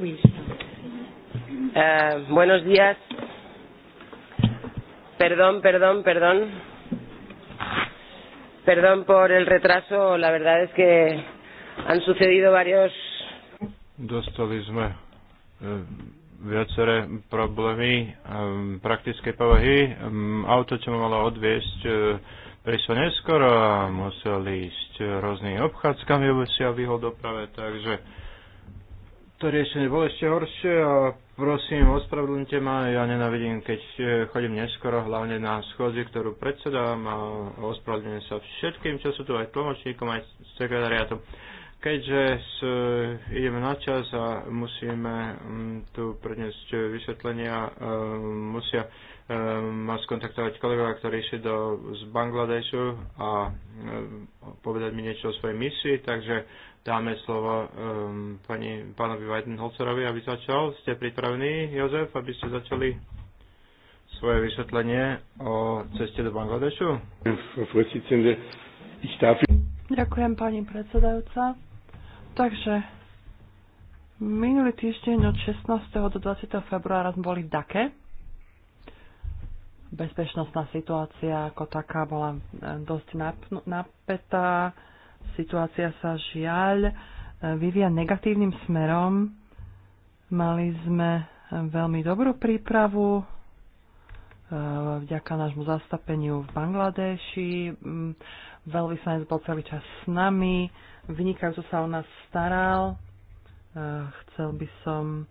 Eh, buenos días. Perdón, perdón, perdón. Perdón por el retraso. La verdad es que han sucedido varios. Dostali sme eh, viaceré problémy eh, praktickej povahy. Mm, auto, čo ma malo odviesť, eh, prišlo neskoro a musel ísť rôznymi obchádzkami, aby si ja vyhol doprave, takže to riešenie bolo ešte horšie a prosím, ospravedlňte ma, ja nenavidím, keď e, chodím neskoro, hlavne na schôdzi, ktorú predsedám a ospravedlňujem sa všetkým, čo sú tu aj tlmočníkom, aj sekretariátom. Keďže s, e, ideme na čas a musíme mm, tu predniesť vysvetlenia, e, musia ma skontaktovať kolegovia, ktorí išli do, z Bangladešu a povedať mi niečo o svojej misii, takže dáme slovo um, pani, pánovi Weidenholzerovi, aby začal. Ste pripravení, Jozef, aby ste začali svoje vysvetlenie o ceste do Bangladešu? Ďakujem, pani predsedajúca. Takže minulý týždeň od 16. do 20. februára sme boli v Dake. Bezpečnostná situácia ako taká bola eh, dosť nap- nap- Situácia sa žiaľ e, vyvíja negatívnym smerom. Mali sme e, veľmi dobrú prípravu e, vďaka nášmu zastapeniu v Bangladeši. Mm, Veľvyslanec bol celý čas s nami, vynikajúco sa o nás staral. Chcel by som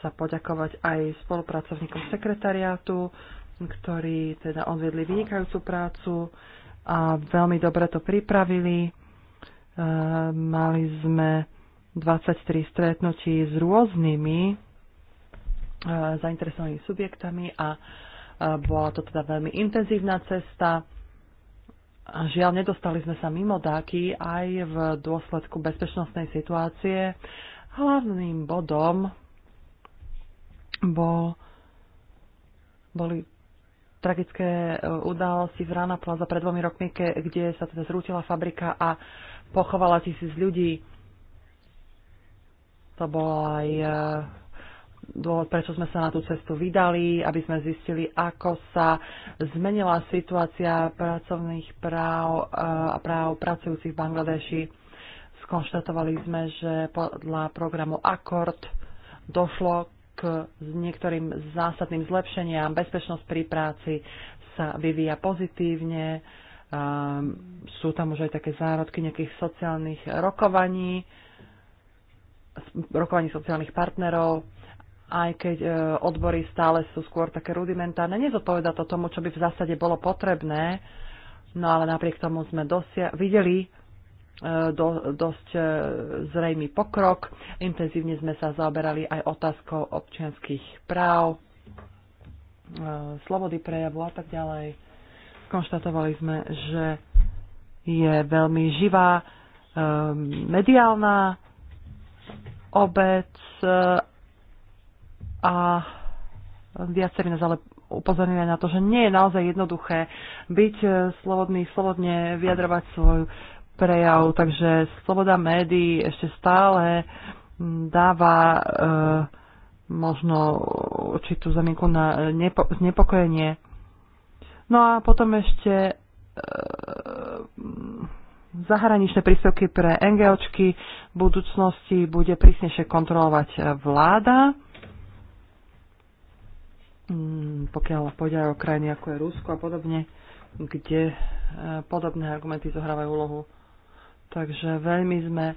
sa poďakovať aj spolupracovníkom sekretariátu, ktorí teda odvedli vynikajúcu prácu a veľmi dobre to pripravili. Eh, mali sme 23 stretnutí s rôznymi eh, zainteresovanými subjektami a eh, bola to teda veľmi intenzívna cesta. Žiaľ, nedostali sme sa mimo dáky aj v dôsledku bezpečnostnej situácie. Hlavným bodom bol, boli tragické udalosti v Rana Plaza pred dvomi rokmi, kde sa teda zrútila fabrika a pochovala tisíc ľudí. To bol aj e, dôvod, prečo sme sa na tú cestu vydali, aby sme zistili, ako sa zmenila situácia pracovných práv e, a práv pracujúcich v Bangladeši. Skonštatovali sme, že podľa programu Akord došlo k niektorým zásadným zlepšeniam. Bezpečnosť pri práci sa vyvíja pozitívne Ehm, sú tam už aj také zárodky nejakých sociálnych rokovaní, rokovaní sociálnych partnerov, aj keď e, odbory stále sú skôr také rudimentárne. Nezodpoveda to tomu, čo by v zásade bolo potrebné, no ale napriek tomu sme dosia- videli e, do, dosť e, zrejmý pokrok. Intenzívne sme sa zaoberali aj otázkou občianských práv, slobody prejavu a tak ďalej Konštatovali sme, že je veľmi živá eh, mediálna obec eh, a viacerí nás ale upozorňuje na to, že nie je naozaj jednoduché byť eh, slobodný, slobodne vyjadrovať svoj prejav, takže sloboda médií ešte stále mm, dáva e, možno určitú zamienku na nepo, znepokojenie. No a potom ešte e, zahraničné príspevky pre NGOčky v budúcnosti bude prísnejšie kontrolovať e, vláda, mm, pokiaľ pôjde o krajiny ako je Rusko a podobne, kde e, podobné argumenty zohrávajú úlohu. Takže veľmi sme e,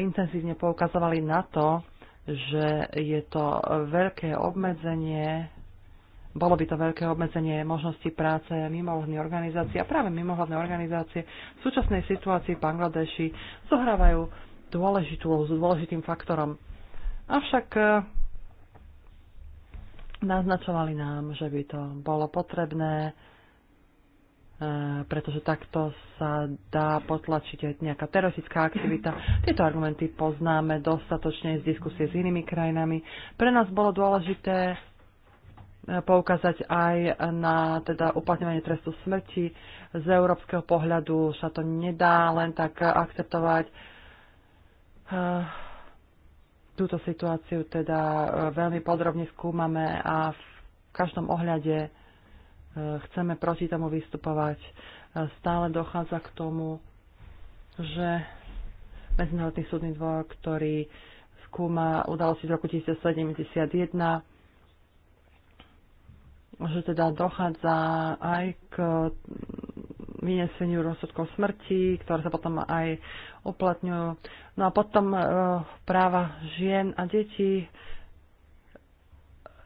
intenzívne poukazovali na to, že je to veľké obmedzenie bolo by to veľké obmedzenie možnosti práce mimovládnej organizácie a práve mimohľadné organizácie v súčasnej situácii v Bangladeši zohrávajú dôležitú, s dôležitým faktorom. Avšak eh, naznačovali nám, že by to bolo potrebné, eh, pretože takto sa dá potlačiť aj nejaká teroristická aktivita. Tieto argumenty poznáme dostatočne z diskusie s inými krajinami. Pre nás bolo dôležité poukázať aj na teda uplatňovanie trestu smrti. Z európskeho pohľadu sa to nedá len tak akceptovať. Eh, túto situáciu teda eh, veľmi podrobne skúmame a v každom ohľade eh, chceme proti tomu vystupovať. Stále dochádza k tomu, že Medzinárodný súdny dvor, ktorý skúma udalosti z roku 1971, že teda dochádza aj k vyneseniu rozsudkov smrti, ktoré sa potom aj uplatňujú. No a potom e, práva žien a detí.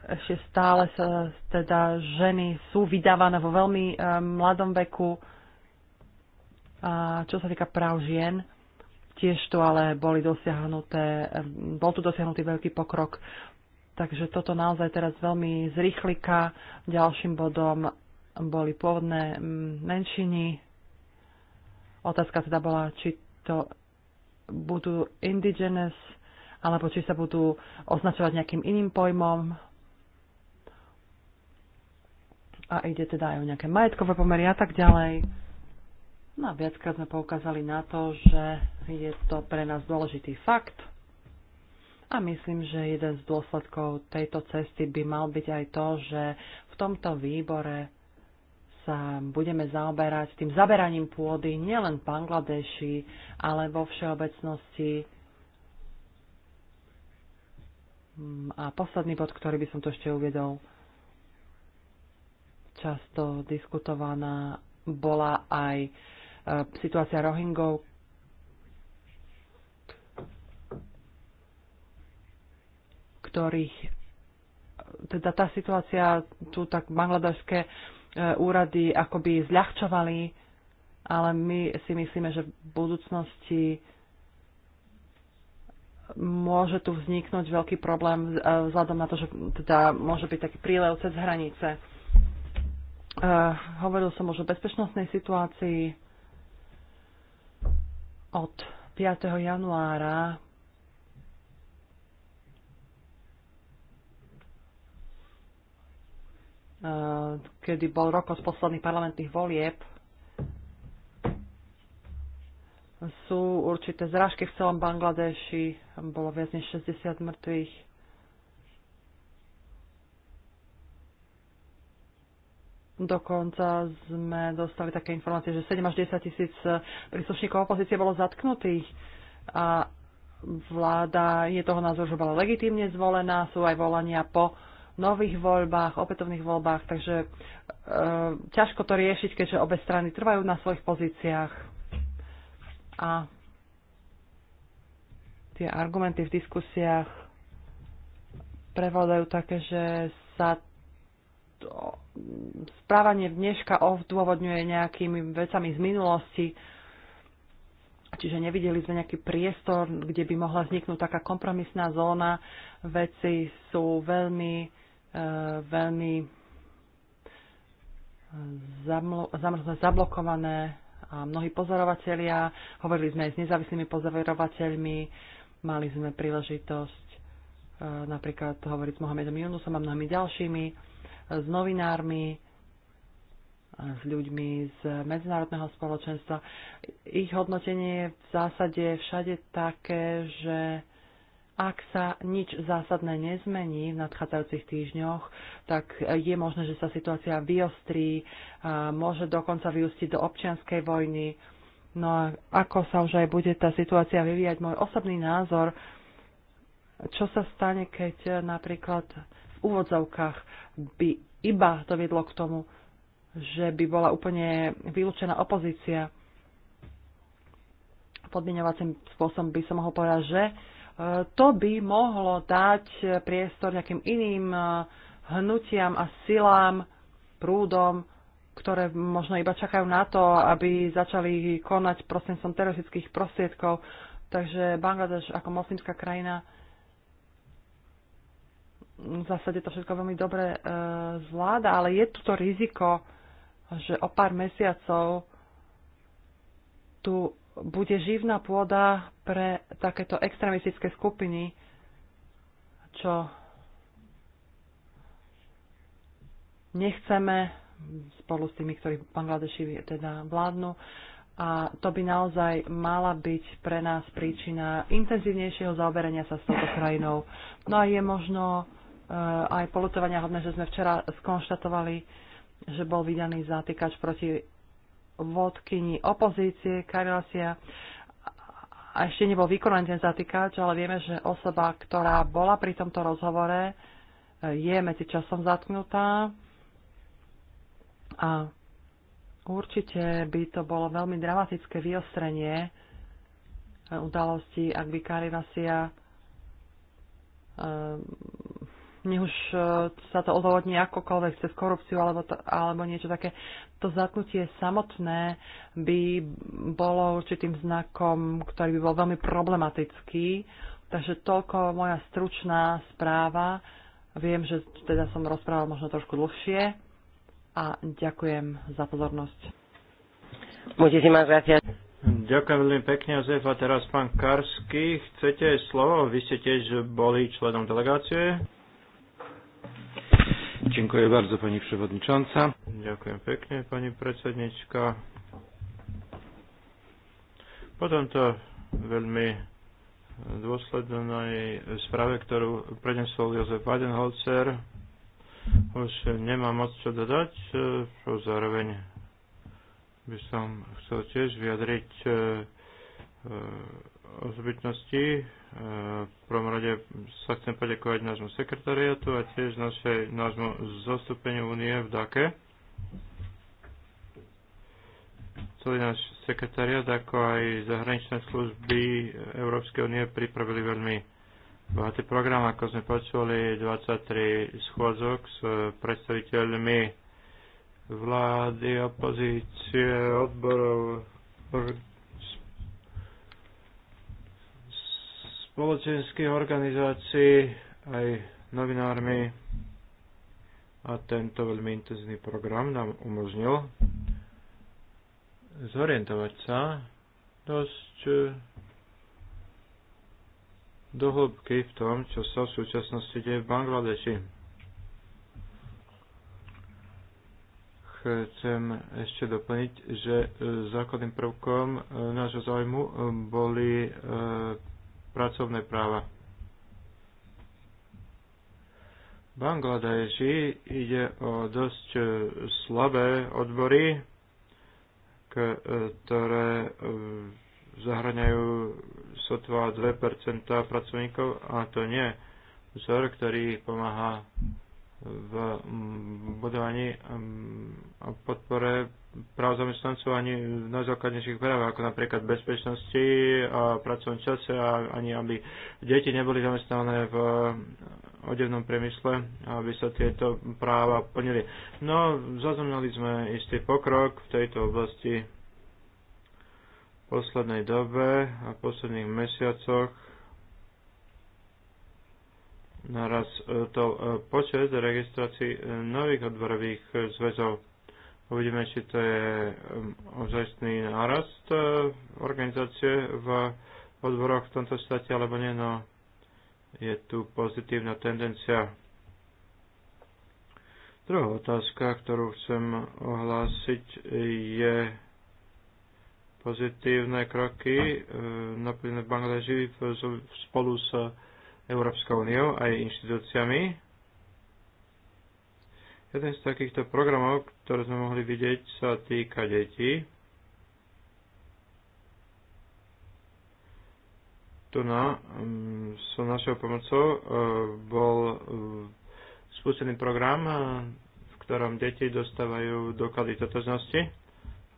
Ešte stále sa teda ženy sú vydávané vo veľmi e, mladom veku. A čo sa týka práv žien, tiež tu ale boli dosiahnuté, e, bol tu dosiahnutý veľký pokrok. Takže toto naozaj teraz veľmi zrýchlika. Ďalším bodom boli pôvodné mm, menšiny. Otázka teda bola, či to budú indigenous, alebo či sa budú označovať nejakým iným pojmom. A ide teda aj o nejaké majetkové pomery a tak ďalej. No a viackrát sme poukázali na to, že je to pre nás dôležitý fakt – a myslím, že jeden z dôsledkov tejto cesty by mal byť aj to, že v tomto výbore sa budeme zaoberať tým zaberaním pôdy nielen v Bangladeši, ale vo všeobecnosti. Mm, a posledný bod, ktorý by som to ešte uviedol, často diskutovaná bola aj e, situácia Rohingov, ktorých teda tá situácia tu tak bangladežské e, úrady akoby zľahčovali, ale my si myslíme, že v budúcnosti môže tu vzniknúť veľký problém e, vzhľadom na to, že teda môže byť taký prílev cez hranice. Uh, hovoril som už o bezpečnostnej situácii od 5. januára kedy bol roko z posledných parlamentných volieb, sú určité zrážky v celom Bangladeši. Bolo viac než 60 mŕtvych. Dokonca sme dostali také informácie, že 7 až 10 tisíc príslušníkov opozície bolo zatknutých a vláda je toho názoru, že bola legitímne zvolená. Sú aj volania po nových voľbách, opätovných voľbách, takže e, ťažko to riešiť, keďže obe strany trvajú na svojich pozíciách a tie argumenty v diskusiách prevládajú také, že sa to, správanie dneška ovdôvodňuje nejakými vecami z minulosti, Čiže nevideli sme nejaký priestor, kde by mohla vzniknúť taká kompromisná zóna. Veci sú veľmi Eh, veľmi eh, zablokované a mnohí pozorovatelia, hovorili sme aj s nezávislými pozorovateľmi, mali sme príležitosť eh, napríklad hovoriť s Mohamedom Junusom a mnohými ďalšími, s novinármi, s ľuďmi z medzinárodného spoločenstva. Ich hodnotenie je v zásade všade také, že ak sa nič zásadné nezmení v nadchádzajúcich týždňoch, tak je možné, že sa situácia vyostrí, môže dokonca vyústiť do občianskej vojny. No a ako sa už aj bude tá situácia vyvíjať, môj osobný názor, čo sa stane, keď napríklad v úvodzovkách by iba to viedlo k tomu, že by bola úplne vylúčená opozícia. Podmiňovacím spôsobom by som mohol povedať, že to by mohlo dať priestor nejakým iným eh, hnutiam a silám, prúdom, ktoré možno iba čakajú na to, aby začali konať prostredníctvom teroristických prostriedkov. Takže Bangladeš ako moslimská krajina v zásade to všetko veľmi dobre e, zvláda, ale je tu to riziko, že o pár mesiacov tu bude živná pôda pre takéto extremistické skupiny, čo nechceme spolu s tými, ktorí v Bangladeši teda vládnu. A to by naozaj mala byť pre nás príčina intenzívnejšieho zaoberania sa s touto krajinou. No a je možno eh, aj polutovania hodné, že sme včera skonštatovali, že bol vydaný zatýkač proti vodkyni opozície Karlasia a ešte nebol vykonaný ten zatýkač, ale vieme, že osoba, ktorá bola pri tomto rozhovore, je medzi časom zatknutá a určite by to bolo veľmi dramatické vyostrenie udalosti, ak by Karivasia nech už e, sa to odôvodní akokoľvek cez korupciu alebo, to, alebo niečo také. To zatnutie samotné by bolo určitým znakom, ktorý by bol veľmi problematický. Takže toľko moja stručná správa. Viem, že teda som rozprával možno trošku dlhšie a ďakujem za pozornosť. Ďakujem veľmi pekne, Jozef. A teraz pán Karsky, chcete slovo? Vy ste tiež boli členom delegácie. Dziękuję bardzo pani przewodnicząca. Dziękuję pięknie pani predsednička. Po tomto veľmi dôslednej którą przeniosł Józef Jozef Już nie ma moc čo dodať, e, zároveň by som chcel tiež vyjadriť e, e, zbytnosti. E, v prvom rade sa chcem poďakovať nášmu sekretariatu a tiež našej, nášmu zastúpeniu únie v DAKE. Celý náš sekretariat, ako aj zahraničné služby Európskej únie pripravili veľmi bohatý program, ako sme počuli, 23 schôdzok s predstaviteľmi vlády, opozície, odborov, spoločenských organizácií, aj novinármi. A tento veľmi intenzívny program nám umožnil zorientovať sa dosť e, dohlbky v tom, čo sa v súčasnosti deje v Bangladeši. Chcem ešte doplniť, že e, základným prvkom e, nášho zájmu boli pracovné práva. Bangladeži ide o dosť e, slabé odbory, ktoré e, zahraňajú sotva 2% pracovníkov a to nie vzor, ktorý pomáha Mm, v budovaní mm, a podpore práv zamestnancov ani v najzákladnejších právach, ako napríklad bezpečnosti a pracovnom čase a ani aby deti neboli zamestnané v eh, odevnom priemysle, aby sa tieto práva plnili. No, zaznamenali sme istý pokrok v tejto oblasti v poslednej dobe a v posledných mesiacoch Naraz e, to e, počet registrácií e, nových odborových zväzov. Uvidíme, či to je ozajstný narast organizácie v odboroch v tomto štáte, alebo nie, no je tu pozitívna tendencia. Druhá otázka, ktorú chcem ohlásiť, je pozitívne kroky naplnené v Bangladeži spolu s Európskou úniou a jej inštitúciami. Jeden z takýchto programov, ktoré sme mohli vidieť, sa týka detí. Tu na, mm, s našou pomocou e, bol e, spustený program, e, v ktorom deti dostávajú doklady totožnosti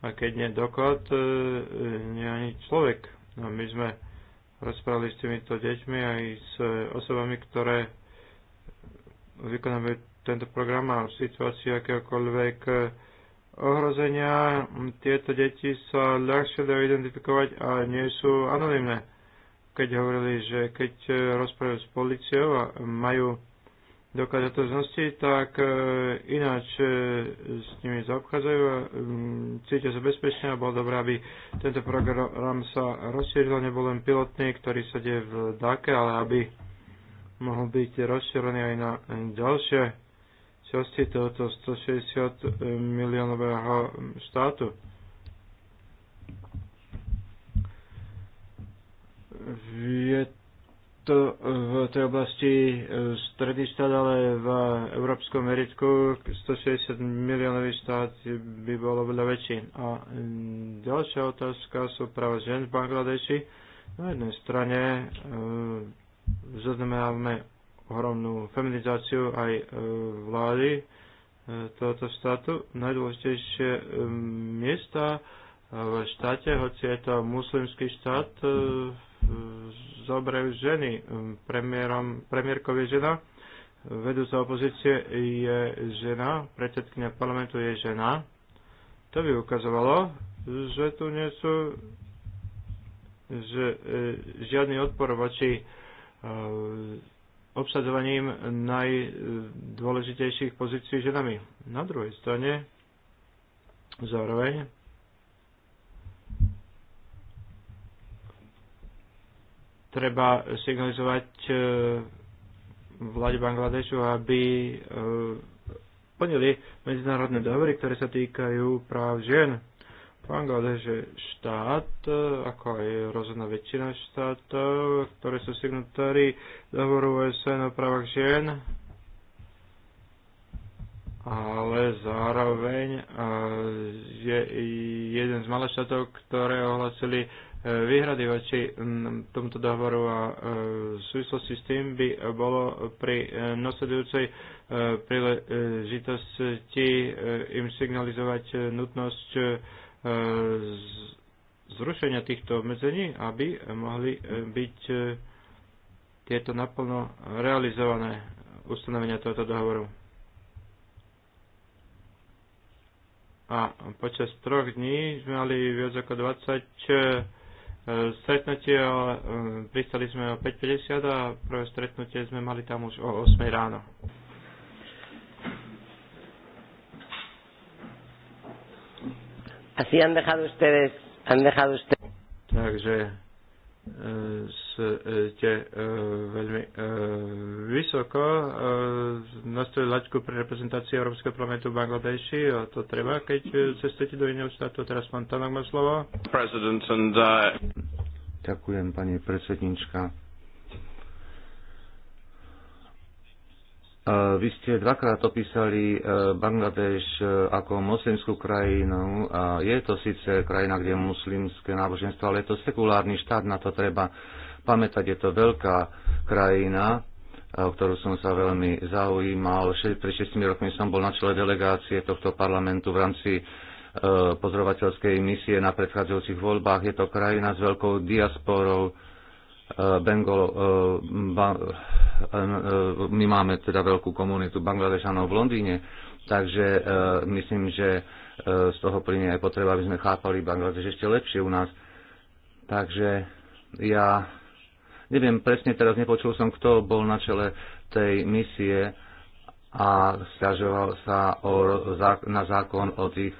a keď nie doklad, nie ani človek. No my sme rozprávali s týmito deťmi aj s osobami, ktoré vykonávajú tento program a v situácii akéhokoľvek ohrozenia tieto deti sa ľahšie dajú identifikovať a nie sú anonimné. Keď hovorili, že keď rozprávajú s policiou a majú dokáže to znostiť, tak e, ináč e, s nimi zaobchádzajú a mm, cítia sa bezpečne a bolo dobré, aby tento program sa rozšíril, nebol len pilotný, ktorý sa deje v DAKE, ale aby mohol byť rozšírený aj na ďalšie časti tohoto 160 e, miliónového štátu. je to v tej oblasti e, stredný štát, ale v európskom meritku 160 miliónový štát by bolo veľa väčší. A mm, ďalšia otázka sú práve žen v Bangladeši. Na jednej strane e, zaznamenávame ohromnú feminizáciu aj e, vlády tohoto štátu. Najdôležitejšie miesta v štáte, hoci je to muslimský štát, e, zobrajú ženy. Um, premiérom, premiérkov je žena, vedúca opozície je žena, predsedkynia parlamentu je žena. To by ukazovalo, že tu nie sú že, e, žiadny odpor voči e, obsadzovaním najdôležitejších pozícií ženami. Na druhej strane zároveň treba signalizovať e, vláde Bangladešu, aby e, plnili medzinárodné dohovory, ktoré sa týkajú práv žien. Bangladeš štát, e, ako aj rozhodná väčšina štátov, ktoré sú signatári dohovoru OSN o právach žien, ale zároveň je jeden z malých štátov, ktoré ohlasili E, výhrady voči tomuto dohovoru a e, v súvislosti s tým by bolo pri e, nasledujúcej príležitosti im signalizovať nutnosť zrušenia týchto obmedzení, aby mohli byť tieto naplno realizované ustanovenia tohoto dohovoru. A počas troch dní sme mali viac ako 20 Eh, stretnutie, ale eh, pristali sme o 5.50 a prvé stretnutie sme mali tam už o 8 ráno. Así han dejado ustedes, han dejado ustedes. Takže ste e, veľmi e, vysoko e, nastavili laťku pre reprezentácii Európskeho parlamentu v Bangladeši a to treba, keď cestujete do iného štátu. Teraz pán Tanak má slovo. Uh, Ďakujem, pani predsednička Vy ste dvakrát opísali e, Bangladeš e, ako moslimskú krajinu a je to síce krajina, kde je muslimské náboženstvo, ale je to sekulárny štát, na to treba pamätať. Je to veľká krajina, e, o ktorú som sa veľmi zaujímal. Pred 6 rokmi som bol na čele delegácie tohto parlamentu v rámci pozorovateľskej misie na predchádzajúcich voľbách. Je to krajina s veľkou diasporou, Bengol, eh, eh, my máme teda veľkú komunitu Bangladešanov v Londýne, takže eh, myslím, že z toho plyne aj potreba, aby sme chápali Bangladeš ešte lepšie u nás. Takže ja neviem presne, teraz nepočul som, kto bol na čele tej misie a stiažoval sa o, na zákon o tých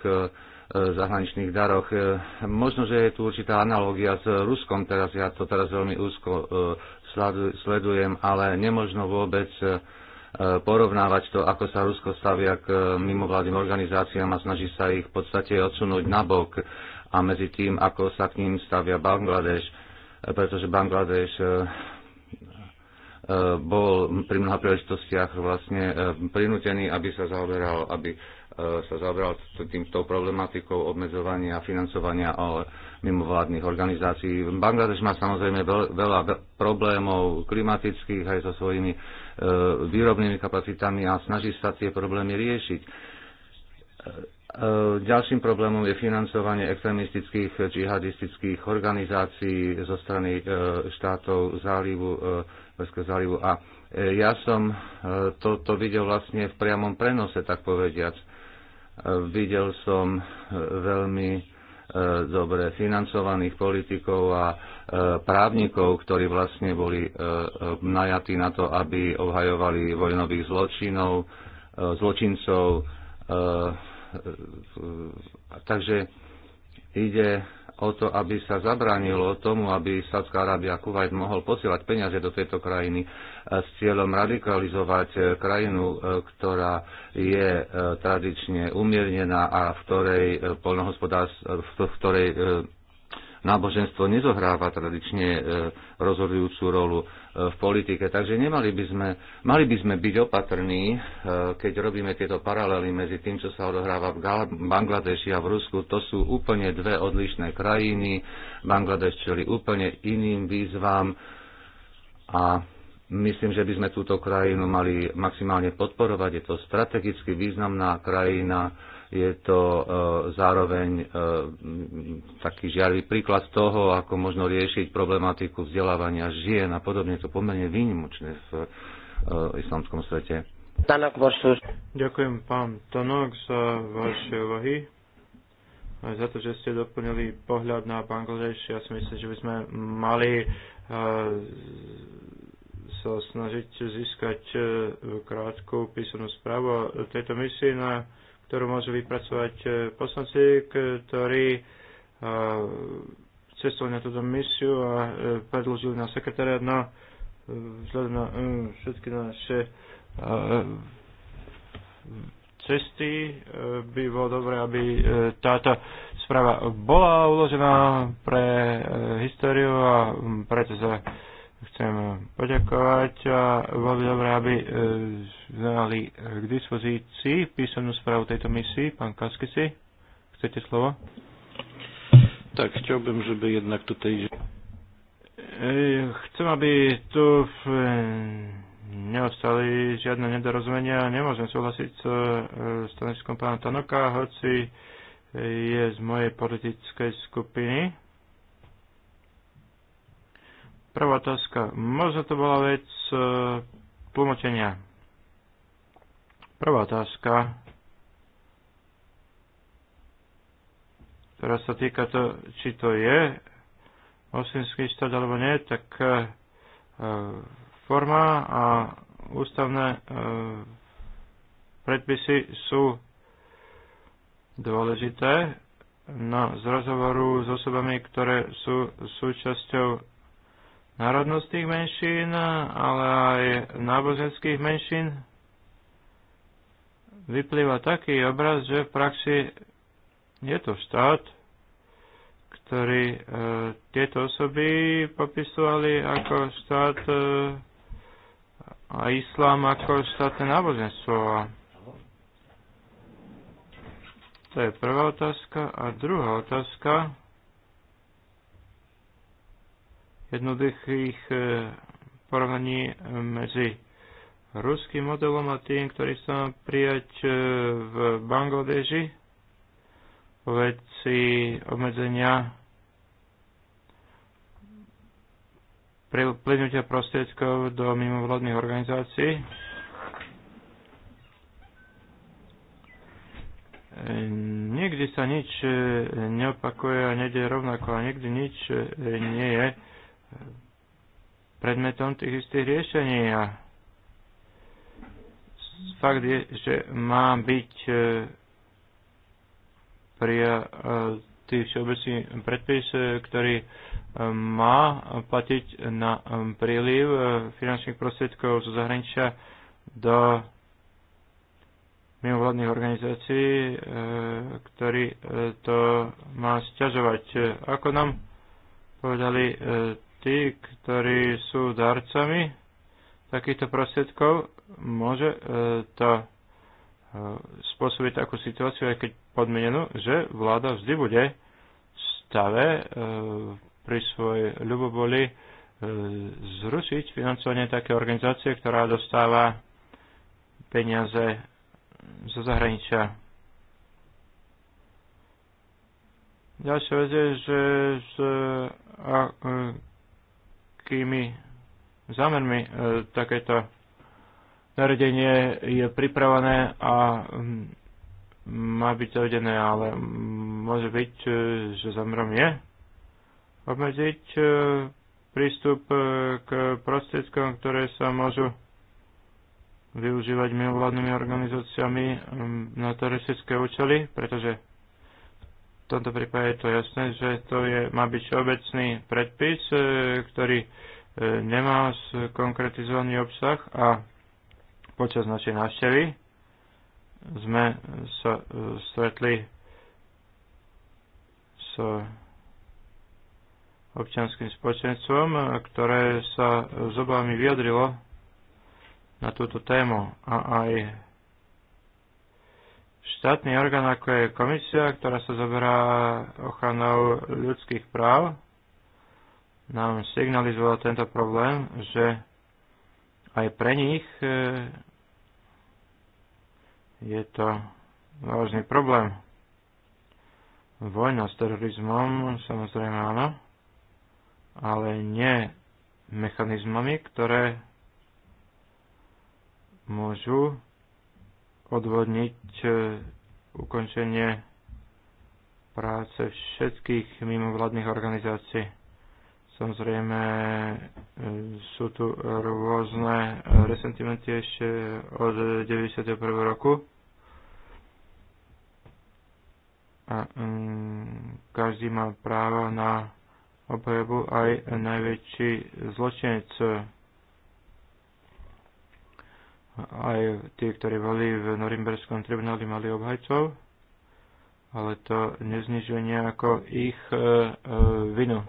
zahraničných daroch. E, možno, že je tu určitá analogia s Ruskom, teraz ja to teraz veľmi úzko e, sledujem, ale nemožno vôbec e, porovnávať to, ako sa Rusko stavia k mimovládnym organizáciám a snaží sa ich v podstate odsunúť nabok a medzi tým, ako sa k ním stavia Bangladeš, pretože Bangladeš bol pri mnoha príležitostiach vlastne prinútený, aby sa zaoberal, aby sa zaoberal týmto problematikou obmedzovania a financovania mimovládnych organizácií. Bangladeš má samozrejme veľa problémov klimatických aj so svojimi e, výrobnými kapacitami a snaží sa tie problémy riešiť. E, e, ďalším problémom je financovanie extremistických džihadistických organizácií zo strany štátov zálivu, zálivu a ja som toto videl vlastne v priamom prenose, tak povediac. Videl som e, veľmi e, dobre financovaných politikov a e, právnikov, ktorí vlastne boli najatí na to, aby obhajovali vojnových zločinov, zločincov. Takže ide o to, aby sa zabránilo tomu, aby Sádzka Arábia a Kuwait mohol posielať peniaze do tejto krajiny e, s cieľom radikalizovať e, krajinu, e, ktorá je tradične umiernená a v ktorej, v ktorej náboženstvo nezohráva tradične rozhodujúcu rolu v politike. Takže nemali by sme, mali by sme byť opatrní, e, keď robíme tieto paralely medzi tým, čo sa odohráva v Bangladeši a v Rusku. To sú úplne dve odlišné krajiny. Bangladeš čeli úplne iným výzvam a myslím, že by sme túto krajinu mali maximálne podporovať. Je to strategicky významná krajina je to e, zároveň e, taký žiarivý príklad toho, ako možno riešiť problematiku vzdelávania žien a podobne. To pomerne výnimočné v e, islamskom svete. Tanok Ďakujem pán Tanok za vaše úvahy a za to, že ste doplnili pohľad na Bangladeš. Ja si myslím, že by sme mali sa snažiť získať krátku písomnú správu o tejto misii na ktorú môžu vypracovať e, poslanci, ktorí e, cestovali na túto misiu a e, predložili na sekretariat na no, vzhľadom na mm, všetky naše cesty by bolo dobré, aby táto správa bola uložená pre históriu a preto sa chcem poďakovať a bolo by dobré, aby e, sme mali e, k dispozícii písomnú správu tejto misii. Pán Kaskisi, chcete slovo? Tak, chciałbym, żeby jednak tutaj... E, chcem, aby tu v... neostali žiadne nedorozumenia. Nemôžem súhlasiť s stanoviskom pána Tanoka, hoci je z mojej politickej skupiny Prvá otázka. Možno to bola vec e, tlmočenia. Prvá otázka, ktorá sa týka to, či to je osinský štát alebo nie, tak e, e, forma a ústavné e, predpisy sú dôležité Na no, z rozhovoru s osobami, ktoré sú súčasťou národnostných menšín, ale aj náboženských menšín, vyplýva taký obraz, že v praxi je to štát, ktorý e, tieto osoby popisovali ako štát e, a islám ako štátne náboženstvo. To je prvá otázka. A druhá otázka, jednoduchých e, porovnaní medzi ruským modelom a tým, ktorý sa prijať e, v Bangladeži veci obmedzenia plynutia prostriedkov do mimovládnych organizácií. E, nikdy sa nič neopakuje a nedie rovnako a nikdy nič nie je predmetom tých istých riešení a fakt je, že má byť e, prijatý e, všeobecný predpis, e, ktorý má platiť na príliv finančných prostriedkov zo zahraničia do mimovládnych organizácií, ktorý to má sťažovať. Ako nám povedali tí, ktorí sú darcami takýchto prostriedkov, môže e, to e, spôsobiť takú situáciu, aj keď podmienenú, že vláda vždy bude v stave e, pri svojej ľuboboli zrušiť financovanie také organizácie, ktorá dostáva peniaze zo zahraničia. Ďalšia vec je, že, že a, všetkými zámermi e, takéto naredenie je pripravené a mm, má byť zavedené, ale mm, môže byť, e, že zámerom je obmedziť e, prístup k prostriedkom, ktoré sa môžu využívať mimovládnymi organizáciami mm, na teroristické účely, pretože v tomto prípade je to jasné, že to je, má byť všeobecný predpis, e, ktorý e, nemá konkretizovaný obsah a počas našej návštevy sme sa e, stretli s občanským spoločenstvom, ktoré sa s obami vyjadrilo na túto tému a aj štátny orgán, ako je komisia, ktorá sa zaberá ochranou ľudských práv, nám signalizovala tento problém, že aj pre nich e, je to vážny problém. Vojna s terorizmom, samozrejme áno, ale nie mechanizmami, ktoré môžu odvodniť e, ukončenie práce všetkých mimovládnych organizácií. Samozrejme, e, sú tu rôzne resentimenty ešte od 91. roku. A, mm, každý má právo na obhajobu aj najväčší zločinec aj tí, ktorí boli v Norimberskom tribunáli, mali obhajcov, ale to neznižuje nejako ich e, e, uh, uh, vinu.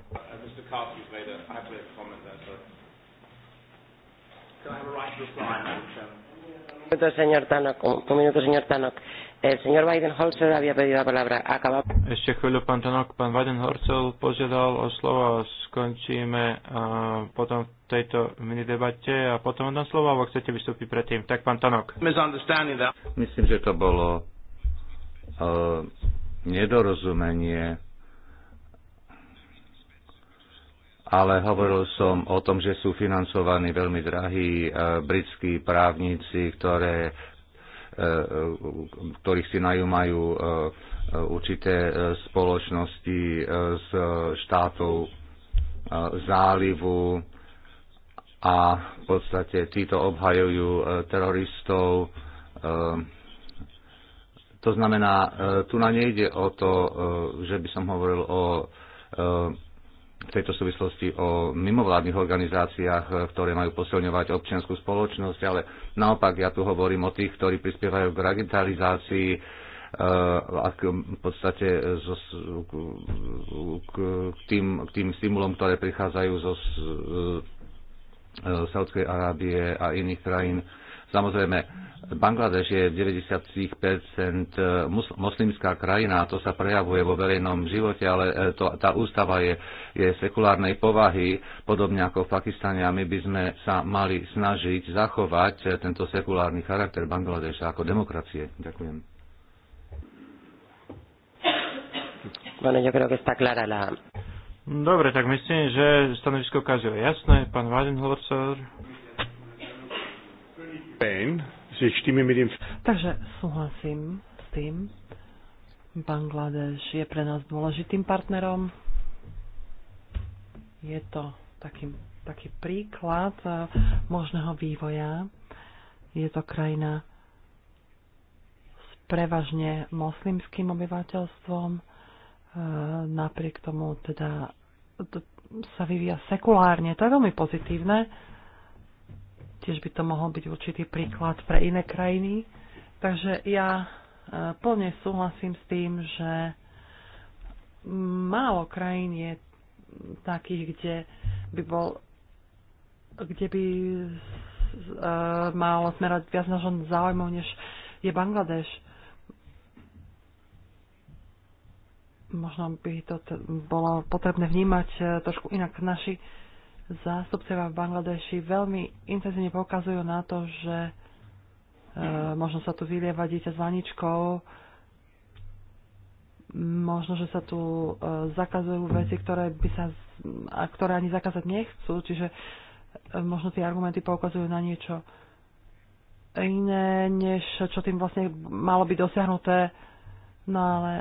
Señor Tanok, un minuto, señor Tanok. El eh, señor Weidenholzer había pedido la palabra. Acaba... Ešte chvíľu, pán Tanok. Pán Weidenholzer požiadal o slovo. Skončíme eh, potom v tejto minidebate a potom dám slovo, alebo chcete vystúpiť predtým. Tak, pán Tanok. Myslím, že to bolo uh, nedorozumenie. ale hovoril som o tom, že sú financovaní veľmi drahí britskí právnici, ktoré, E, e, ktorých si najúmajú e, určité spoločnosti z štátov zálivu a v podstate títo obhajujú teroristov. To znamená, tu na nejde o to, že by som hovoril o v tejto súvislosti o mimovládnych organizáciách, e, ktoré majú posilňovať občianskú spoločnosť, ale naopak ja tu hovorím o tých, ktorí prispievajú k radikalizácii e, a k, v podstate e, zo, k, k, tým, k tým stimulom, ktoré prichádzajú zo Saudskej Arábie a iných krajín. Samozrejme, Bangladeš je v 90% eh, moslimská krajina a to sa prejavuje vo verejnom živote, ale eh, to, tá ústava je, je sekulárnej povahy, podobne ako v Pakistane a my by sme sa mali snažiť zachovať eh, tento sekulárny charakter Bangladeša ako demokracie. Ďakujem. Bueno, yo creo que está clara la... Dobre, tak myslím, že stanovisko kazuje jasné. Pán Weidenholzer. Takže súhlasím s tým. Bangladeš je pre nás dôležitým partnerom. Je to taký, taký príklad eh, možného vývoja. Je to krajina s prevažne moslimským obyvateľstvom. Eh, napriek tomu teda sa vyvíja sekulárne. To je veľmi pozitívne Tiež by to mohol byť určitý príklad pre iné krajiny. Takže ja e, plne súhlasím s tým, že málo krajín je takých, kde by bol kde by e, malo smerať viac našom záujmov, než je Bangladeš. Možno by to bolo potrebné vnímať e, trošku inak. Naši zástupcovia v Bangladeši veľmi intenzívne poukazujú na to, že e, možno sa tu vylieva dieťa s vaničkou, možno, že sa tu e, zakazujú veci, ktoré by sa a ktoré ani zakázať nechcú, čiže e, možno tie argumenty poukazujú na niečo iné, než čo tým vlastne malo byť dosiahnuté. No ale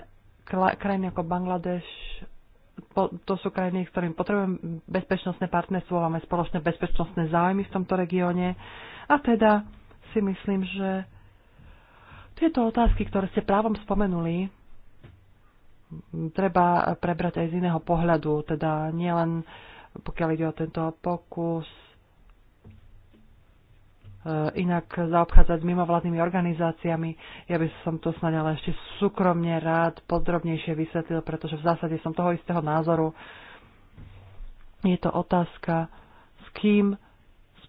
krajiny ako Bangladeš to sú krajiny, s ktorým potrebujeme bezpečnostné partnerstvo, máme spoločné bezpečnostné záujmy v tomto regióne. A teda si myslím, že tieto otázky, ktoré ste právom spomenuli, treba prebrať aj z iného pohľadu, teda nielen pokiaľ ide o tento pokus Eh, inak zaobchádzať s mimovládnymi organizáciami. Ja by som to snáď ale ešte súkromne rád podrobnejšie vysvetlil, pretože v zásade som toho istého názoru. Je to otázka, s kým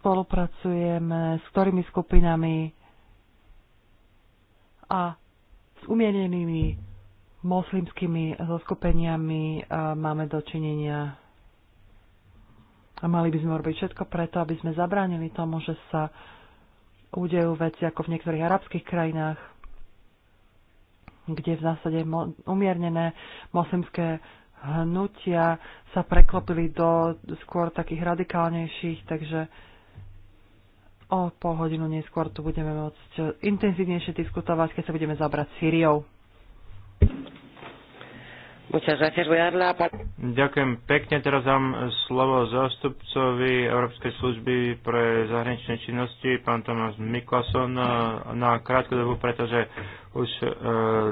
spolupracujeme, s ktorými skupinami a s umienenými moslimskými zoskupeniami eh, máme dočinenia a mali by sme robiť všetko preto, aby sme zabránili tomu, že sa udejú veci ako v niektorých arabských krajinách, kde v zásade umiernené moslimské hnutia sa preklopili do skôr takých radikálnejších, takže o pol hodinu neskôr tu budeme môcť intenzívnejšie diskutovať, keď sa budeme zabrať Syriou. Ďakujem pekne. Teraz dám slovo zástupcovi Európskej služby pre zahraničné činnosti, pán Tomáš Miklason, eh, na krátku dobu, pretože už e,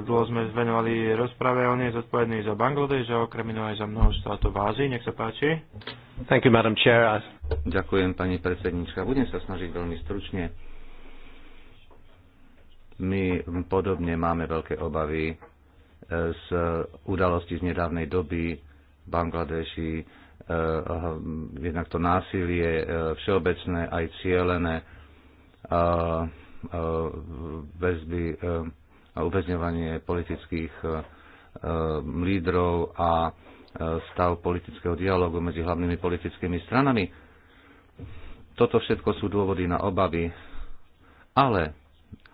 dlho sme zvenovali rozprave. On je zodpovedný za Bangladeš a okrem iného aj za mnoho štátov v Ázii. Nech sa páči. Thank you, Madam Chair. Ďakujem, pani predsednička. Budem sa snažiť veľmi stručne. My podobne máme veľké obavy z udalosti z nedávnej doby v Bangladeši, eh, jednak to násilie eh, všeobecné aj cielené, eh, väzby, uväzňovanie politických lídrov a stav politického dialogu medzi hlavnými politickými stranami. Toto všetko sú dôvody na obavy, ale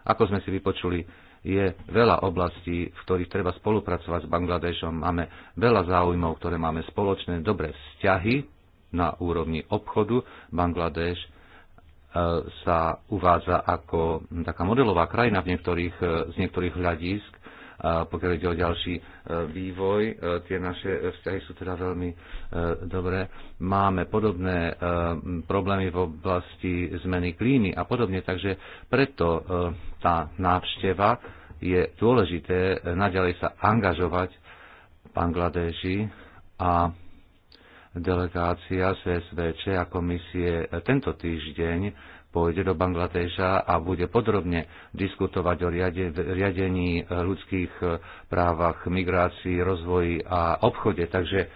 ako sme si vypočuli, je veľa oblastí, v ktorých treba spolupracovať s Bangladešom. Máme veľa záujmov, ktoré máme spoločné, dobré vzťahy na úrovni obchodu. Bangladeš e, sa uvádza ako taká modelová krajina v niektorých, e, z niektorých hľadísk a pokiaľ ide o ďalší e, vývoj, e, tie naše vzťahy sú teda veľmi e, dobré. Máme podobné problémy v oblasti zmeny klímy a podobne, takže preto tá návšteva je dôležité naďalej sa angažovať v Bangladeži a delegácia SSVČ a komisie tento týždeň pôjde do Bangladeša a bude podrobne diskutovať o riade, riadení e, ľudských e, právach, migrácii, rozvoji a obchode. Takže e,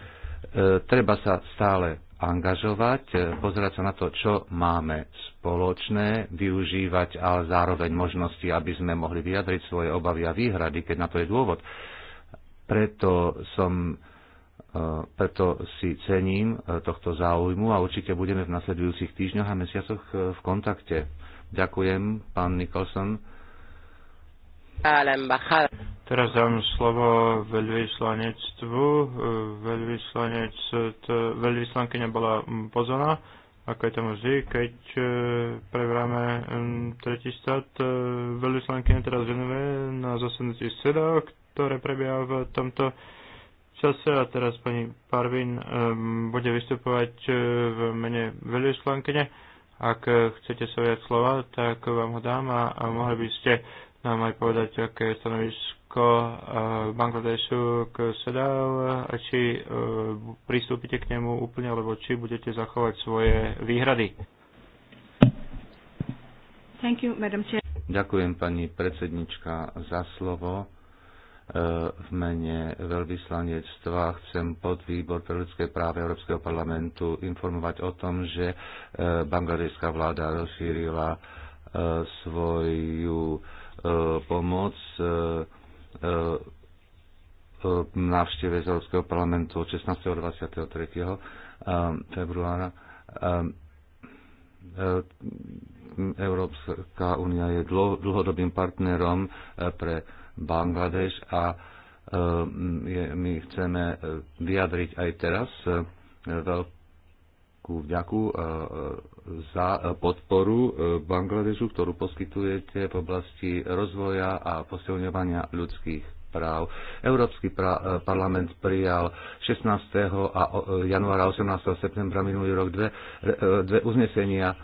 treba sa stále angažovať, e, pozerať sa na to, čo máme spoločné, využívať ale zároveň možnosti, aby sme mohli vyjadriť svoje obavy a výhrady, keď na to je dôvod. Preto som preto si cením e, tohto záujmu a určite budeme v nasledujúcich týždňoch a mesiacoch e, v kontakte. Ďakujem, pán Nicholson. Teraz dám slovo veľvyslanectvu. E, veľvyslankyňa bola pozvaná, ako je tomu vždy, keď prebráme tretí stát. Veľvyslankyňa teraz venuje na zasadnutí SEDA, ktoré prebieha v tomto čase a teraz pani Parvin um, bude vystupovať e, v mene veľvyslankyne. Ak chcete sa viac slova, tak vám ho dám a, a mohli by ste nám aj povedať, aké je stanovisko uh, Bangladešu k SEDAV a či uh, pristúpite k nemu úplne, alebo či budete zachovať svoje výhrady. Thank you, Madam Chair. Ďakujem pani predsednička za slovo. E, v mene veľvyslanectva chcem pod výbor pre ľudské práve Európskeho parlamentu informovať o tom, že e, bangladejská vláda rozšírila e, svoju pomoc návšteve z Európskeho parlamentu 16. a 23. februára. Európska únia je dlhodobým partnerom pre Bangladeš a e, my chceme e, vyjadriť aj teraz e, veľkú vďaku za podporu Bangladešu, ktorú poskytujete v oblasti rozvoja a posilňovania ľudských práv. Európsky pra- parlament prijal 16. A januára 18. septembra minulý rok dve, dve uznesenia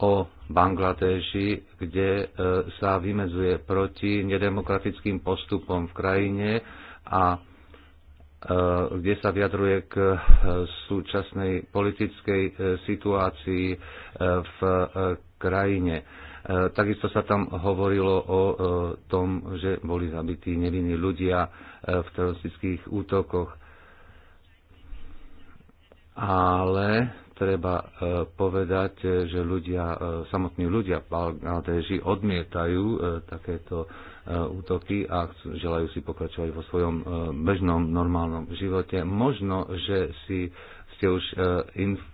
o Bangladeži, kde e, sa vymedzuje proti nedemokratickým postupom v krajine a e, kde sa vyjadruje k e, súčasnej politickej situácii v krajine. Takisto sa tam hovorilo o tom, že boli zabití nevinní ľudia v teroristických útokoch. Ale treba e, povedať, e, že ľudia, e, samotní ľudia v Bangladeži odmietajú takéto útoky a želajú si pokračovať vo svojom bežnom, normálnom živote. Možno, že si ste už inf-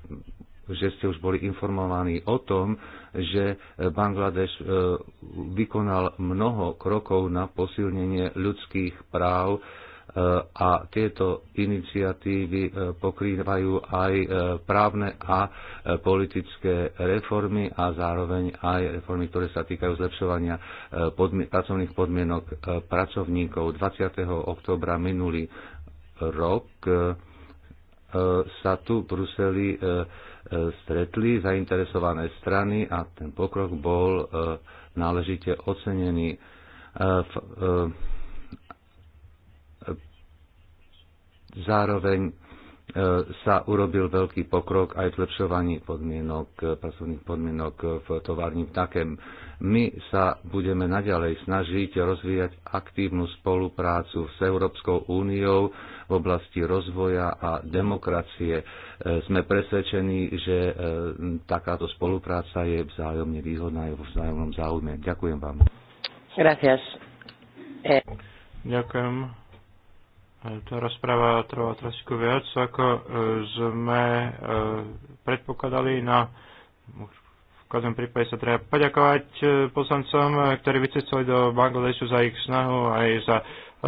že ste už boli informovaní o tom, že Bangladeš vykonal mnoho krokov na posilnenie ľudských práv a tieto iniciatívy e, pokrývajú aj e, právne a e, politické reformy a zároveň aj reformy, ktoré sa týkajú zlepšovania podmi- pracovných podmienok pracovníkov. 20. oktobra minulý rok sa tu v Bruseli stretli zainteresované strany a ten pokrok bol náležite ocenený. Zároveň e, sa urobil veľký pokrok aj v zlepšovaní podmienok, e, pracovných podmienok v továrni v Takem. My sa budeme naďalej snažiť rozvíjať aktívnu spoluprácu s Európskou úniou v oblasti rozvoja a demokracie. E, sme presvedčení, že takáto spolupráca je vzájomne výhodná, je vo vzájomnom záujme. Ďakujem vám. Gracias. Eh. Ďakujem tá rozpráva trvá trošku viac, ako e, sme e, predpokladali. Na, no, v každom prípade sa treba poďakovať e, poslancom, ktorí vycestovali do Bangladešu za ich snahu aj za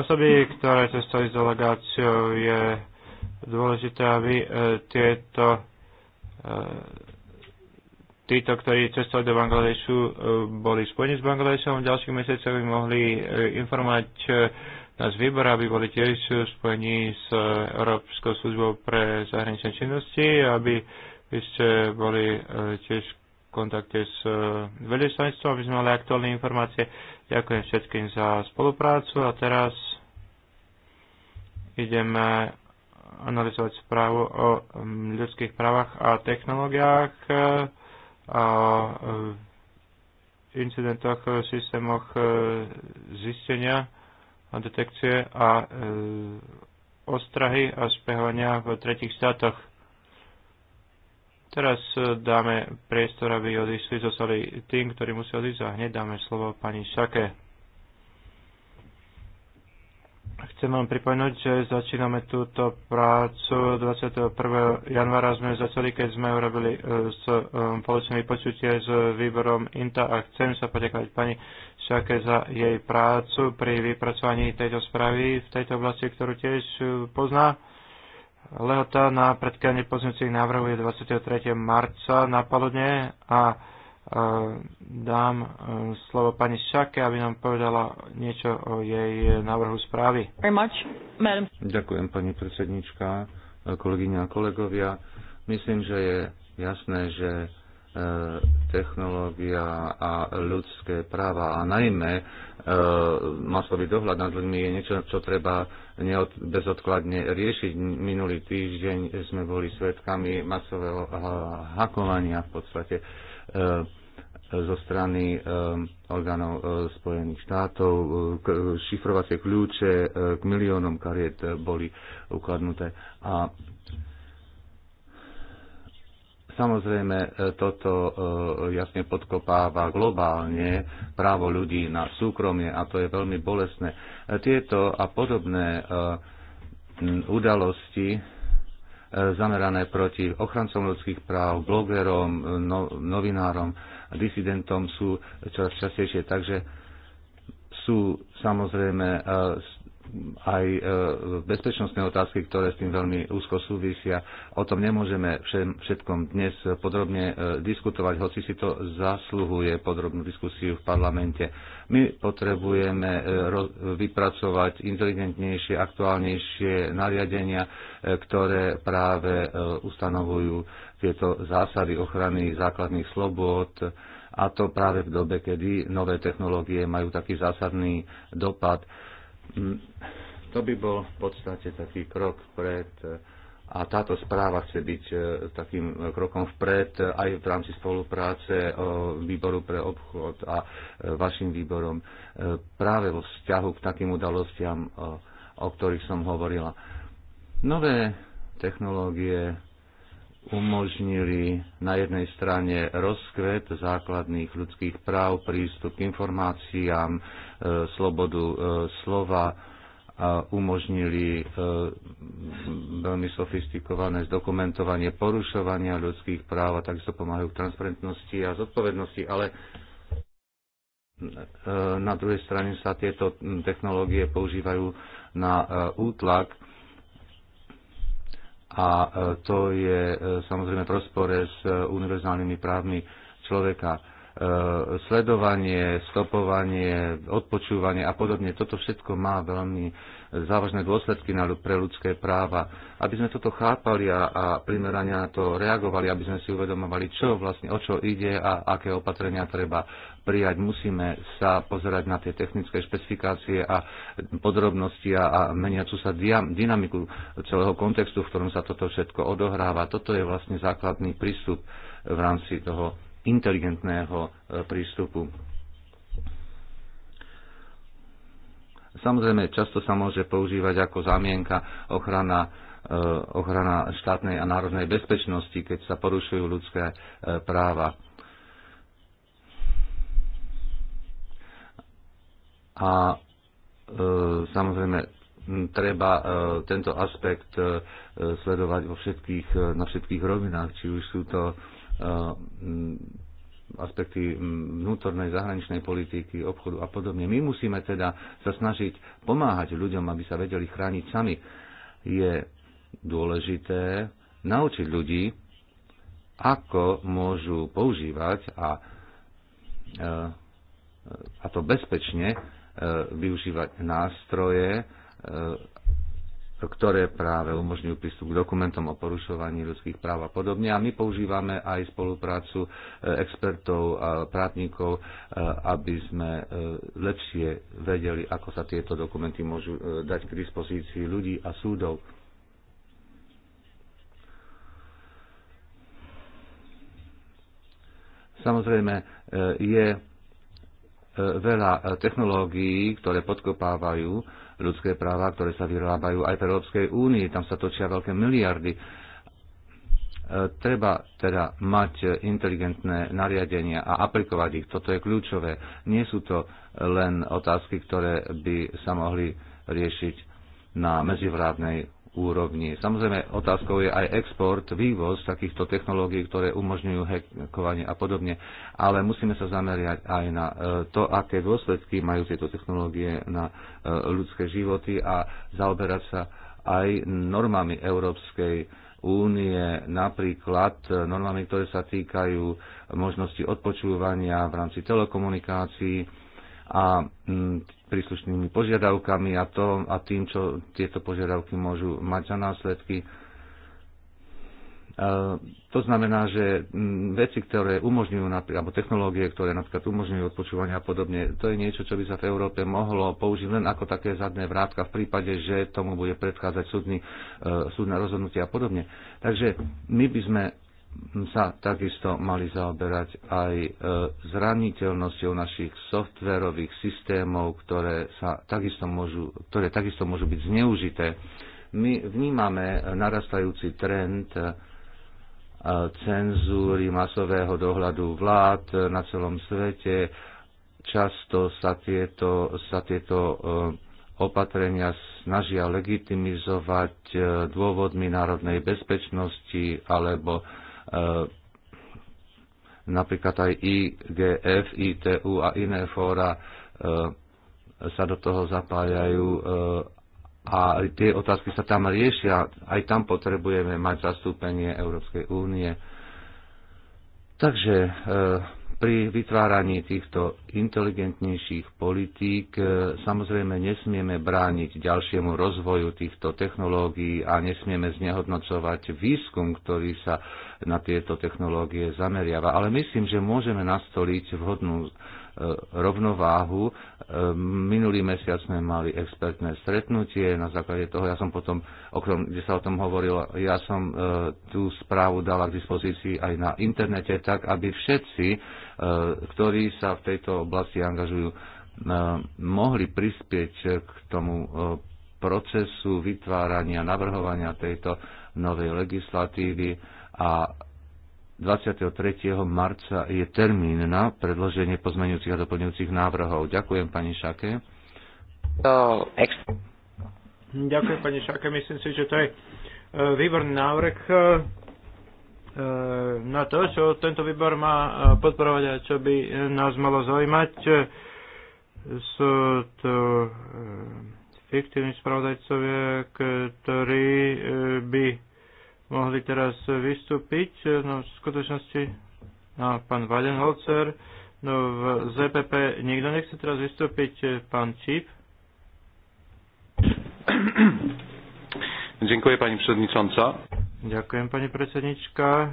osoby, ktoré cestovali s delegáciou. Je dôležité, aby tieto títo, ktorí cestovali do Bangladešu, boli spojení s Bangladešom. V ďalších mesiacoch by mohli informovať nás výbor, aby boli tiež spojení s e, Európskou službou pre zahraničné činnosti, aby vy ste boli e, tiež v kontakte s e, veľvyslanectvom, aby sme mali aktuálne informácie. Ďakujem všetkým za spoluprácu a teraz ideme analyzovať správu o ľudských právach a technológiách a incidentoch, systémoch zistenia detekcie a e, ostrahy a spehovania v tretich štátoch. Teraz e, dáme priestor, aby odišli, zostali tým, ktorí musia odísť a hneď dáme slovo pani Šake. Chcem vám pripomenúť, že začíname túto prácu 21. januára sme začali, keď sme urobili e, s, um, spoločné vypočutie s výborom INTA a chcem sa poďakovať pani však za jej prácu pri vypracovaní tejto správy v tejto oblasti, ktorú tiež e, pozná. Lehota na predkladanie poznúcich návrhov je 23. marca na paludne a e, dám e, slovo pani Šake, aby nám povedala niečo o jej návrhu správy. Ďakujem, pani predsednička, kolegyňa a kolegovia. Myslím, že je jasné, že E, technológia a ľudské práva a najmä e, masový dohľad nad ľuďmi je niečo, čo treba neod, bezodkladne riešiť. Minulý týždeň sme boli svetkami masového hakovania v podstate e, zo strany orgánov Spojených štátov. Šifrovacie kľúče k miliónom kariet boli ukladnuté a Samozrejme, e, toto e, jasne podkopáva globálne právo ľudí na súkromie a to je veľmi bolestné. E, tieto a podobné udalosti zamerané proti ochrancom ľudských práv, blogerom, no, novinárom, disidentom sú čoraz častejšie. Takže sú samozrejme aj e, bezpečnostné otázky, ktoré s tým veľmi úzko súvisia. O tom nemôžeme všetkom dnes podrobne e, diskutovať, hoci si to zasluhuje podrobnú diskusiu v parlamente. My potrebujeme e, vypracovať inteligentnejšie, aktuálnejšie nariadenia, ktoré práve ustanovujú tieto zásady ochrany základných slobôd, a to práve v dobe, kedy nové technológie majú taký zásadný dopad Mm, to by bol v podstate taký krok pred eh, a táto správa chce byť eh, takým eh, krokom vpred aj v rámci spolupráce o výboru pre obchod a vašim výborom práve vo vzťahu k takým udalostiam, o ktorých som hovorila. Nové technológie umožnili na jednej strane rozkvet základných ľudských práv, prístup k informáciám, E, slobodu e, slova a umožnili e, veľmi sofistikované zdokumentovanie porušovania ľudských práv a takisto pomáhajú k transparentnosti a zodpovednosti, ale na druhej strane sa tieto technológie používajú na útlak a to je samozrejme v rozpore s univerzálnymi právmi človeka. E, sledovanie, stopovanie, odpočúvanie a podobne. Toto všetko má veľmi závažné dôsledky na, pre ľudské práva. Aby sme toto chápali a, a primerane na to reagovali, aby sme si uvedomovali, čo vlastne, o čo ide a aké opatrenia treba prijať. Musíme sa pozerať na tie technické špecifikácie a podrobnosti a, a meniacu sa diam, dynamiku celého kontextu, v ktorom sa toto všetko odohráva. Toto je vlastne základný prístup v rámci toho inteligentného e, prístupu. Samozrejme, často sa môže používať ako zámienka ochrana, e, ochrana štátnej a národnej bezpečnosti, keď sa porušujú ľudské e, práva. A samozrejme, treba tento aspekt sledovať vo všetkých, na všetkých rovinách, či už sú to Eh, aspekty vnútornej zahraničnej politiky, obchodu a podobne. My musíme teda sa snažiť pomáhať ľuďom, aby sa vedeli chrániť sami. Je dôležité naučiť ľudí, ako môžu používať a, eh, a to bezpečne eh, využívať nástroje ktoré práve umožňujú prístup k dokumentom o porušovaní ľudských práv a podobne. A my používame aj spoluprácu e, expertov a právnikov, e, aby sme e, lepšie vedeli, ako sa tieto dokumenty môžu dať k dispozícii ľudí a súdov. Samozrejme, je veľa e, technológií, ktoré podkopávajú ľudské práva, ktoré sa vyrábajú aj v Európskej únii. Tam sa točia veľké miliardy. E, treba teda mať inteligentné nariadenia a aplikovať ich. Toto je kľúčové. Nie sú to len otázky, ktoré by sa mohli riešiť na medzivládnej úrovni. Samozrejme, otázkou je aj export, vývoz takýchto technológií, ktoré umožňujú hackovanie a podobne, ale musíme sa zameriať aj na e, to, aké dôsledky majú tieto technológie na e, ľudské životy a zaoberať sa aj normami Európskej únie, napríklad normami, ktoré sa týkajú možnosti odpočúvania v rámci telekomunikácií a mm, príslušnými požiadavkami a, to, a tým, čo tieto požiadavky môžu mať za následky. E, to znamená, že veci, ktoré umožňujú, alebo technológie, ktoré napríklad umožňujú odpočúvanie a podobne, to je niečo, čo by sa v Európe mohlo použiť len ako také zadné vrátka v prípade, že tomu bude predchádzať súdny, e, súdne rozhodnutie a podobne. Takže my by sme sa takisto mali zaoberať aj e, zraniteľnosťou našich softverových systémov, ktoré, sa takisto môžu, ktoré takisto môžu byť zneužité. My vnímame narastajúci trend e, cenzúry masového dohľadu vlád e, na celom svete. Často sa tieto, sa tieto opatrenia snažia legitimizovať dôvodmi národnej bezpečnosti alebo E, napríklad aj IGF, ITU a iné fóra e, sa do toho zapájajú e, a tie otázky sa tam riešia. Aj tam potrebujeme mať zastúpenie Európskej únie. Takže pri vytváraní týchto inteligentnejších politík e, samozrejme nesmieme brániť ďalšiemu rozvoju týchto technológií a nesmieme znehodnocovať výskum, ktorý sa na tieto technológie zameriava. Ale myslím, že môžeme nastoliť vhodnú rovnováhu. E, minulý mesiac sme mali expertné stretnutie, na základe toho ja som potom, okrem, kde sa o tom hovorilo, ja som e, tú správu dala k dispozícii aj na internete, tak aby všetci, e, ktorí sa v tejto oblasti angažujú, mohli prispieť k tomu procesu vytvárania, navrhovania tejto novej legislatívy a 23. marca je termín na predloženie pozmeňujúcich a doplňujúcich návrhov. Ďakujem, pani Šake. Ďakujem, pani Šake. Myslím si, že to je e, výborný návrh e, na to, čo tento výbor má e, podporovať a čo by nás malo zaujímať. Sú to fiktívni spravodajcovia, ktorí by mohli teraz vystúpiť. No v skutočnosti no, pán Wadenholzer, no v ZPP nikto nechce teraz vystúpiť, pán Číp. Dziękuję pani przewodnicząca. Ďakujem pani predsednička.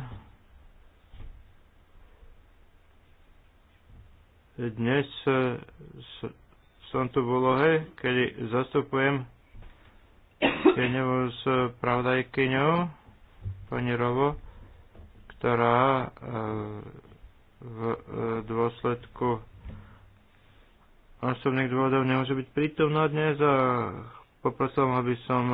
Dnes e, som tu v úlohe, kedy zastupujem s pravdajkyňou pani ktorá e, v e, dôsledku osobných dôvodov nemôže byť prítomná dnes a poprosím, aby som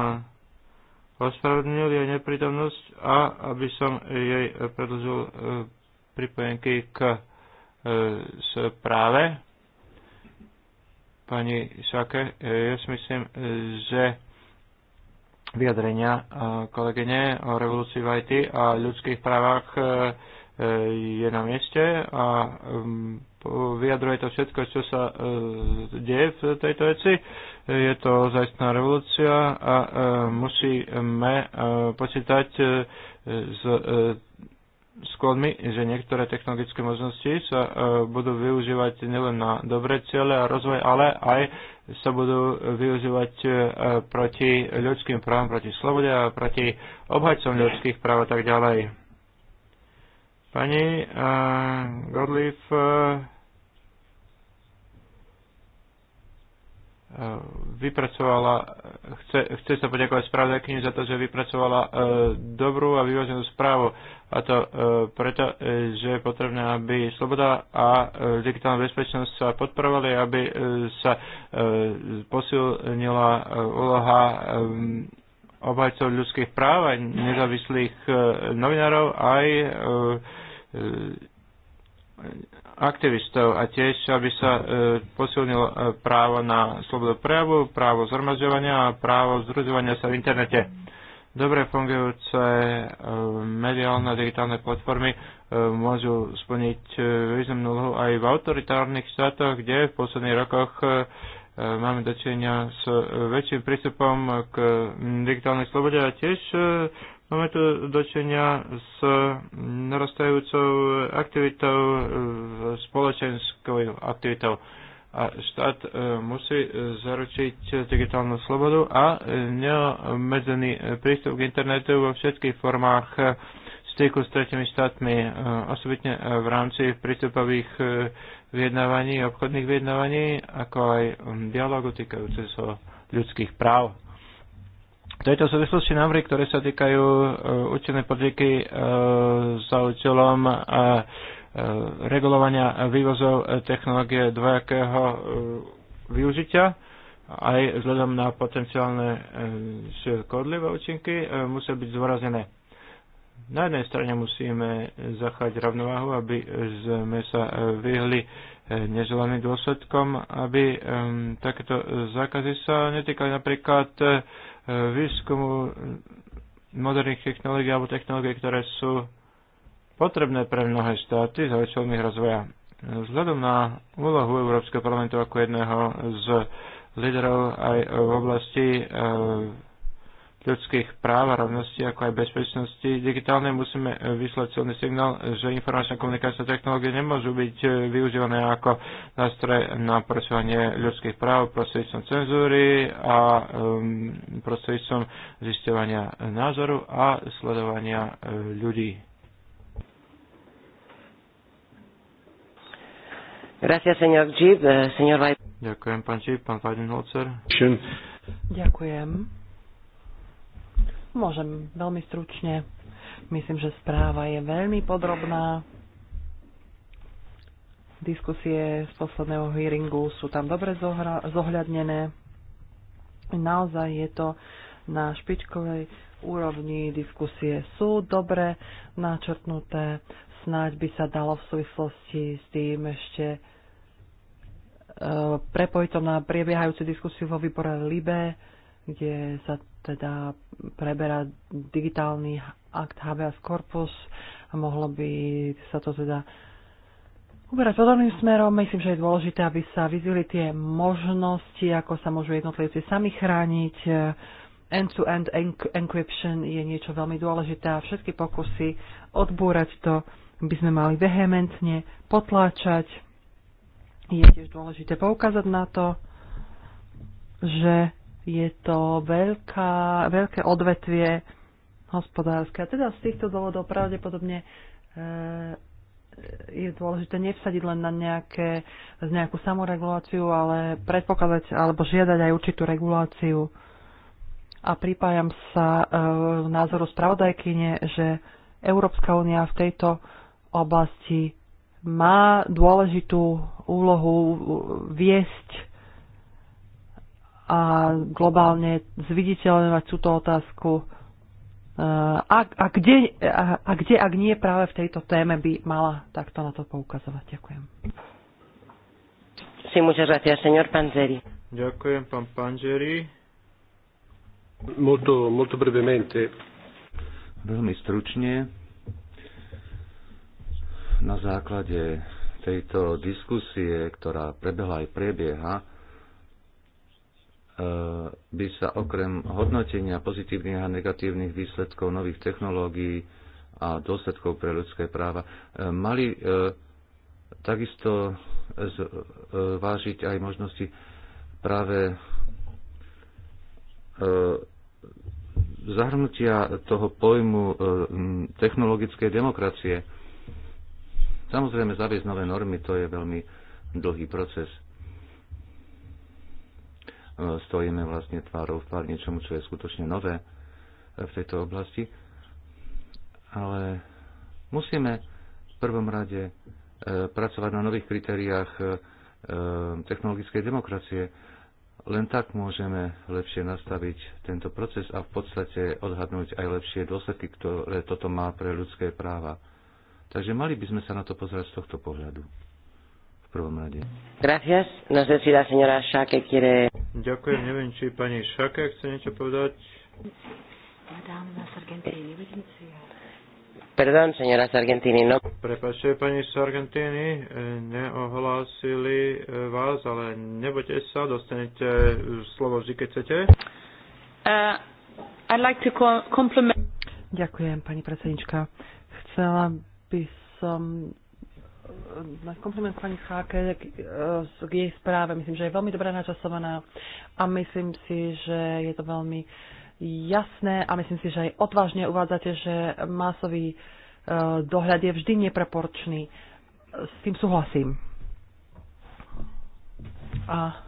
ospravedlnil jej neprítomnosť a aby som jej predlžil e, pripojenky k správe. Pani Šake, ja si myslím, že vyjadrenia kolegyne o revolúcii v IT a ľudských právach e, e, je na mieste a vyjadruje to všetko, čo sa e, deje v tejto veci. Je to zaistná revolúcia a musíme počítať s skladmi, že niektoré technologické možnosti sa e, budú využívať nielen na dobré ciele a rozvoj, ale aj sa budú využívať e, proti ľudským právam, proti slobode a proti obhajcom ľudských práv a tak ďalej. Pani e, Godlief e, vypracovala, chce, chce sa poďakovať spravodajkyni za to, že vypracovala uh, dobrú a vyváženú správu. A to uh, preto, e, že je potrebné, aby sloboda a uh, digitálna bezpečnosť sa podporovali, aby uh, sa uh, posilnila uh, úloha um, obhajcov ľudských práv a nezávislých uh, novinárov aj uh, uh, aktivistov a tiež, aby sa e, posilnilo e, právo na slobodu prejavu, právo zhromažďovania a právo združovania sa v internete. Dobre fungujúce e, mediálne digitálne platformy môžu splniť významnú úlohu aj v autoritárnych štátoch, kde v posledných rokoch máme dočenia s väčším prístupom k digitálnej slobode a tiež Máme tu dočenia s narastajúcou aktivitou, e, spoločenskou aktivitou. A štát e, musí zaručiť digitálnu slobodu a neobmedzený prístup k internetu vo všetkých formách styku s tretimi štátmi, e, osobitne v rámci prístupových vyjednávaní, obchodných vyjednávaní, ako aj dialogu týkajúce sa so ľudských práv. V tejto súvislosti návrhy, ktoré sa týkajú e, účinnej uh, za účelom e, regulovania vývozov technológie dvojakého využitia, aj vzhľadom na potenciálne škodlivé účinky, musia byť zdôraznené. Na jednej strane musíme zachovať rovnováhu, aby sme sa vyhli neželaným dôsledkom, aby takéto zákazy sa netýkali napríklad výskumu moderných technológií alebo technológií, ktoré sú potrebné pre mnohé štáty za účelom ich rozvoja. Vzhľadom na úlohu Európskeho parlamentu ako jedného z líderov aj v oblasti eh, ľudských práv a rovnosti, ako aj bezpečnosti digitálnej, musíme e, vyslať silný signál, že informačná komunikačná technológie nemôžu byť e, využívané ako nástroj na presovanie ľudských práv prostredstvom cenzúry a um, prostredstvom zistovania názoru a sledovania e, ľudí. Gracias, señor Jeep. Eh, señor Ďakujem, pán Čip, pán Fajdenholzer. Ďakujem. Môžem veľmi stručne. Myslím, že správa je veľmi podrobná. Diskusie z posledného hearingu sú tam dobre zohľadnené. Naozaj je to na špičkovej úrovni diskusie sú dobre načrtnuté. Snáď by sa dalo v súvislosti s tým ešte e, prepojiť to na prebiehajúcu diskusiu vo výbore LIBE kde sa teda preberá digitálny akt HBS corpus a mohlo by sa to teda uberať podobným smerom. Myslím, že je dôležité, aby sa vyzvili tie možnosti, ako sa môžu jednotlivci sami chrániť. End-to-end -end encryption je niečo veľmi dôležité a všetky pokusy odbúrať to by sme mali vehementne potláčať. Je tiež dôležité poukázať na to, že je to veľká, veľké odvetvie hospodárske. A teda z týchto dôvodov pravdepodobne e, je dôležité nevsadiť len na nejaké, nejakú samoreguláciu, ale predpokladať alebo žiadať aj určitú reguláciu. A pripájam sa e, názoru spravodajkyne, že Európska únia v tejto oblasti má dôležitú úlohu viesť a globálne zviditeľňovať túto otázku. E, a, a, kde, a, a kde, ak nie práve v tejto téme, by mala takto na to poukazovať? Ďakujem. Si muchas gracias, señor Panzeri. Ďakujem, pán Panzeri. Molto, molto brevemente. Veľmi stručne. Na základe tejto diskusie, ktorá prebehla aj prebieha, E, by sa okrem hodnotenia pozitívnych a negatívnych výsledkov nových technológií a dôsledkov pre ľudské práva e, mali e, takisto vážiť aj možnosti práve zahrnutia toho pojmu technologickej demokracie. Samozrejme, zaviesť nové normy, to je veľmi dlhý proces stojíme vlastne tvárou v tvár niečomu, čo je skutočne nové v tejto oblasti. Ale musíme v prvom rade e, pracovať na nových kritériách e, technologickej demokracie. Len tak môžeme lepšie nastaviť tento proces a v podstate odhadnúť aj lepšie dôsledky, ktoré toto má pre ľudské práva. Takže mali by sme sa na to pozerať z tohto pohľadu prvom rade. Gracias. No sé si la señora Šake quiere... Ďakujem, neviem, či pani Šake chce niečo povedať. Perdón, señora Sargentini, no. Prepačte, pani Sargentini, eh, neohlásili eh, vás, ale nebojte sa, dostanete eh, slovo vždy, keď chcete. Uh, I'd like to compliment... Ďakujem, pani predsednička. Chcela by som na kompliment pani Cháke e, k jej správe. Myslím, že je veľmi dobrá načasovaná a myslím si, že je to veľmi jasné a myslím si, že aj odvážne uvádzate, že masový e, dohľad je vždy neproporčný. S tým súhlasím. A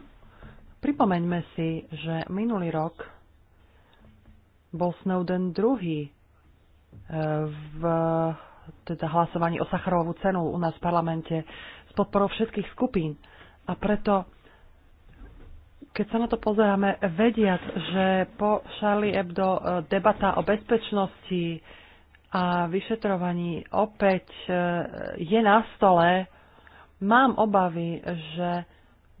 pripomeňme si, že minulý rok bol Snowden druhý e, v teda hlasovaní o Sacharovú cenu u nás v parlamente s podporou všetkých skupín. A preto, keď sa na to pozeráme, vediac, že po Charlie Hebdo e, debata o bezpečnosti a vyšetrovaní opäť e, je na stole, mám obavy, že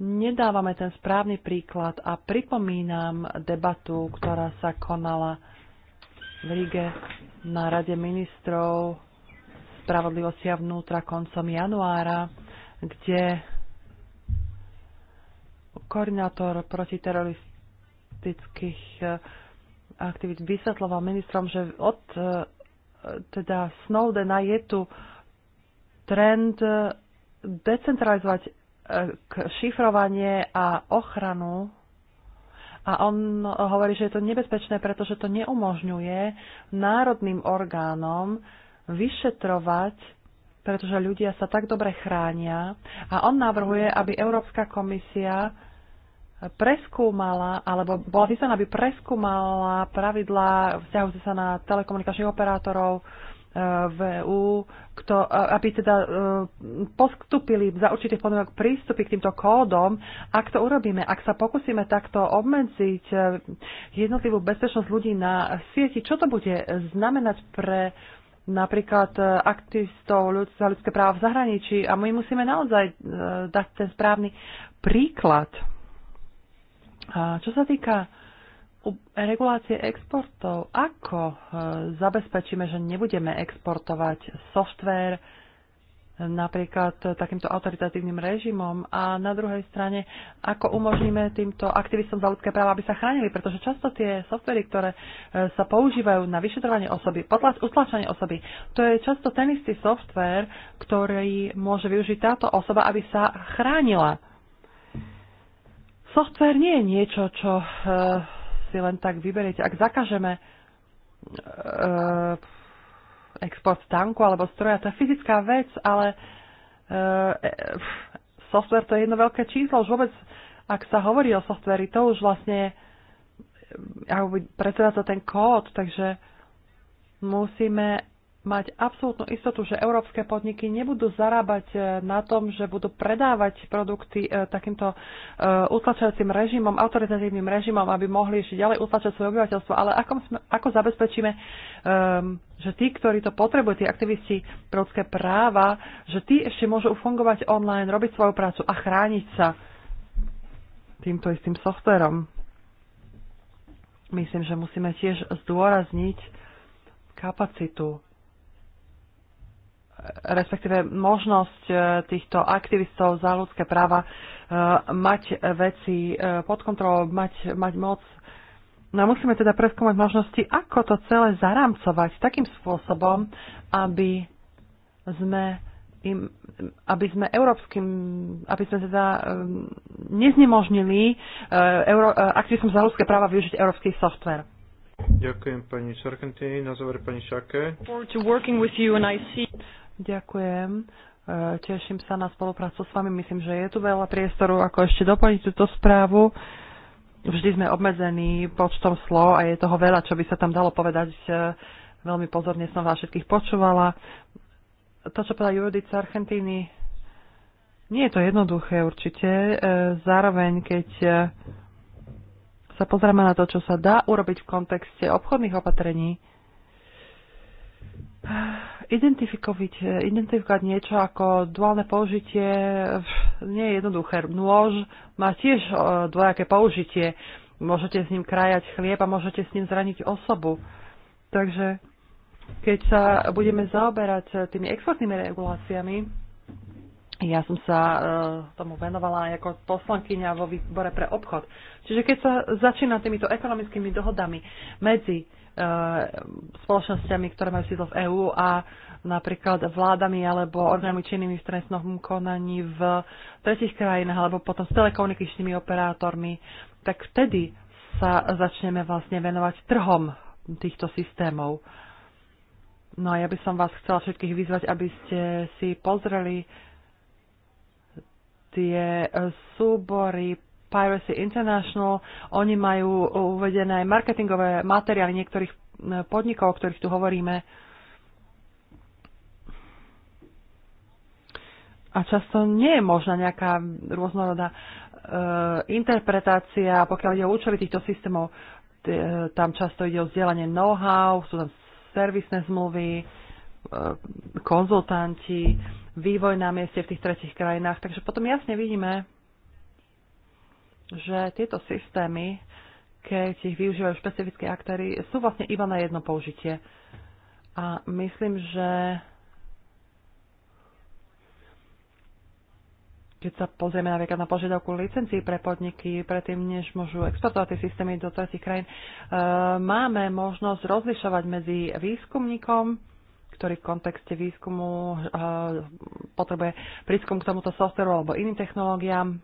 nedávame ten správny príklad a pripomínam debatu, ktorá sa konala v Rige na Rade ministrov spravodlivosti a vnútra koncom januára, kde koordinátor protiteroristických eh, aktivít vysvetloval ministrom, že od eh, teda Snowdena je tu trend eh, decentralizovať k šifrovanie a ochranu a on hovorí, že je to nebezpečné, pretože to neumožňuje národným orgánom vyšetrovať, pretože ľudia sa tak dobre chránia. A on navrhuje, aby Európska komisia preskúmala, alebo bola vyslaná, aby preskúmala pravidlá vzťahujúce sa na telekomunikačných operátorov eh, v EU, kto, eh, aby teda eh, postupili za určitých podmienok prístupy k týmto kódom. Ak to urobíme, ak sa pokúsime takto obmedziť jednotlivú bezpečnosť ľudí na sieti, čo to bude znamenať pre napríklad e, aktivistov ľud- za ľudské práva v zahraničí a my musíme naozaj e, dať ten správny príklad. E, čo sa týka regulácie exportov, ako zabezpečíme, že nebudeme exportovať software, napríklad takýmto autoritatívnym režimom a na druhej strane, ako umožníme týmto aktivistom za ľudské práva, aby sa chránili, pretože často tie softvery, ktoré e, sa používajú na vyšetrovanie osoby, potlač, utlačanie osoby, to je často ten istý software, ktorý môže využiť táto osoba, aby sa chránila. Software nie je niečo, čo uh, si len tak vyberiete. Ak zakažeme uh, export tanku alebo stroja, to je fyzická vec, ale e, e software to je jedno veľké číslo. Už vôbec, ak sa hovorí o softveri, to už vlastne e, ako predstavá sa ten kód, takže musíme mať absolútnu istotu, že európske podniky nebudú zarábať e, na tom, že budú predávať produkty e, takýmto e, utlačajúcim režimom, autoritatívnym režimom, aby mohli ešte ďalej utlačať svoje obyvateľstvo. Ale ako, sme, ako zabezpečíme, ehm, že tí, ktorí to potrebujú, tí aktivisti pre ľudské práva, že tí ešte môžu fungovať online, robiť svoju prácu a chrániť sa týmto istým softverom. Myslím, že musíme tiež zdôrazniť kapacitu respektíve možnosť e, týchto aktivistov za ľudské práva e, mať veci e, pod kontrolou, mať, mať moc. No musíme teda preskúmať možnosti, ako to celé zaramcovať takým spôsobom, aby sme im, aby sme európskym, aby sme teda um, neznemožnili uh, aktivistom za ľudské práva využiť európsky software. Ďakujem pani Sargentini, na záver pani Šake. Ďakujem. E, teším sa na spoluprácu s vami. Myslím, že je tu veľa priestoru, ako ešte doplniť túto správu. Vždy sme obmedzení počtom slov a je toho veľa, čo by sa tam dalo povedať. E, veľmi pozorne som vás všetkých počúvala. To, čo povedala Judith z Argentíny, nie je to jednoduché určite. E, zároveň, keď sa pozrieme na to, čo sa dá urobiť v kontexte obchodných opatrení, identifikovať, identifikovať niečo ako duálne použitie nie je jednoduché. Nôž má tiež e, dvojaké použitie. Môžete s ním krajať chlieb a môžete s ním zraniť osobu. Takže keď sa budeme zaoberať e, tými exportnými reguláciami, ja som sa e, tomu venovala aj ako poslankyňa vo výbore pre obchod. Čiže keď sa začína týmito ekonomickými dohodami medzi Eh, spoločnosťami, ktoré majú sídlo v EÚ a napríklad vládami alebo orgánmi činnými v trestnom konaní v tretich krajinách alebo potom s telekomunikačnými operátormi, tak vtedy sa začneme vlastne venovať trhom týchto systémov. No a ja by som vás chcela všetkých vyzvať, aby ste si pozreli tie súbory Piracy International. Oni majú uvedené marketingové materiály niektorých podnikov, o ktorých tu hovoríme. A často nie je možná nejaká rôznorodá e, interpretácia, pokiaľ ide o účely týchto systémov. E, tam často ide o vzdielanie know-how, sú tam servisné zmluvy, e, konzultanti, vývoj na mieste v tých tretich krajinách. Takže potom jasne vidíme, že tieto systémy, keď ich využívajú špecifické aktéry, sú vlastne iba na jedno použitie. A myslím, že keď sa pozrieme napríklad na požiadavku licencií pre podniky, predtým než môžu exportovať tie systémy do tretich krajín, e, máme možnosť rozlišovať medzi výskumníkom, ktorý v kontexte výskumu e, potrebuje prískum k tomuto softveru alebo iným technológiám,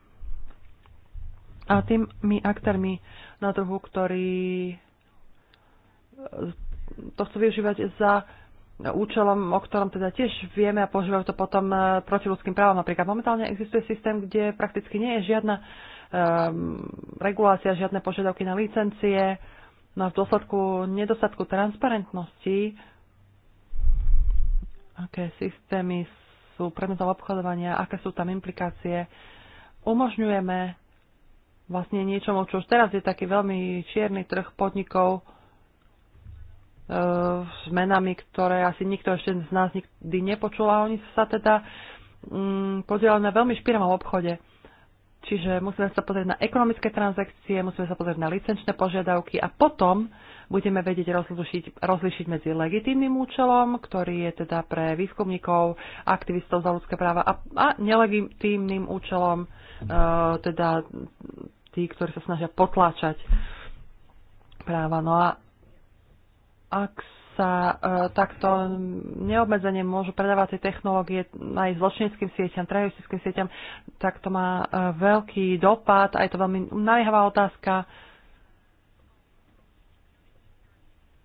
a tými aktérmi na trhu, ktorí e, to chcú využívať za účelom, o ktorom teda tiež vieme a používajú to potom e, proti ľudským právam. Napríklad momentálne existuje systém, kde prakticky nie je žiadna um, regulácia, žiadne požiadavky na licencie, no a v dôsledku nedostatku transparentnosti, aké systémy sú predmetom obchodovania, aké sú tam implikácie, umožňujeme vlastne niečomu, čo už teraz je taký veľmi čierny trh podnikov e, s menami, ktoré asi nikto ešte z nás nikdy nepočul a oni sa teda mm, podielali na veľmi špiramom obchode. Čiže musíme sa pozrieť na ekonomické transakcie, musíme sa pozrieť na licenčné požiadavky a potom budeme vedieť rozlišiť, rozlišiť medzi legitímnym účelom, ktorý je teda pre výskumníkov, aktivistov za ľudské práva a, a nelegitímnym účelom, e, teda tí, ktorí sa snažia potláčať práva. No a ak sa e, takto neobmedzenie môžu predávať tie technológie aj zločinským sieťam, trajistickým sieťam, tak to má e, veľký dopad a je to veľmi naliehavá otázka.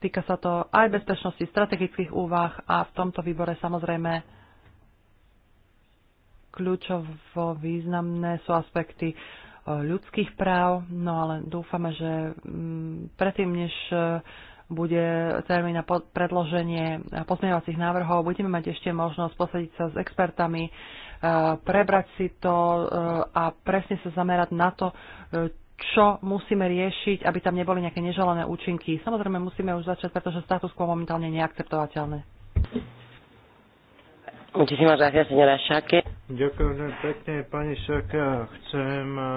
Týka sa to aj bezpečnosti, strategických úvah a v tomto výbore samozrejme kľúčovo významné sú aspekty ľudských práv, no ale dúfame, že mm, predtým, než e, bude termín na predloženie pozmeňovacích návrhov, budeme mať ešte možnosť posadiť sa s expertami, e, prebrať si to e, a presne sa zamerať na to, čo musíme riešiť, aby tam neboli nejaké neželané účinky. Samozrejme musíme už začať, pretože status quo momentálne je neakceptovateľné. Muchísimas gracias, señora Shake. Ďakujem veľmi pekne, pani Šaka. Chcem eh,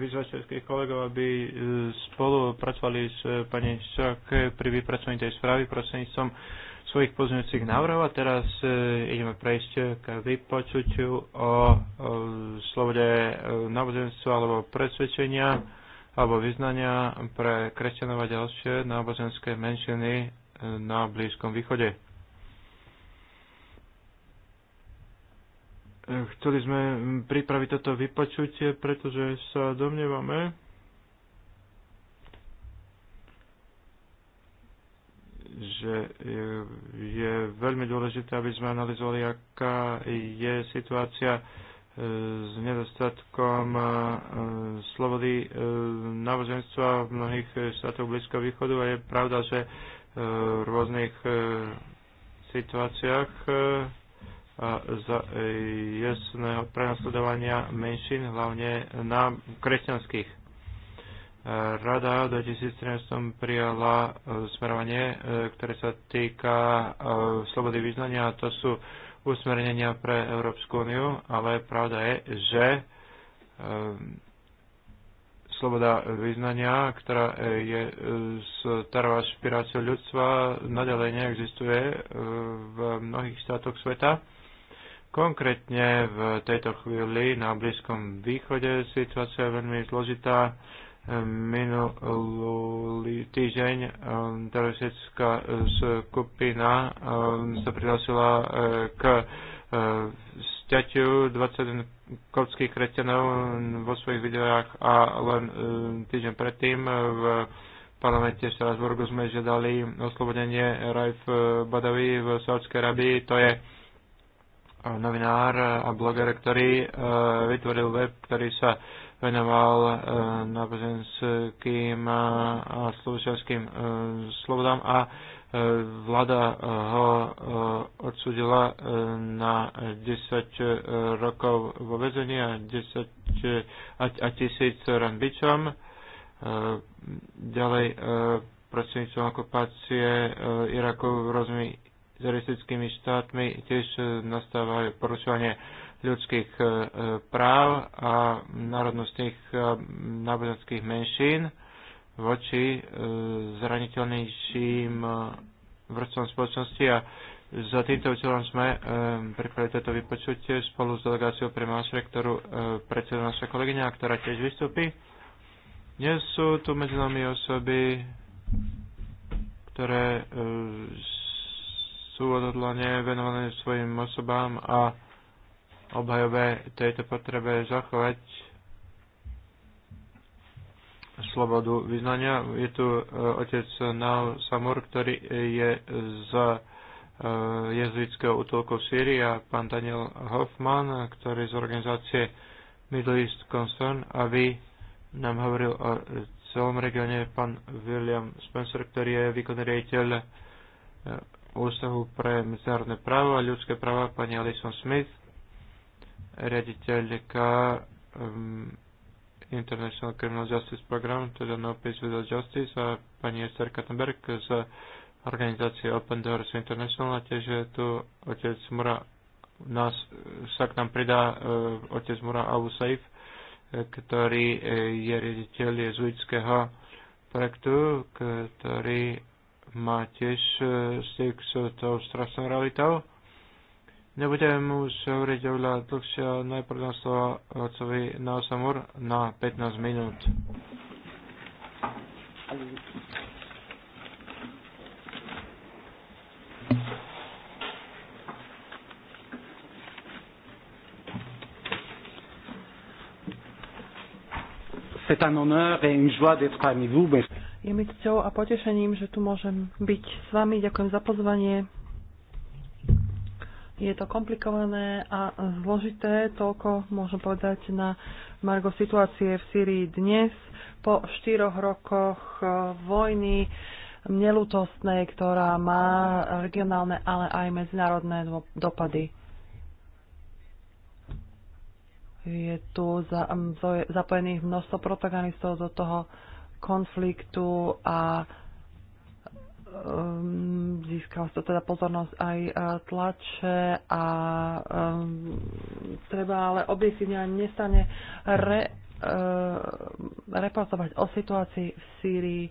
vyzvať všetkých kolegov, aby eh, spolu pracovali s eh, pani Šake pri vypracovaní tej správy prostredníctvom svojich pozňujúcich návrhov a teraz ideme prejsť k vypočutiu o slobode náboženstva alebo presvedčenia alebo vyznania pre kresťanov a ďalšie náboženské menšiny na Blízkom východe. Chceli sme mm, pripraviť toto vypočutie, pretože sa domnievame, že je veľmi dôležité, aby sme analyzovali, aká je situácia e, s nedostatkom e, slobody e, náboženstva v mnohých štátoch Blízkoho východu a je pravda, že v rôznych situáciách z e, jasného prenasledovania menšín, hlavne na kresťanských. E, Rada v 2013 prijala e, smerovanie, ktoré sa týka slobody význania, a to sú usmernenia pre Európsku úniu, ale pravda je, že sloboda vyznania, ktorá je starová špirácia ľudstva, nadalej neexistuje v mnohých štátoch sveta Konkrétne v tejto chvíli na Blízkom východe situácia je veľmi zložitá. Minulý týždeň um, teroristická skupina um, sa prihlásila uh, k stiaťu uh, 21 kopských kresťanov vo svojich videách a len um, týždeň predtým uh, v parlamente v Strasburgu sme žiadali oslobodenie Raif Badawi v Saudskej Arabii. To je novinár a bloger, ktorý e, vytvoril web, ktorý sa venoval e, náboženským a slúženským e, slobodám a vláda ho odsudila na 10 rokov vo vezení a, 10, a, a tisíc ranbičom. bičom. Ďalej prostredníctvom okupácie Iraku rozumí socialistickými štátmi tiež e, nastáva porušovanie ľudských e, práv a národnostných náboženských menšín voči e, zraniteľnejším vrstvom spoločnosti a za týmto účelom sme e, pripravili toto vypočutie spolu s delegáciou pre Mašre, ktorú e, predseda naša kolegyňa, ktorá tiež vystúpi. Dnes sú tu medzi nami osoby, ktoré sú odhodlane venované svojim osobám a obhajové tejto potrebe zachovať slobodu vyznania. Je tu e, otec Nao Samur, ktorý je z e, jezuitského útulku v Sýrii a pán Daniel Hoffman, ktorý z organizácie Middle East Concern a vy nám hovoril o celom regióne pán William Spencer, ktorý je výkonný riaditeľ e, Ústavu pre medzinárodné právo a ľudské práva pani Alison Smith, riaditeľka um, International Criminal Justice Program, teda No Peace Without Justice a pani Esther Kattenberg z organizácie Open Doors International a tiež je tu otec Mura nás sa k nám pridá uh, otec Mura Abu Saif, uh, ktorý uh, je riaditeľ jezuitského projektu, ktorý má tiež e, styk s tou strašnou realitou. Nebudem už hovoriť oveľa dlhšie, najprv na slova otcovi na Osamur na 15 minút. C'est un honneur et une joie d'être parmi vous. Mais... Je mi cťou a potešením, že tu môžem byť s vami. Ďakujem za pozvanie. Je to komplikované a zložité, toľko môžem povedať na Margo situácie v Syrii dnes. Po štyroch rokoch e, vojny nelutostnej, ktorá má regionálne, ale aj medzinárodné dopady. Je tu zapojených množstvo protagonistov do toho konfliktu a um, získala sa teda pozornosť aj e, tlače a e, treba ale objektívne ani nestane re, e, reportovať o situácii v Sýrii,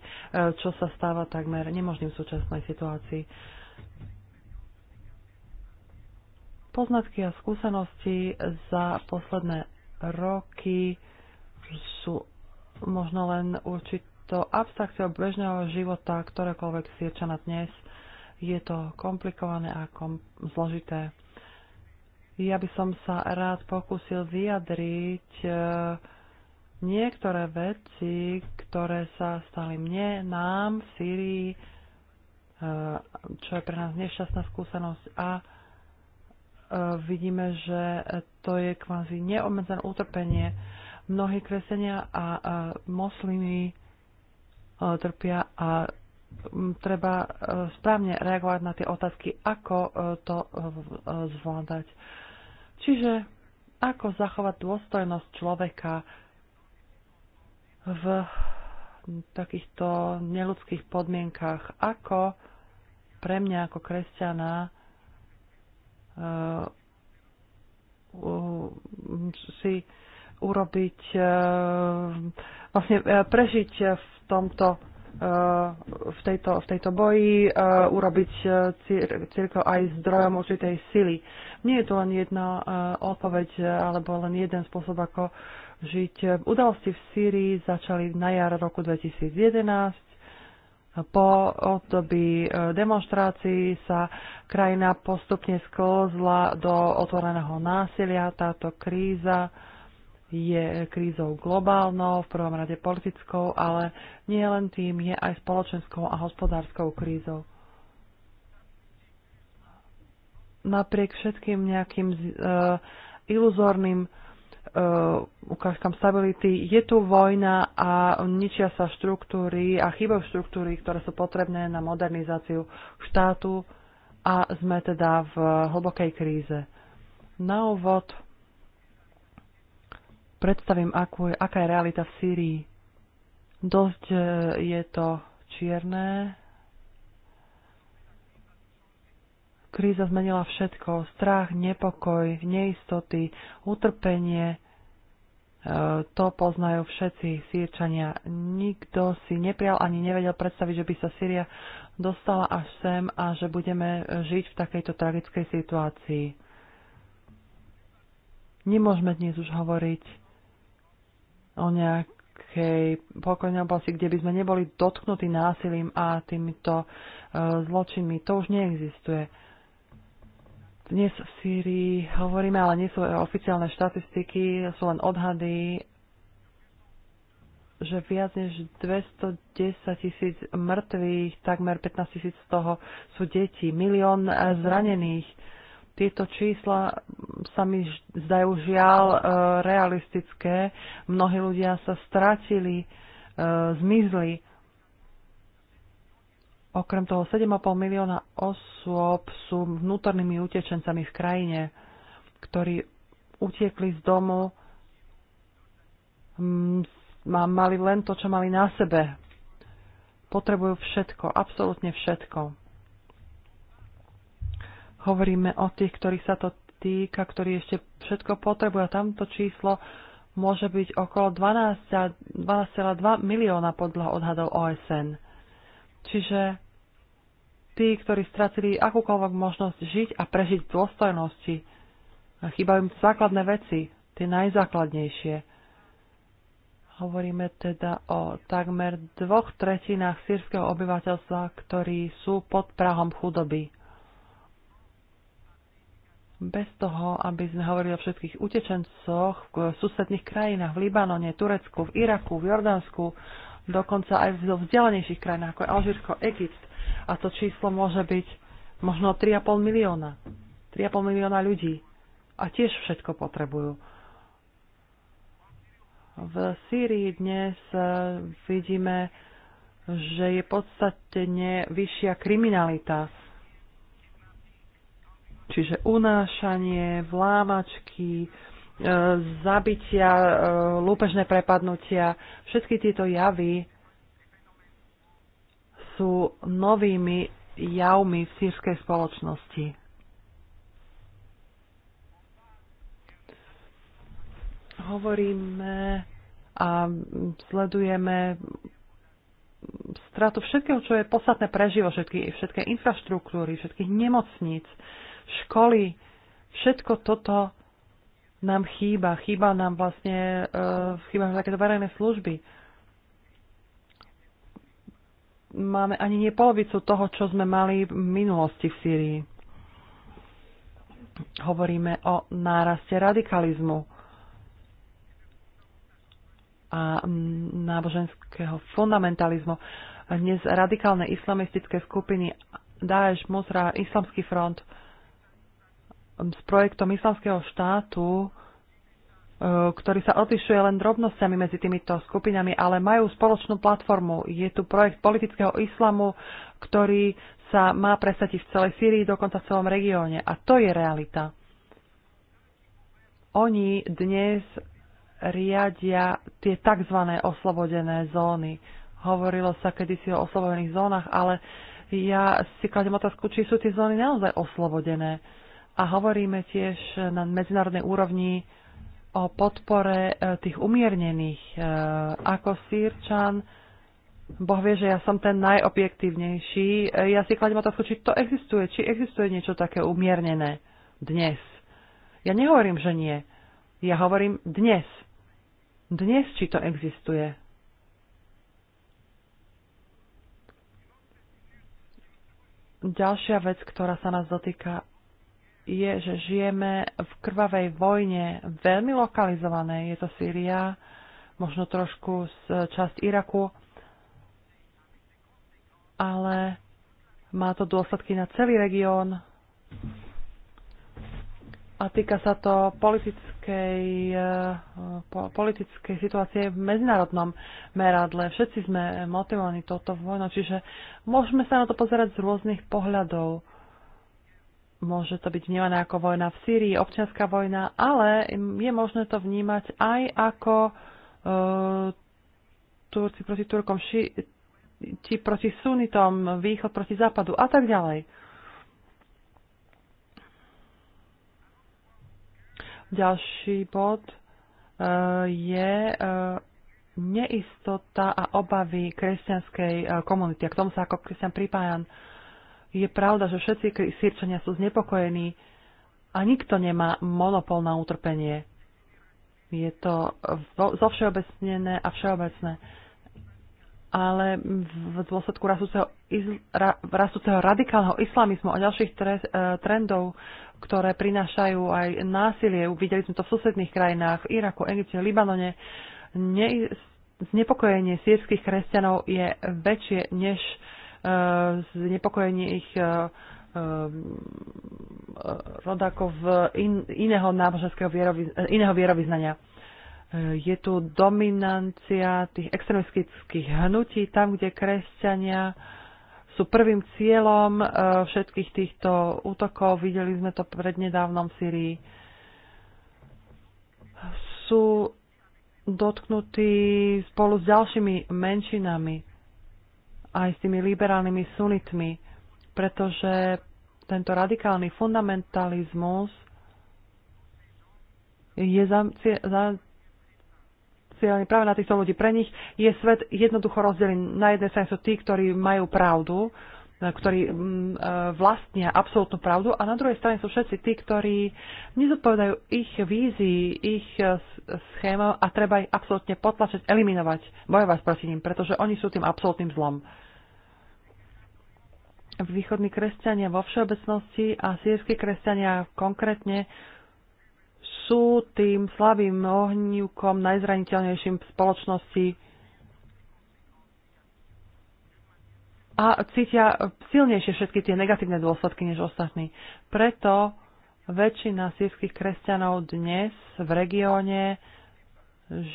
čo sa stáva takmer nemožným v súčasnej situácii. Poznatky a skúsenosti za posledné roky sú možno len určitou abstrakciou bežného života ktorékoľvek siečana dnes. Je to komplikované a kom- zložité. Ja by som sa rád pokúsil vyjadriť e, niektoré veci, ktoré sa stali mne, nám v Syrii, e, čo je pre nás nešťastná skúsenosť a e, vidíme, že to je kvázi neobmedzené utrpenie mnohí kresenia a, a moslimy e, trpia a treba e, správne reagovať na tie otázky, ako e, to zvládať. Čiže ako zachovať dôstojnosť človeka v takýchto neludských podmienkach, ako pre mňa ako kresťana si urobiť, eh, vlastne eh, prežiť v tomto eh, v tejto, v tejto boji urobiť církev aj zdrojom určitej sily. Nie je to len jedna odpoveď alebo len jeden spôsob, ako žiť. Udalosti v Sýrii začali na jar roku 2011. Po období demonstrácií sa krajina postupne sklzla do otvoreného násilia. Táto kríza je krízou globálnou, v prvom rade politickou, ale nie len tým, je aj spoločenskou a hospodárskou krízou. Napriek všetkým nejakým uh, e, iluzórnym uh, e, ukážkam stability, je tu vojna a ničia sa štruktúry a chýbajú štruktúry, ktoré sú potrebné na modernizáciu štátu a sme teda v hlbokej kríze. Na úvod predstavím, akú je, aká je realita v Sýrii. Dosť e, je to čierne. Kríza zmenila všetko. Strach, nepokoj, neistoty, utrpenie. E, to poznajú všetci sírčania. Nikto si neprial ani nevedel predstaviť, že by sa Sýria dostala až sem a že budeme žiť v takejto tragickej situácii. Nemôžeme dnes už hovoriť o nejakej pokojnej oblasti, kde by sme neboli dotknutí násilím a týmito e, zločinmi. To už neexistuje. Dnes v Sýrii hovoríme, ale nie sú oficiálne štatistiky, sú len odhady, že viac než 210 tisíc mŕtvych, takmer 15 tisíc z toho sú deti, milión zranených tieto čísla sa mi zdajú žiaľ e, realistické. Mnohí ľudia sa stratili, e, zmizli. Okrem toho 7,5 milióna osôb sú vnútornými utečencami v krajine, ktorí utiekli z domu, mali len to, čo mali na sebe. Potrebujú všetko, absolútne všetko hovoríme o tých, ktorých sa to týka, ktorí ešte všetko potrebujú. A tamto číslo môže byť okolo 12,2 12 milióna podľa odhadov OSN. Čiže tí, ktorí stratili akúkoľvek možnosť žiť a prežiť v dôstojnosti, chýbajú im základné veci, tie najzákladnejšie. Hovoríme teda o takmer dvoch tretinách sírskeho obyvateľstva, ktorí sú pod prahom chudoby bez toho, aby sme hovorili o všetkých utečencoch v susedných krajinách, v Libanone, Turecku, v Iraku, v Jordánsku, dokonca aj v vzdialenejších krajinách ako je Alžírsko, Egypt. A to číslo môže byť možno 3,5 milióna. 3,5 milióna ľudí. A tiež všetko potrebujú. V Sýrii dnes e, vidíme, že je podstatne vyššia kriminalita Čiže unášanie, vlámačky, e, zabitia, e, lúpežné prepadnutia, všetky tieto javy sú novými javmi v sírskej spoločnosti. Hovoríme a sledujeme stratu všetkého, čo je podstatné pre život, všetky, všetké infraštruktúry, všetkých nemocníc, školy. Všetko toto nám chýba. Chýba nám vlastne e, chýba nám takéto verejné služby. Máme ani nie polovicu toho, čo sme mali v minulosti v Sýrii. Hovoríme o náraste radikalizmu a náboženského fundamentalizmu. Dnes radikálne islamistické skupiny Daesh, Musra, Islamský front, uh, s projektom islamského štátu, e, ktorý sa odlišuje len drobnosťami medzi týmito skupinami, ale majú spoločnú platformu. Je tu projekt politického islamu, ktorý sa má presadiť v celej Sýrii, dokonca v celom regióne. A to je realita. Oni dnes riadia tie tzv. oslobodené zóny. Hovorilo sa kedysi o oslobodených zónach, ale ja si kladem otázku, či sú tie zóny naozaj oslobodené a hovoríme tiež na medzinárodnej úrovni o podpore e, tých umiernených e, ako sírčan. Boh vie, že ja som ten najobjektívnejší. E, ja si kladím otázku, či to existuje, či existuje niečo také umiernené dnes. Ja nehovorím, že nie. Ja hovorím dnes. Dnes, či to existuje. Ďalšia vec, ktorá sa nás dotýka je, že žijeme v krvavej vojne, veľmi lokalizovanej. Je to Sýria, možno trošku z časť Iraku, ale má to dôsledky na celý región a týka sa to politickej, eh, politickej situácie v medzinárodnom meradle. Všetci sme motivovaní touto vojnou, čiže môžeme sa na to pozerať z rôznych pohľadov. Môže to byť vnímané ako vojna v Sýrii, občianská vojna, ale je možné to vnímať aj ako e, Turci proti Turkom, či proti Sunitom, Východ proti Západu a tak ďalej. Ďalší bod e, je e, neistota a obavy kresťanskej e, komunity. A k tomu sa ako kresťan pripájam. E, je pravda, že všetci sírčania sú znepokojení a nikto nemá monopol na utrpenie. Je to zovšeobecnené a všeobecné. Ale v dôsledku rastúceho, ra, rastúceho radikálneho islamizmu a ďalších tre, e, trendov, ktoré prinášajú aj násilie, videli sme to v susedných krajinách, v Iraku, Egypte, Libanone, ne, znepokojenie sírskych kresťanov je väčšie než znepokojenie ich e, e, rodákov iného náboženského e, iného vierovýznania. Je tu dominancia tých extremistických hnutí tam, kde kresťania sú prvým cieľom všetkých týchto útokov. Videli sme to prednedávnom v Syrii. Sú dotknutí spolu s ďalšími menšinami aj s tými liberálnymi sunitmi, pretože tento radikálny fundamentalizmus je zacielený práve na týchto ľudí. Pre nich je svet jednoducho rozdelený. Na jednej strane sú tí, ktorí majú pravdu, ktorí mm, e, vlastnia absolútnu pravdu a na druhej strane sú všetci tí, ktorí nezodpovedajú ich vízii, ich e, schémam a treba ich absolútne potlačiť, eliminovať, bojovať proti ním, pretože oni sú tým absolútnym zlom východní kresťania vo všeobecnosti a sírsky kresťania konkrétne sú tým slabým ohňukom najzraniteľnejším v spoločnosti a cítia silnejšie všetky tie negatívne dôsledky než ostatní. Preto väčšina sírskych kresťanov dnes v regióne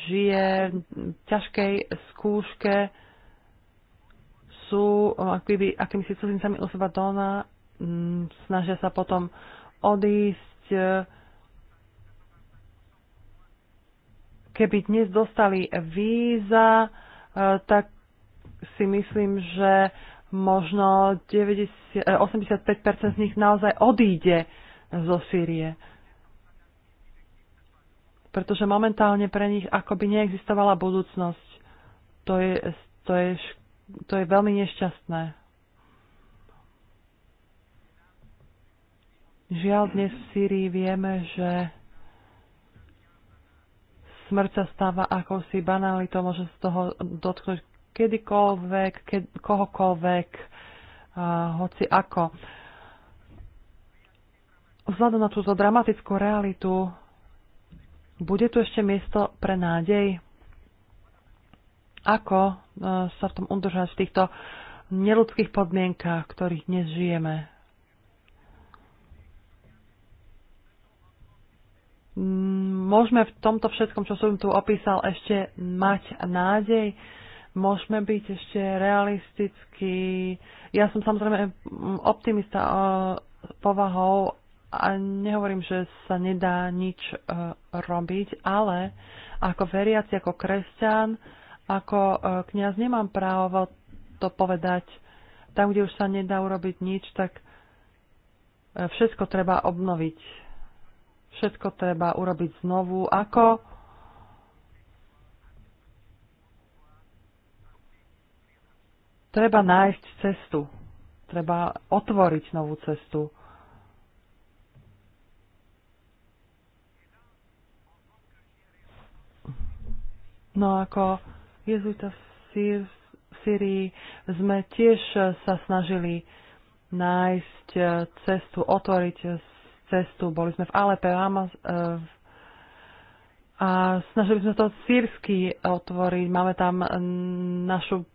žije v ťažkej skúške sú akými, akými si cudzincami u seba doma, snažia sa potom odísť. E, keby dnes dostali víza, e, tak si myslím, že možno 90, 85% e, z nich naozaj odíde zo Sýrie. Pretože momentálne pre nich akoby neexistovala budúcnosť. To je, to je škoda to je veľmi nešťastné. Žiaľ, dnes v Sýrii vieme, že smrť sa stáva akousi banalitou, môže z toho dotknúť kedykoľvek, ked, kohokoľvek, uh, hoci ako. Vzhľadom na túto dramatickú realitu, bude tu ešte miesto pre nádej? ako e, sa v tom udržať v týchto neludských podmienkách, ktorých dnes žijeme. Mm, môžeme v tomto všetkom, čo som tu opísal, ešte mať nádej, môžeme byť ešte realistickí. Ja som samozrejme optimista e, povahou a nehovorím, že sa nedá nič e, robiť, ale ako veriaci, ako kresťan, ako e, kňaz nemám právo to povedať. Tam, kde už sa nedá urobiť nič, tak e, všetko treba obnoviť. Všetko treba urobiť znovu. Ako? Treba nájsť cestu. Treba otvoriť novú cestu. No ako jezuita v, v Syrii sme tiež eh, sa snažili nájsť eh, cestu, otvoriť eh, cestu. Boli sme v Alepe, v Amaz, a snažili sme to sírsky otvoriť. Máme tam našu,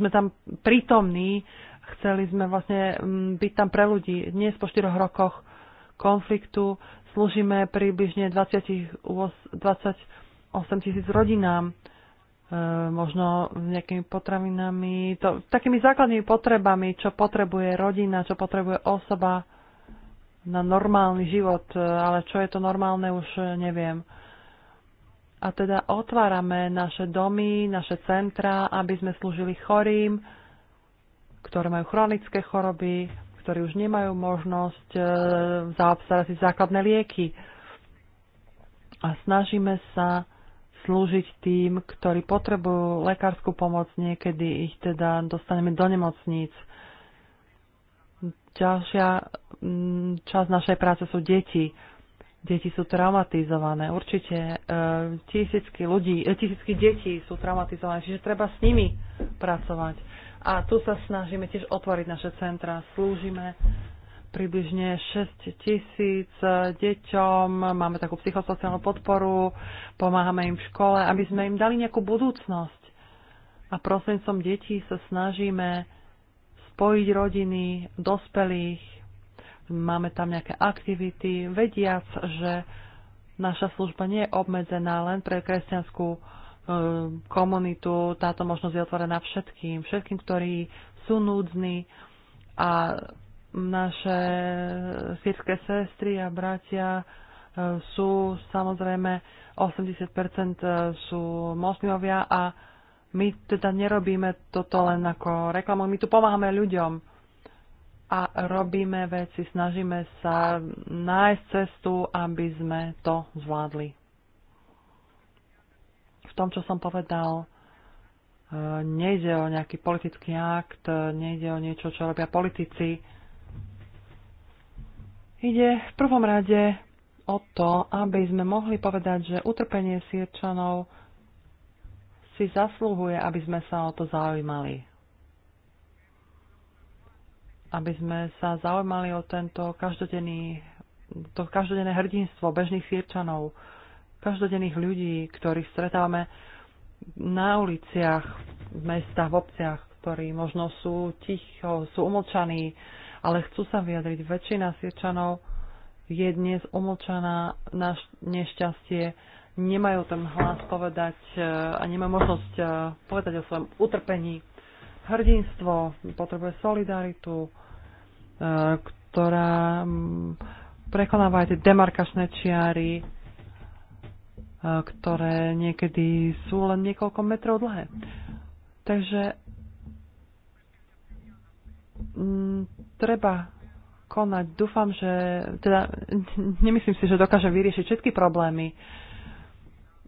sme tam prítomní, chceli sme vlastne mm, byť tam pre ľudí. Dnes po 4 rokoch konfliktu slúžime približne 28 tisíc rodinám. E, možno nejakými potravinami, to, takými základnými potrebami, čo potrebuje rodina, čo potrebuje osoba na normálny život, e, ale čo je to normálne, už neviem. A teda otvárame naše domy, naše centra, aby sme slúžili chorým, ktoré majú chronické choroby, ktorí už nemajú možnosť e, zaobstarať si základné lieky. A snažíme sa slúžiť tým, ktorí potrebujú lekárskú pomoc, niekedy ich teda dostaneme do nemocníc. Ďalšia mm, časť našej práce sú deti. Deti sú traumatizované, určite. E, tisícky ľudí, e, tisícky detí sú traumatizované, čiže treba s nimi pracovať. A tu sa snažíme tiež otvoriť naše centra. Slúžime približne 6 tisíc deťom, máme takú psychosociálnu podporu, pomáhame im v škole, aby sme im dali nejakú budúcnosť. A prosím som detí sa snažíme spojiť rodiny, dospelých, máme tam nejaké aktivity, vediac, že naša služba nie je obmedzená len pre kresťanskú e, komunitu, táto možnosť je otvorená všetkým, všetkým, ktorí sú núdzni a naše sírske sestry a bratia e, sú samozrejme 80% e, sú moslimovia a my teda nerobíme toto len ako reklamu, my tu pomáhame ľuďom a robíme veci, snažíme sa nájsť cestu, aby sme to zvládli. V tom, čo som povedal, e, nejde o nejaký politický akt, nejde o niečo, čo robia politici, Ide v prvom rade o to, aby sme mohli povedať, že utrpenie Sýrčanov si zaslúhuje, aby sme sa o to zaujímali. Aby sme sa zaujímali o tento každodenný, to každodenné hrdinstvo bežných Sýrčanov, každodenných ľudí, ktorých stretávame na uliciach, v mestách, v obciach, ktorí možno sú ticho, sú umlčaní, ale chcú sa vyjadriť. Väčšina siečanov je dnes umlčaná na nešťastie, nemajú ten hlas povedať eh, a nemajú možnosť eh, povedať o svojom utrpení. Hrdinstvo potrebuje solidaritu, eh, ktorá mm, prekonáva aj tie demarkačné čiary, ktoré niekedy sú len niekoľko metrov dlhé. Takže Mm, treba konať. Dúfam, že teda nemyslím si, že dokážem vyriešiť všetky problémy,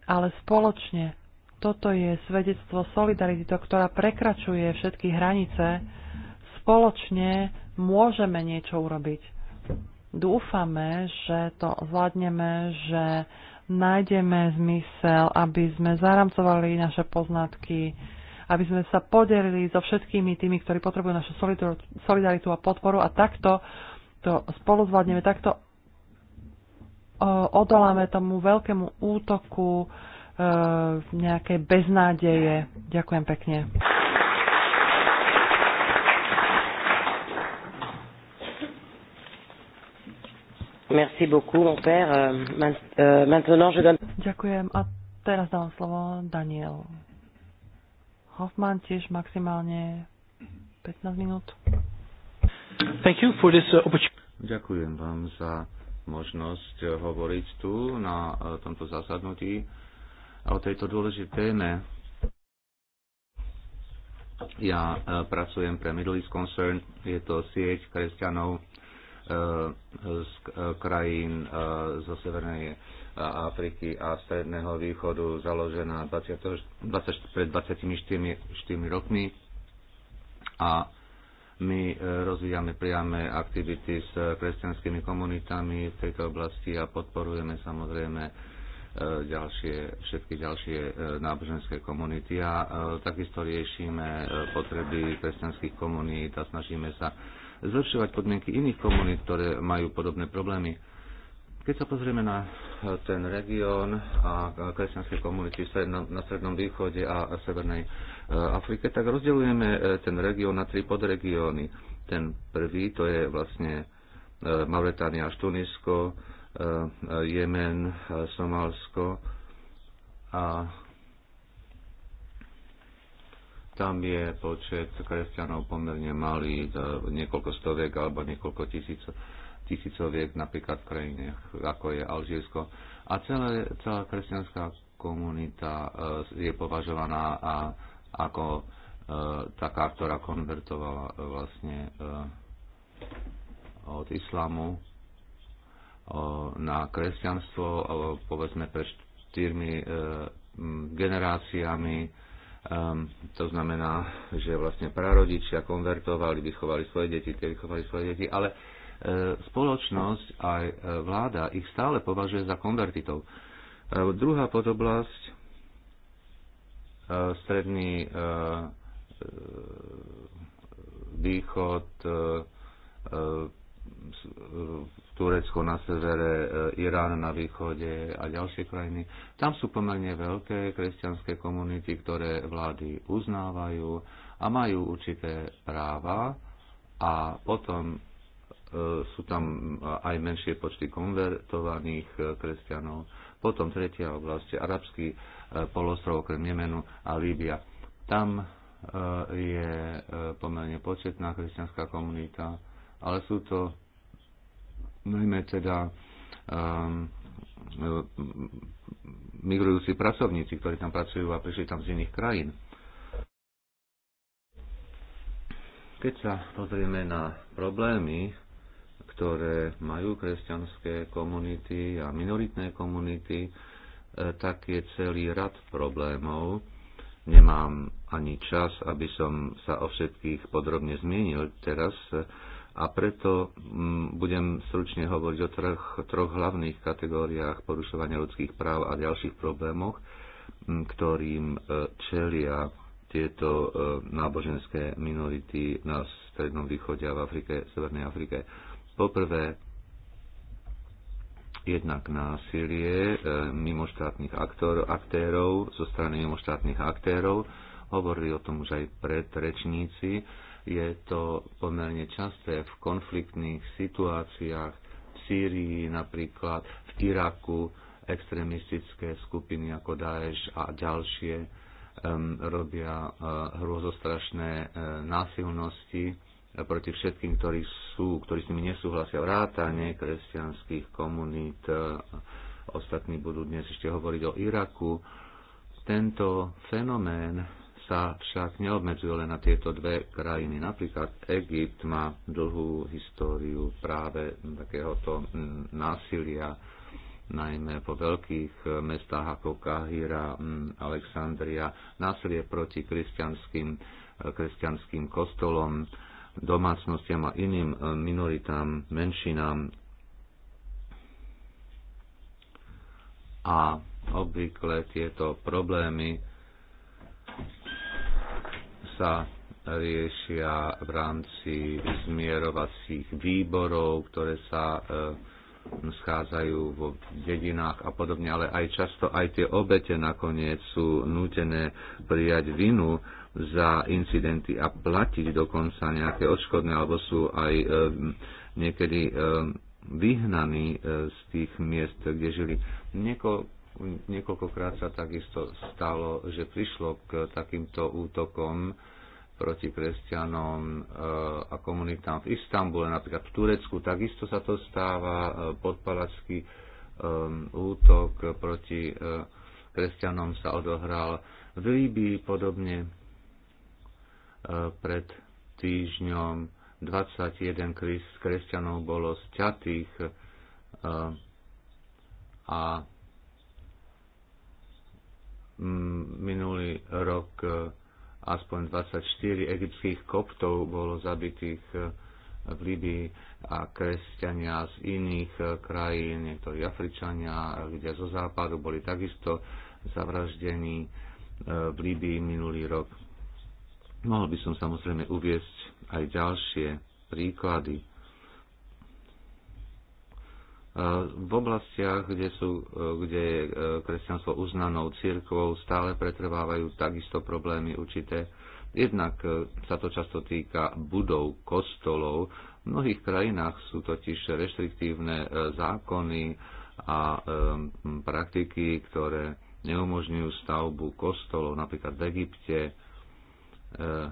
ale spoločne toto je svedectvo solidarity, to, ktorá prekračuje všetky hranice. Spoločne môžeme niečo urobiť. Dúfame, že to zvládneme, že nájdeme zmysel, aby sme zaramcovali naše poznatky, aby sme sa podelili so všetkými tými, ktorí potrebujú našu solidaritu a podporu a takto to spolu zvládneme, takto odoláme tomu veľkému útoku e, nejakej beznádeje. Ďakujem pekne. Merci beaucoup, mon père. Euh, euh, maintenant, je donne... Ďakujem. A teraz dávam slovo Daniel. Hoffman tiež maximálne 15 minút. Thank you for this uh, Ďakujem vám za možnosť uh, hovoriť tu na uh, tomto zasadnutí o tejto dôležitej téme. Ja pracujem pre Middle East Concern, je to sieť kresťanov z krajín zo Severnej Afriky a Stredného východu založená 20, 20, pred 24 4 rokmi a my e, rozvíjame priame aktivity s kresťanskými komunitami v tejto oblasti a podporujeme samozrejme e, ďalšie, všetky ďalšie e, náboženské komunity a takisto riešime potreby kresťanských komunít a snažíme sa zlepšovať podmienky iných komunít, ktoré majú podobné problémy. Keď sa pozrieme na e, ten región a kresťanské komunity na, Strednom východe a, Severnej e, Afrike, tak rozdeľujeme e, ten región na tri podregióny. Ten prvý, to je vlastne Mauretánia až Tunisko, Jemen, Somálsko a tam je počet kresťanov pomerne malý, niekoľko stoviek alebo niekoľko tisíc tisícoviek napríklad v krajinách, ako je Alžírsko. A celé, celá kresťanská komunita e, je považovaná a, ako e, taká, ktorá konvertovala e, vlastne od islamu na kresťanstvo, povedzme pre štyrmi generáciami. To znamená, že vlastne prarodičia konvertovali, vychovali svoje deti, tie vychovali svoje deti, ale E, spoločnosť aj e, vláda ich stále považuje za konvertitov. E, druhá podoblasť, stredný východ, Turecko na severe, Irán na východe a ďalšie krajiny. Tam sú pomerne veľké kresťanské komunity, ktoré vlády uznávajú a majú určité práva a potom E, sú tam e, aj menšie počty konvertovaných e, kresťanov. Potom tretia oblasť, arabský polostrov okrem Jemenu a Líbia. Tam je pomerne početná kresťanská komunita, ale sú to najmä teda um, migrujúci pracovníci, ktorí tam pracujú a prišli tam z iných krajín. Keď sa pozrieme na problémy, ktoré majú kresťanské komunity a minoritné komunity, e, tak je celý rad problémov. Nemám ani čas, aby som sa o všetkých podrobne zmienil teraz e, a preto mm, budem stručne hovoriť o troch, troch hlavných kategóriách porušovania ľudských práv a ďalších problémoch, ktorým e, čelia tieto náboženské minority na Strednom východe a v Afrike, Severnej Afrike. Poprvé, jednak násilie e, mimoštátnych aktor, aktérov, zo strany mimoštátnych aktérov. Hovorili o tom už aj predrečníci. Je to pomerne časté v konfliktných situáciách v Sýrii napríklad, v Iraku extrémistické skupiny ako Daesh a ďalšie um, robia uh, e, hrozostrašné uh, e, násilnosti proti všetkým, ktorí sú, ktorí s nimi nesúhlasia, vrátane kresťanských komunít. Ostatní budú dnes ešte hovoriť o Iraku. Tento fenomén sa však neobmedzuje len na tieto dve krajiny. Napríklad Egypt má dlhú históriu práve takéhoto násilia, najmä po veľkých mestách ako Kahira, Alexandria, násilie proti kresťanským, kresťanským kostolom domácnostiam a iným e, minoritám, menšinám. A obvykle tieto problémy sa riešia v rámci zmierovacích výborov, ktoré sa e, schádzajú vo dedinách a podobne, ale aj často aj tie obete nakoniec sú nútené prijať vinu za incidenty a platiť dokonca nejaké odškodné, alebo sú aj e, niekedy e, vyhnaní e, z tých miest, kde žili. Nieko, niekoľkokrát sa takisto stalo, že prišlo k takýmto útokom proti kresťanom a komunitám v Istambule, napríklad v Turecku, takisto sa to stáva, podpalacký útok proti kresťanom sa odohral v Líbii podobne pred týždňom 21 kresťanov bolo sťatých e, a minulý rok e, aspoň 24 egyptských koptov bolo zabitých e, v Libii a kresťania z iných krajín, niektorí Afričania, ľudia zo západu boli takisto zavraždení v Libii minulý rok Mohol by som samozrejme uviesť aj ďalšie príklady. E, v oblastiach, kde, sú, e, kde je e, kresťanstvo uznanou církvou, stále pretrvávajú takisto problémy určité. Jednak sa to často týka budov, kostolov. V mnohých krajinách sú totiž reštriktívne zákony a praktiky, ktoré neumožňujú stavbu kostolov, napríklad v Egypte, Eh,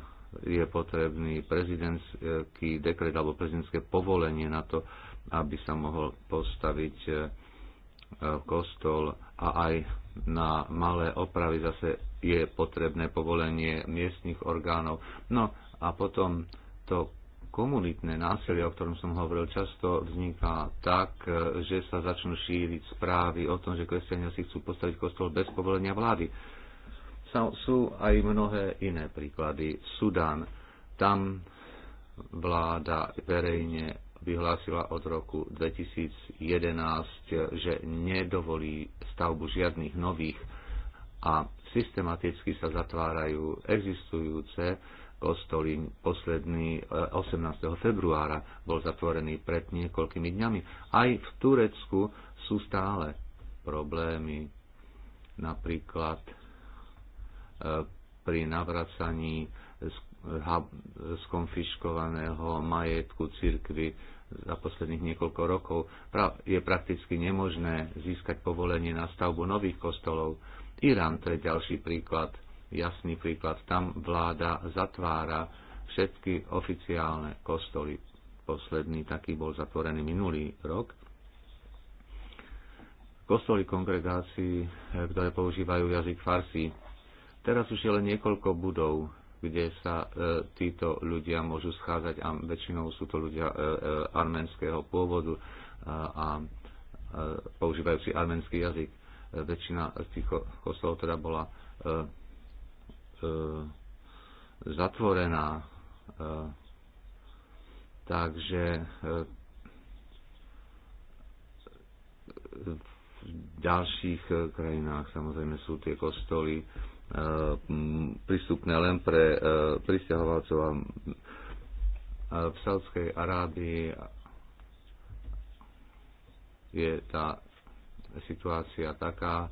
je potrebný prezidentský dekret alebo prezidentské povolenie na to, aby sa mohol postaviť eh, kostol a aj na malé opravy zase je potrebné povolenie miestnych orgánov. No a potom to komunitné násilie, o ktorom som hovoril, často vzniká tak, eh, že sa začnú šíriť správy o tom, že kresťania si chcú postaviť kostol bez povolenia vlády sú aj mnohé iné príklady. Sudan. tam vláda verejne vyhlásila od roku 2011, že nedovolí stavbu žiadnych nových a systematicky sa zatvárajú existujúce kostoly. Posledný 18. Eh, februára bol zatvorený pred niekoľkými dňami. Aj v Turecku sú stále problémy. Napríklad pri navracaní skonfiškovaného majetku cirkvy za posledných niekoľko rokov je prakticky nemožné získať povolenie na stavbu nových kostolov. Irán to je ďalší príklad, jasný príklad. Tam vláda zatvára všetky oficiálne kostoly. Posledný taký bol zatvorený minulý rok. Kostoly kongregácií, ktoré používajú jazyk farsi, Teraz už je len niekoľko budov, kde sa e, títo ľudia môžu schádzať a väčšinou sú to ľudia e, e, arménskeho pôvodu e, a, a e, používajúci arménsky jazyk. E, väčšina z tých kostolov teda bola e, e, zatvorená. E, takže e, v ďalších e, krajinách samozrejme sú tie kostoly Eh, prístupné len pre eh, pristahovalcov v Saudskej Arábii je tá situácia taká, eh,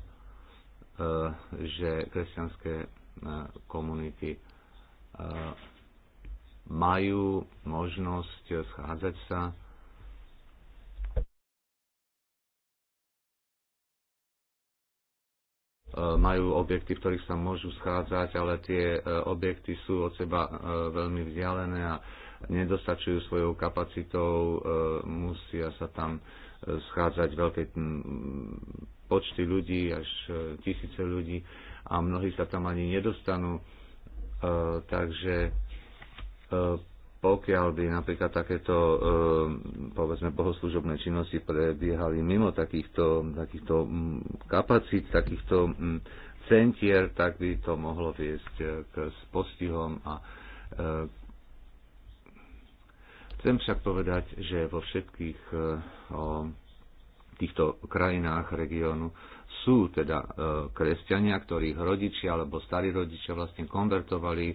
že kresťanské komunity majú možnosť schádzať sa E, majú objekty, v ktorých sa môžu schádzať, ale tie e, objekty sú od seba e, veľmi vzdialené a nedostačujú svojou kapacitou, musia sa tam schádzať veľké počty ľudí, až tisíce ľudí a mnohí sa tam ani nedostanú. Takže pokiaľ by napríklad takéto, e, povedzme, bohoslužobné činnosti prebiehali mimo takýchto, takýchto mm, kapacít, takýchto mm, centier, tak by to mohlo viesť e, k postihom a e, Chcem však povedať, že vo všetkých týchto krajinách regiónu sú teda kresťania, ktorých rodičia alebo starí rodičia vlastne konvertovali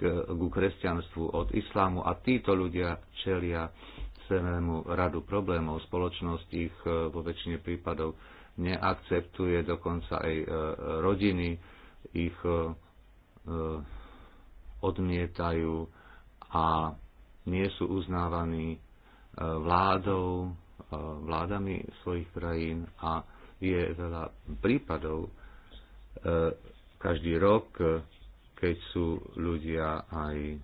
k, ku kresťanstvu od islámu a títo ľudia čelia celému radu problémov. Spoločnosť ich e, vo väčšine prípadov neakceptuje, dokonca aj e, rodiny ich e, odmietajú a nie sú uznávaní vládou, vládami svojich krajín a je veľa prípadov každý rok keď sú ľudia aj e,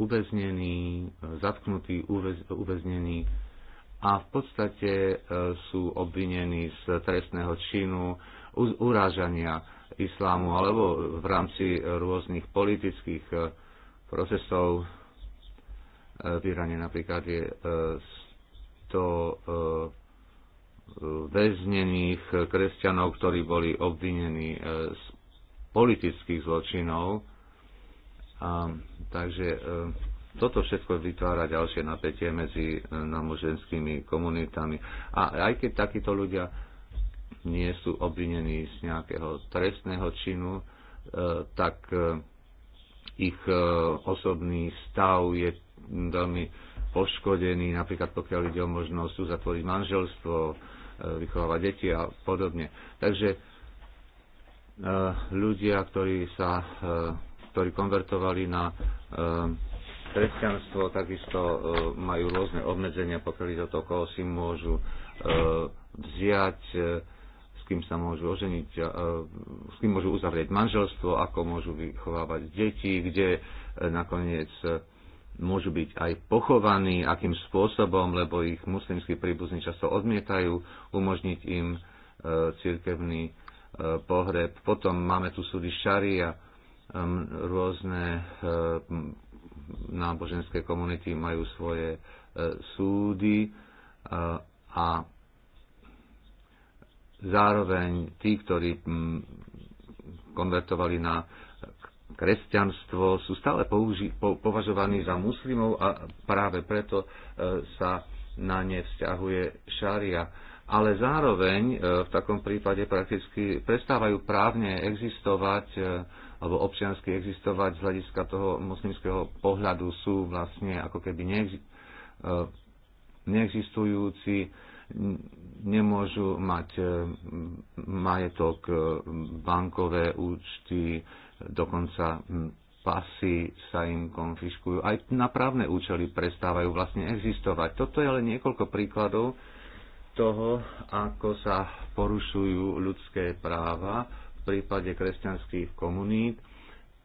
uväznení, zatknutí, uväznení a v podstate e, sú obvinení z trestného činu, urážania islámu alebo v rámci rôznych politických e, procesov. V Iráne napríklad je 100 väznených kresťanov, ktorí boli obvinení z politických zločinov. A, takže e, toto všetko vytvára ďalšie napätie medzi e, náboženskými komunitami. A aj keď takíto ľudia nie sú obvinení z nejakého trestného činu, e, tak e, ich e, osobný stav je veľmi poškodený, napríklad pokiaľ ide o možnosť uzatvoriť manželstvo, e, vychovávať deti a podobne. Takže Eh, ľudia, ktorí sa eh, ktorí konvertovali na eh, kresťanstvo, takisto majú rôzne obmedzenia, pokiaľ ide o to, koho si môžu vziať, s kým sa môžu oženiť, s kým môžu uzavrieť manželstvo, ako môžu vychovávať deti, kde nakoniec môžu byť aj pochovaní, akým spôsobom, lebo ich muslimskí príbuzní často odmietajú umožniť im církevný pohreb. Potom máme tu súdy šaria, um, rôzne uh, náboženské komunity majú svoje uh, súdy uh, a zároveň tí, ktorí um, konvertovali na kresťanstvo, sú stále použi- po- považovaní za muslimov a práve preto sa na ne vzťahuje šaria ale zároveň e, v takom prípade prakticky prestávajú právne existovať e, alebo občiansky existovať z hľadiska toho moslimského pohľadu sú vlastne ako keby e, neexistujúci, nemôžu mať majetok, bankové účty, dokonca pasy sa im konfiškujú. Aj na právne účely prestávajú vlastne existovať. Toto je ale niekoľko príkladov, toho, ako sa porušujú ľudské práva v prípade kresťanských komunít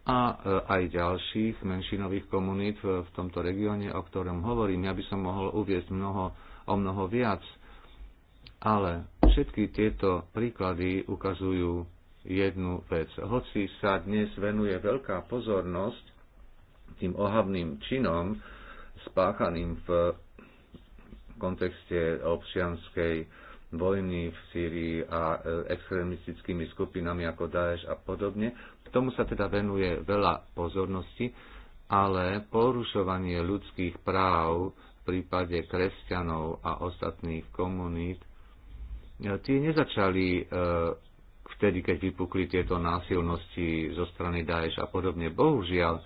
a e, aj ďalších menšinových komunít v tomto regióne, o ktorom hovorím. Ja by som mohol uviezť mnoho, o mnoho viac, ale všetky tieto príklady ukazujú jednu vec. Hoci sa dnes venuje veľká pozornosť tým ohavným činom spáchaným v v kontexte občianskej vojny v Syrii a e, extremistickými skupinami ako Daesh a podobne. K tomu sa teda venuje veľa pozornosti, ale porušovanie ľudských práv v prípade kresťanov a ostatných komunít, e, tie nezačali e, vtedy, keď vypukli tieto násilnosti zo strany Daesh a podobne. Bohužiaľ,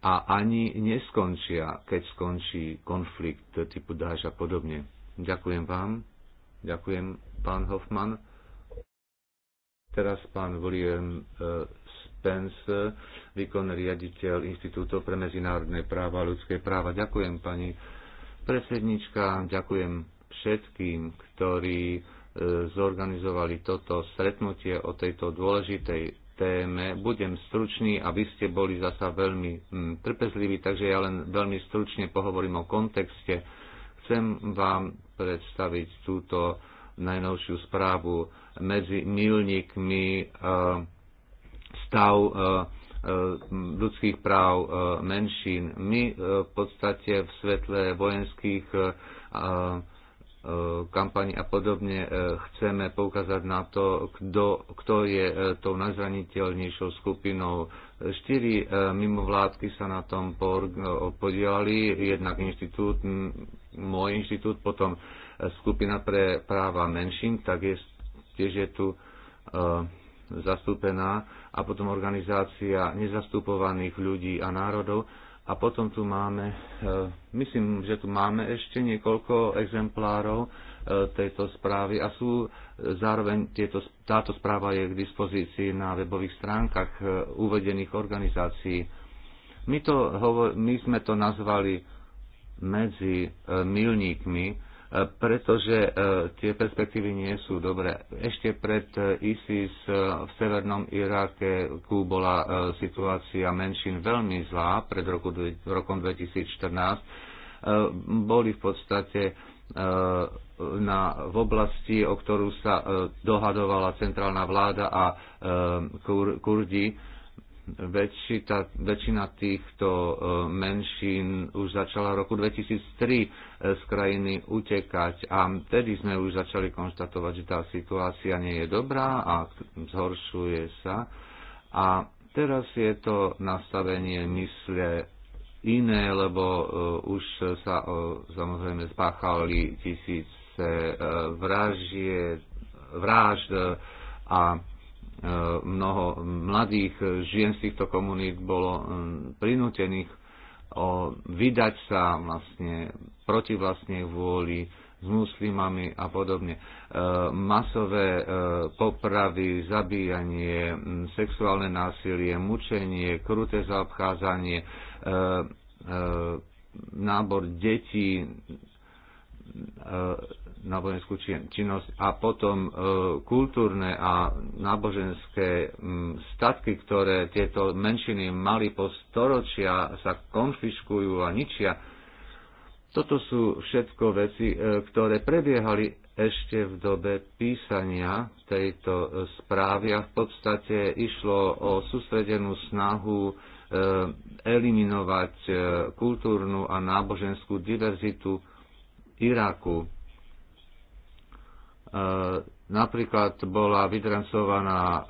a ani neskončia, keď skončí konflikt typu dáž a podobne. Ďakujem vám. Ďakujem, pán Hoffman. Teraz pán William e, Spence, výkonný riaditeľ Inštitútu pre medzinárodné práva a ľudské práva. Ďakujem, pani predsednička. Ďakujem všetkým, ktorí e, zorganizovali toto stretnutie o tejto dôležitej téme. Budem stručný a vy ste boli zasa veľmi mm, trpezliví, takže ja len veľmi stručne pohovorím o kontexte. Chcem vám predstaviť túto najnovšiu správu medzi milníkmi e, stav e, e, ľudských práv menšín. My v podstate v svetle vojenských kampani a podobne e, chceme poukázať na to, kto, kto je e, tou najzraniteľnejšou skupinou. Štyri e, mimovládky sa na tom podielali, jednak inštitút, môj inštitút, potom skupina pre práva menšín, tak je, tiež je tu zastúpená a potom organizácia nezastupovaných ľudí a národov a potom tu máme, e, myslím, že tu máme ešte niekoľko exemplárov e, tejto správy a sú e, zároveň tieto, táto správa je k dispozícii na webových stránkach uvedených organizácií. My, to, my sme to nazvali medzi milníkmi, pretože e, tie perspektívy nie sú dobré. Ešte pred e, ISIS e, v severnom Iráke bola situácia menšín veľmi zlá pred roku, rokom 2014. Boli v podstate na, v oblasti, o ktorú sa dohadovala centrálna vláda a Kurdi väčši, tá, väčšina týchto e, menšín už začala v roku 2003 e, z krajiny utekať a vtedy sme už začali konštatovať, že tá situácia nie je dobrá a zhoršuje sa. A teraz je to nastavenie mysle iné, lebo e, už sa samozrejme spáchali tisíce vražie, vražd a Eh, mnoho mladých eh, žien z týchto komunít bolo eh, prinútených o vydať sa vlastne proti vlastnej vôli s muslimami a podobne. masové popravy, zabíjanie, hm, sexuálne násilie, mučenie, kruté zaobchádzanie, nábor detí, náboženskú činnosť a potom e, kultúrne a náboženské m, statky, ktoré tieto menšiny mali po storočia, sa konfiškujú a ničia. Toto sú všetko veci, e, ktoré prebiehali ešte v dobe písania tejto e, správy a v podstate išlo o sústredenú snahu e, eliminovať e, kultúrnu a náboženskú diverzitu Iraku E, napríklad bola vydrancovaná e,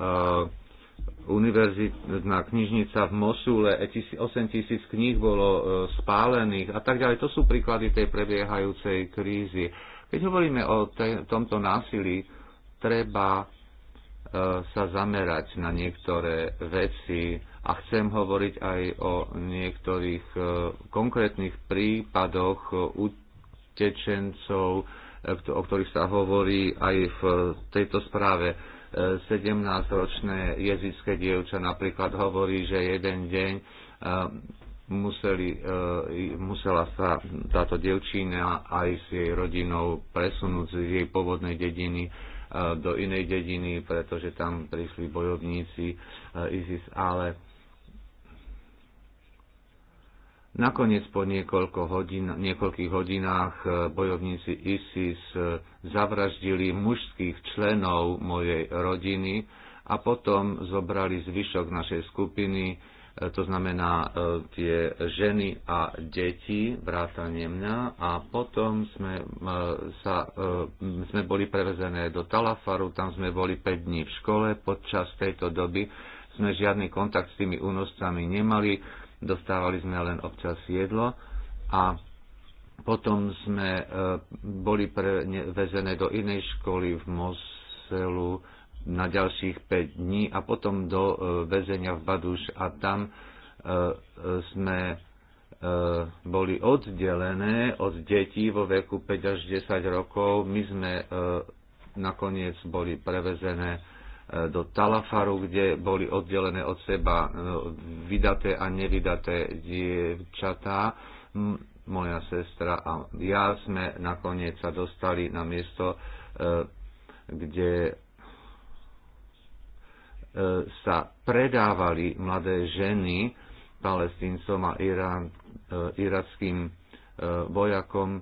univerzitná knižnica v Mosule, 8 e, tisíc kníh bolo spálených a tak ďalej. To sú príklady tej prebiehajúcej krízy. Keď hovoríme o te, tomto násilí, treba e, sa zamerať na niektoré veci a chcem hovoriť aj o niektorých e, konkrétnych prípadoch utečencov, o ktorých sa hovorí aj v tejto správe. 17-ročné e, jezické dievča napríklad hovorí, že jeden deň e, museli, e, musela sa táto dievčina aj s jej rodinou presunúť z jej pôvodnej dediny do inej dediny, pretože tam prišli bojovníci ISIS, ale Nakoniec po niekoľko hodin, niekoľkých hodinách e, bojovníci ISIS e, zavraždili mužských členov mojej rodiny a potom zobrali zvyšok našej skupiny, e, to znamená tie ženy a deti, vrátanie mňa a potom sme, sa, sme boli prevezené do Talafaru, tam sme boli 5 dní v škole, počas tejto doby sme žiadny kontakt s tými únoscami nemali, dostávali sme len občas jedlo a potom sme e, boli prevezené do inej školy v Moselu na ďalších 5 dní a potom do e, väzenia v Baduš a tam e, sme boli oddelené od detí vo veku 5 až 10 rokov. My sme nakoniec boli prevezené do Talafaru, kde boli oddelené od seba e, vydaté a nevydaté dievčatá. Moja sestra a ja sme nakoniec sa dostali na miesto, e, kde e, sa predávali mladé ženy palestíncom a irán, irackým vojakom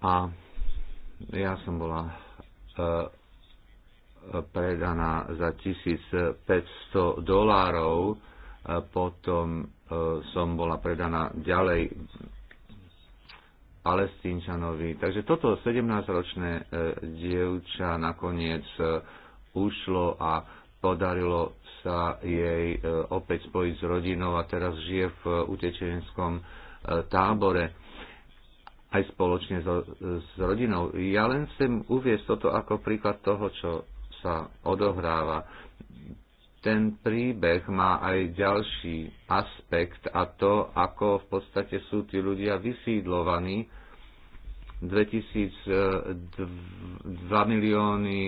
a ja som bola predaná za 1500 dolárov, potom e, som bola predaná ďalej Palestínčanovi. Takže toto 17-ročné e, dievča nakoniec e, ušlo a podarilo sa jej opäť spojiť s rodinou a teraz žije v utečenskom tábore aj spoločne so, s rodinou. Ja len chcem uviesť toto ako príklad toho, čo sa odohráva. Ten príbeh má aj ďalší aspekt a to, ako v podstate sú tí ľudia vysídlovaní. 2002 milióny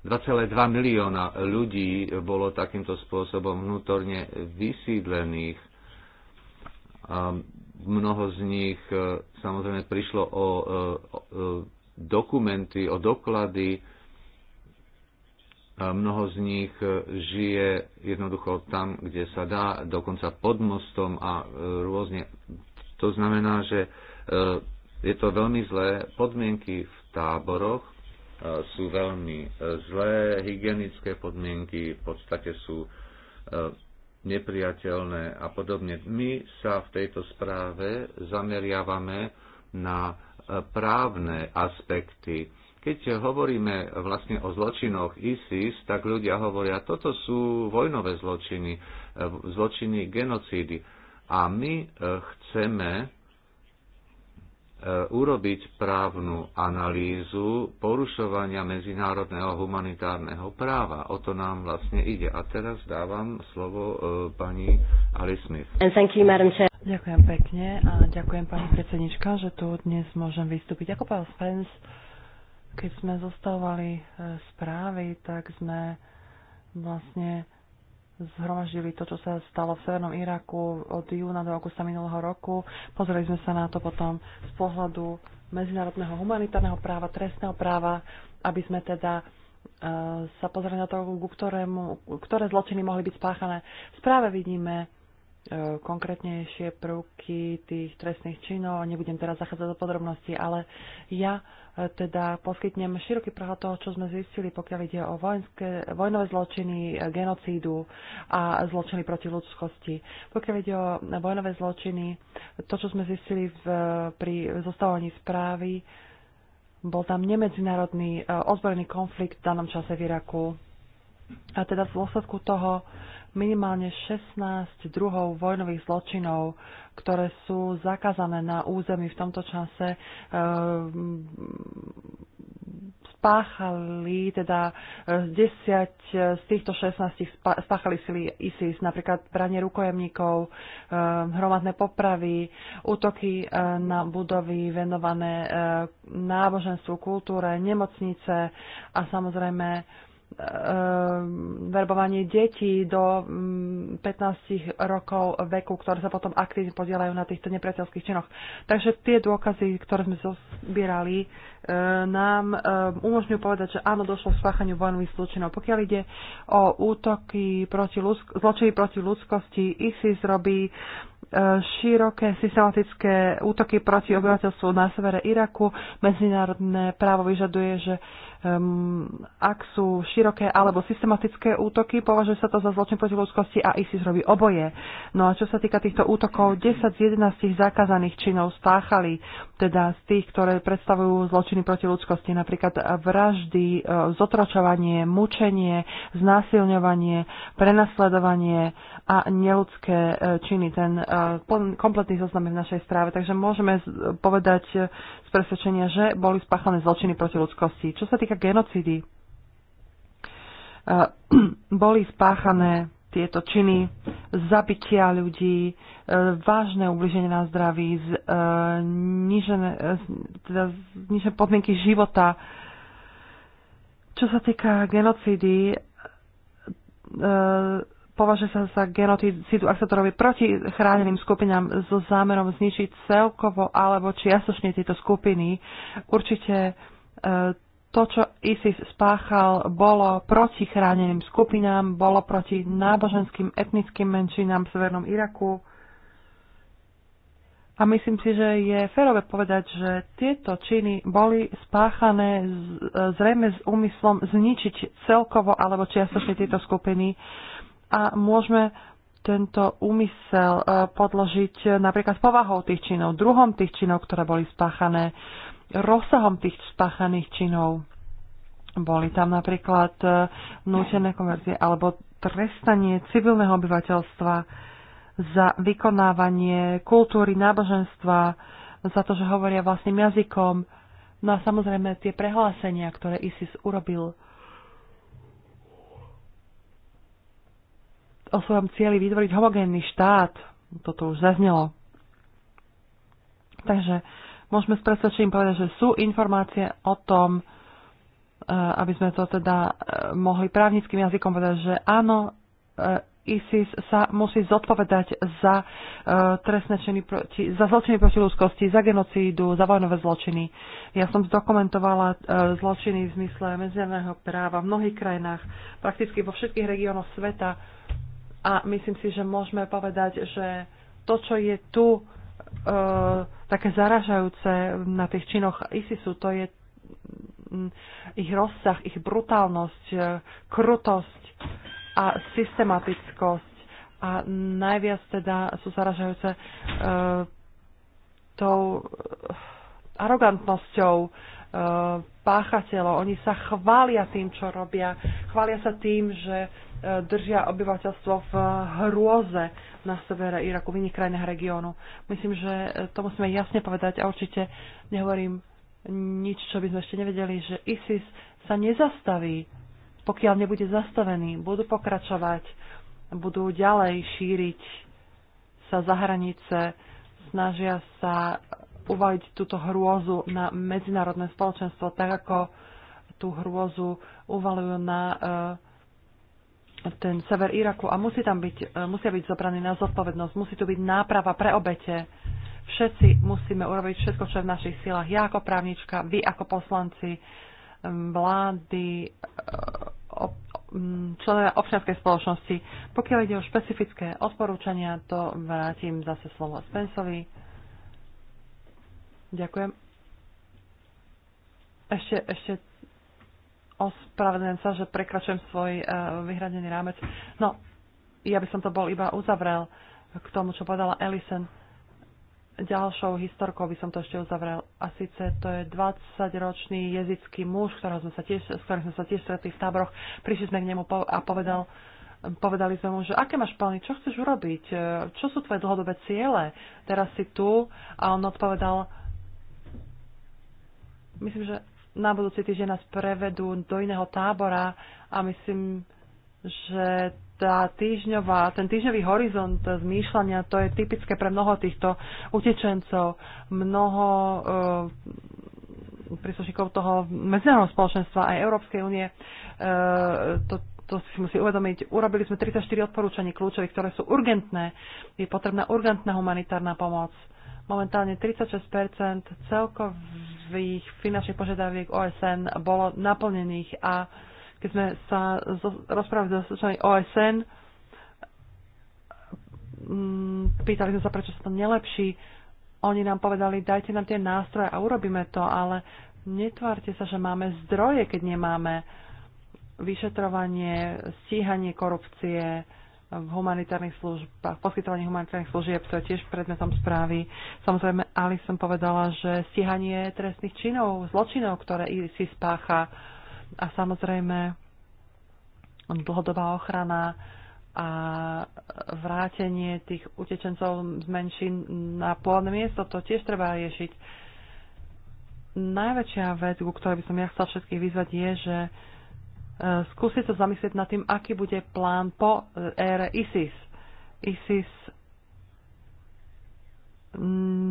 2,2 e, milióna ľudí bolo takýmto spôsobom vnútorne vysídlených. Mnoho z nich e, samozrejme prišlo o e, dokumenty, o doklady, Mnoho z nich e, žije jednoducho tam, kde sa dá, dokonca pod mostom a e, rôzne. To znamená, že e, je to veľmi zlé. Podmienky v táboroch sú veľmi zlé, hygienické podmienky v podstate sú nepriateľné a podobne. My sa v tejto správe zameriavame na právne aspekty keď hovoríme vlastne o zločinoch ISIS, tak ľudia hovoria, toto sú vojnové zločiny, zločiny genocídy. A my e, chceme e, urobiť právnu analýzu porušovania medzinárodného humanitárneho práva. O to nám vlastne ide. A teraz dávam slovo e, pani Ali Smith. You, ďakujem pekne a ďakujem pani predsednička, že tu dnes môžem vystúpiť. Ako pán Spence keď sme zostavovali e, správy, tak sme vlastne zhromaždili to, čo sa stalo v Severnom Iraku od júna do augusta minulého roku. Pozreli sme sa na to potom z pohľadu medzinárodného humanitárneho práva, trestného práva, aby sme teda e, sa pozreli na to, ku ktorému, ktoré zločiny mohli byť spáchané. V správe vidíme e, konkrétnejšie prvky tých trestných činov. Nebudem teraz zachádzať do podrobností, ale ja E, teda poskytnem široký prehľad toho, čo sme zistili, pokiaľ ide o vojenské, vojnové zločiny, e, genocídu a zločiny proti ľudskosti. Pokiaľ ide o vojnové zločiny, to, čo sme zistili v, pri zostávaní správy, bol tam nemedzinárodný e, ozbrojený konflikt v danom čase v Iraku. A teda v dôsledku toho minimálne 16 druhov vojnových zločinov, ktoré sú zakázané na území v tomto čase, eh, spáchali, teda 10 eh, z týchto 16 spáchali sily ISIS, napríklad pranie rukojemníkov, eh, hromadné popravy, útoky na budovy venované náboženstvu, kultúre, nemocnice a samozrejme Ehm, verbovanie detí do 15 mm, rokov veku, ktoré sa potom aktívne podielajú na týchto nepriateľských činoch. Takže tie dôkazy, ktoré sme zozbierali, nám e, umožňujú povedať, že áno, došlo k spáchaniu vojnových zločinov. Pokiaľ ide o útoky proti ľudsk- zločiny proti ľudskosti, ISIS robí e, široké systematické útoky proti obyvateľstvu na severe Iraku. Medzinárodné právo vyžaduje, že um, ak sú široké alebo systematické útoky, považuje sa to za zločin proti ľudskosti a ISIS robí oboje. No a čo sa týka týchto útokov, 10 z 11 zakázaných činov spáchali, teda z tých, ktoré predstavujú zločiny zločiny proti ľudskosti, napríklad vraždy, e, zotročovanie, mučenie, znásilňovanie, prenasledovanie a neludské e, činy. Ten e, kompletný zoznam je v našej správe, takže môžeme povedať z presvedčenia, že boli spáchané zločiny proti ľudskosti. Čo sa týka genocídy, boli spáchané tieto činy zabitia ľudí, e, vážne ubliženie na zdraví, znižené, e, e, teda podmienky života. Čo sa týka genocídy, považuje sa za genocídu, ak sa to robí proti chráneným skupinám so zámerom zničiť celkovo alebo čiastočne tieto skupiny. Určite to, čo ISIS spáchal, bolo proti chráneným skupinám, bolo proti náboženským etnickým menšinám v Severnom Iraku. A myslím si, že je férové povedať, že tieto činy boli spáchané zrejme s úmyslom zničiť celkovo alebo čiastočne tieto skupiny. A môžeme tento úmysel e, podložiť napríklad povahou tých činov, druhom tých činov, ktoré boli spáchané rozsahom tých spáchaných činov. Boli tam napríklad e, nútené konverzie alebo trestanie civilného obyvateľstva za vykonávanie kultúry, náboženstva, za to, že hovoria vlastným jazykom. No a samozrejme tie prehlásenia, ktoré ISIS urobil o svojom cieli vytvoriť homogénny štát. Toto už zaznelo. Takže môžeme s presvedčením povedať, že sú informácie o tom, e, aby sme to teda e, mohli právnickým jazykom povedať, že áno, e, ISIS sa musí zodpovedať za trestné činy proti, za zločiny proti ľudskosti, za genocídu, za vojnové zločiny. Ja som zdokumentovala zločiny v zmysle medzinárodného práva v mnohých krajinách, prakticky vo všetkých regiónoch sveta a myslím si, že môžeme povedať, že to, čo je tu, E, také zaražajúce na tých činoch ISISu, to je ich rozsah, ich brutálnosť, e, krutosť a systematickosť. A najviac teda sú zaražajúce uh, tou arogantnosťou Eh, páchateľov. Oni sa chvália tým, čo robia. Chvália sa tým, že eh, držia obyvateľstvo v hrôze na severe Iraku, v iných krajinách regiónu. Myslím, že eh, to musíme jasne povedať a určite nehovorím nič, čo by sme ešte nevedeli, že ISIS sa nezastaví, pokiaľ nebude zastavený. Budú pokračovať, budú ďalej šíriť sa za hranice, snažia sa uvaliť túto hrôzu na medzinárodné spoločenstvo, tak ako tú hrôzu uvalujú na e, ten sever Iraku a musí tam byť, e, musia byť zobraní na zodpovednosť, musí tu byť náprava pre obete. Všetci musíme urobiť všetko, čo je v našich silách. Ja ako právnička, vy ako poslanci, vlády, e, členovia občianskej spoločnosti. Pokiaľ ide o špecifické odporúčania, to vrátim zase slovo Spensovi. Ďakujem. Ešte, ešte ospravedlňujem sa, že prekračujem svoj uh, vyhradený rámec. No, ja by som to bol iba uzavrel k tomu, čo povedala Ellison. Ďalšou historkou by som to ešte uzavrel. A síce to je 20-ročný jezický muž, ktorého sme sa tiež, s ktorým sme sa tiež stretli v táboroch. Prišli sme k nemu a povedal, povedali sme mu, že aké máš plány, čo chceš urobiť, čo sú tvoje dlhodobé ciele. Teraz si tu a on odpovedal, Myslím, že na budúci týždeň nás prevedú do iného tábora a myslím, že tá týždňová, ten týždňový horizont zmýšľania, to je typické pre mnoho týchto utečencov, mnoho e, príslušníkov toho medzinárodného spoločenstva aj Európskej únie. E, to, to si musí uvedomiť. Urobili sme 34 odporúčaní kľúčových, ktoré sú urgentné. Je potrebná urgentná humanitárna pomoc. Momentálne 36 celkov svojich finančných požiadaviek OSN bolo naplnených a keď sme sa rozprávali so súčasnými OSN, pýtali sme sa, prečo sa to nelepší. Oni nám povedali, dajte nám tie nástroje a urobíme to, ale netvárte sa, že máme zdroje, keď nemáme vyšetrovanie, stíhanie korupcie, v humanitárnych službách, poskytovanie humanitárnych služieb, to je tiež predmetom správy. Samozrejme, Ali som povedala, že stíhanie trestných činov, zločinov, ktoré si spácha a samozrejme dlhodobá ochrana a vrátenie tých utečencov z menšín na pôvodné miesto, to tiež treba riešiť. Najväčšia vec, ku ktorej by som ja chcela všetkých vyzvať, je, že skúsiť sa zamyslieť nad tým, aký bude plán po e, ére ISIS. ISIS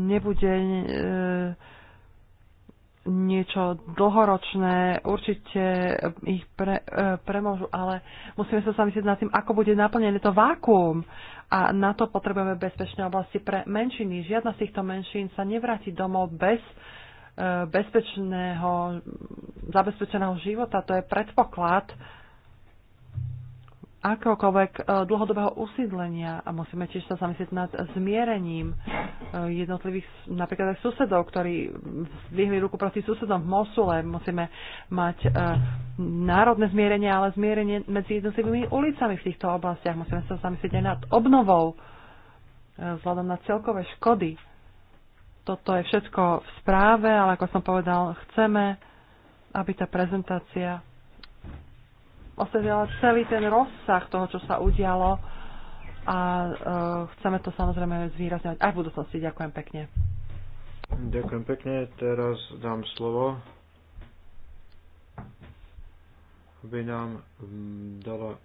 nebude e, niečo dlhoročné, určite ich pre, e, premôžu, ale musíme sa zamyslieť nad tým, ako bude naplnené to vákuum. A na to potrebujeme bezpečné oblasti pre menšiny. Žiadna z týchto menšín sa nevráti domov bez uh, E, bezpečného, zabezpečeného života. To je predpoklad akéhokoľvek e, dlhodobého usídlenia a musíme tiež sa zamyslieť nad zmierením e, jednotlivých napríklad aj susedov, ktorí zdvihli ruku proti susedom v Mosule. Musíme mať národné zmierenie, ale zmierenie medzi jednotlivými ulicami v týchto oblastiach. Musíme sa zamyslieť aj nad obnovou vzhľadom na celkové škody toto je všetko v správe, ale ako som povedal, chceme, aby tá prezentácia osvetlila celý ten rozsah toho, čo sa udialo a uh, chceme to samozrejme zvýrazňovať aj v budúcnosti. Ďakujem pekne. Ďakujem pekne. Teraz dám slovo aby nám dala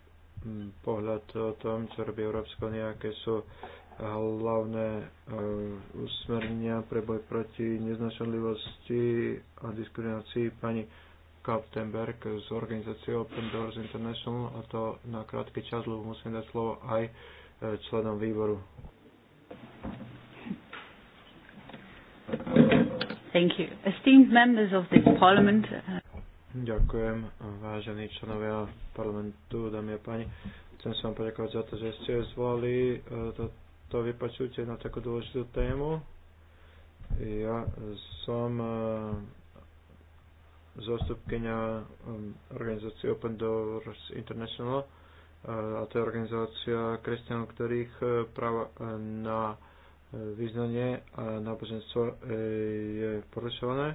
pohľad o tom, čo robí Európska unia, aké sú hlavné uh, e, usmernenia pre boj proti neznačenlivosti a diskriminácii pani Kaptenberg z organizácie Open Doors International a to na krátky čas, lebo musím dať slovo aj e, členom výboru. Thank you. Esteemed members of this parliament. Uh, Ďakujem, vážení členovia parlamentu, dámy a páni. Chcem sa vám poďakovať za to, že ste zvolili toto e, to vypočutie na takú dôležitú tému. Ja som um, organizácie Open Doors International eh, a to je organizácia kresťanov, ktorých práva na význanie a náboženstvo je porušované.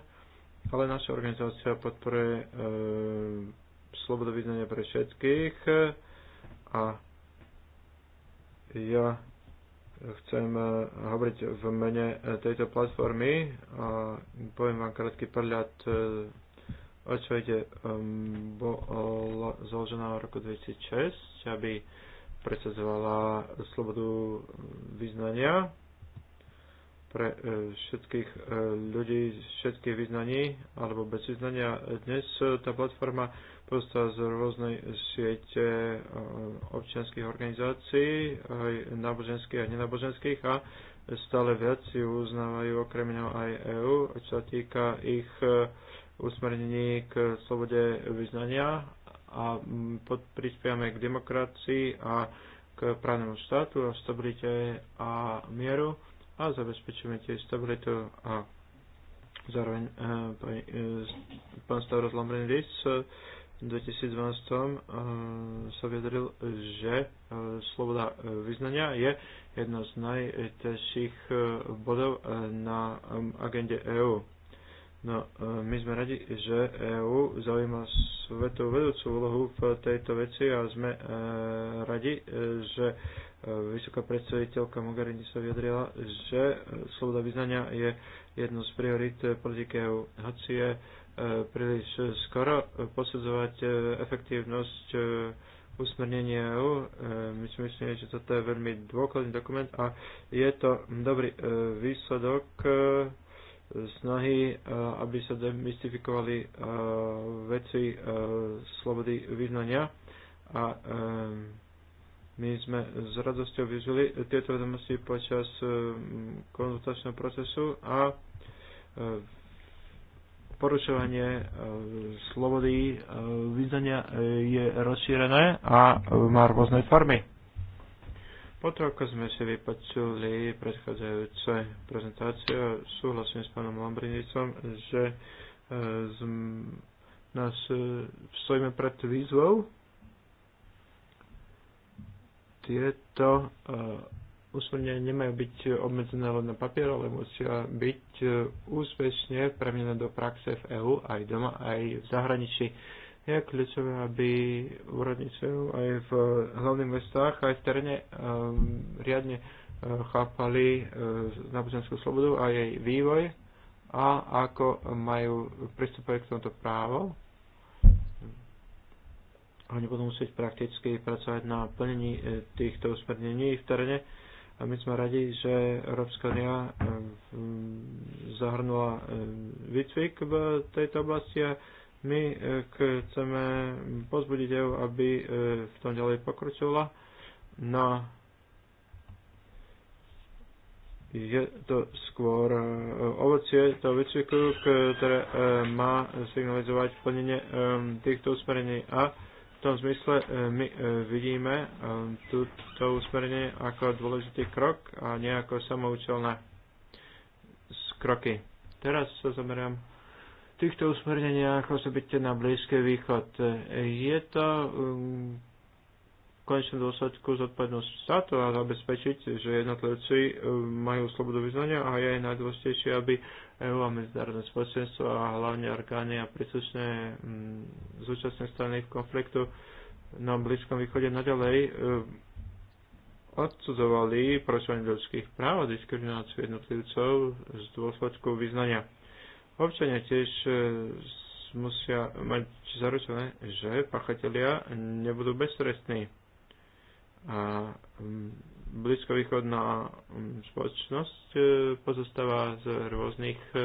Ale naša organizácia podporuje slobodu význania pre všetkých a ja chcem eh, hovoriť v mene eh, tejto platformy a poviem vám krátky prehľad eh, o čo ide. Ehm, bola založená v roku 2006, aby presadzovala slobodu vyznania pre všetkých ľudí všetkých vyznaní alebo bez vyznania. Dnes tá platforma pozostáva z rôznej siete eh, občianských organizácií, aj náboženských a nenáboženských a stále viac si uznávajú okrem iného aj EÚ, čo sa týka ich eh, usmernení k slobode vyznania a mm, prispiame k demokracii a k právnemu štátu a stabilite a mieru a zabezpečíme tie stabilitu a zároveň e, pán Stavros Lambrinidis e, 2012 eh, sa vyjadril, že eh, sloboda eh, vyznania je jedno z najtežších bodov na agende EÚ. No, my sme radi, že EÚ zaujíma svetú vedúcu úlohu v tejto veci a sme e, radi, že vysoká predstaviteľka Mogherini sa vyjadrila, že sloboda vyznania je jedno z priorít politiky EÚ. Hoci je e, príliš skoro posudzovať e, efektívnosť e, usmernenia EU. E, my si myslíme, že toto je veľmi dôkladný dokument a je to dobrý výsledok snahy, aby sa demystifikovali veci slobody vyznania a my sme s radosťou vyzvali tieto vedomosti počas konzultačného procesu a v porušovanie e, slobody e, vyznania e, je rozšírené a má rôzne formy. Potom, ako sme si vypočuli predchádzajúce prezentácie, súhlasím s pánom Lambrinicom, že nás stojíme pred výzvou tieto úsmerne nemajú byť obmedzené len na papier, ale musia byť e, úspešne premenené do praxe v EÚ aj doma, aj v zahraničí. Je kľúčové, aby úradníci e aj v hlavných mestách, aj v teréne e, riadne chápali náboženskú slobodu a jej vývoj a ako majú pristupovať k tomuto právo, oni budú musieť prakticky pracovať na plnení týchto usmernení v teréne a my sme radi, že Európska unia zahrnula výcvik v tejto oblasti a my eh, chceme pozbudiť EU, aby eh, v tom ďalej pokročila. No je to skôr eh, ovocie toho výcviku, ktoré má signalizovať plnenie týchto usmerení a v tom zmysle e, my e, vidíme e, túto usmernenie ako dôležitý krok a nie ako samoučelné kroky. Teraz sa zameriam v týchto usmerneniach osobite na Blízky východ. Je to konečnom dôsledku zodpovednosť štátu a zabezpečiť, že jednotlivci e, majú slobodu vyznania a je najdôležitejšie, aby EU a medzinárodné spoločenstvo a hlavne orgány a príslušné mm, zúčastné strany v konfliktu na Blízkom východe naďalej e, odsudzovali porušovanie ľudských práv a diskrimináciu jednotlivcov z dôsledku vyznania. Občania tiež e, musia mať zaručené, že pachatelia nebudú beztrestní. Um, blízkovýchodná um, spoločnosť e, pozostáva z rôznych e, e,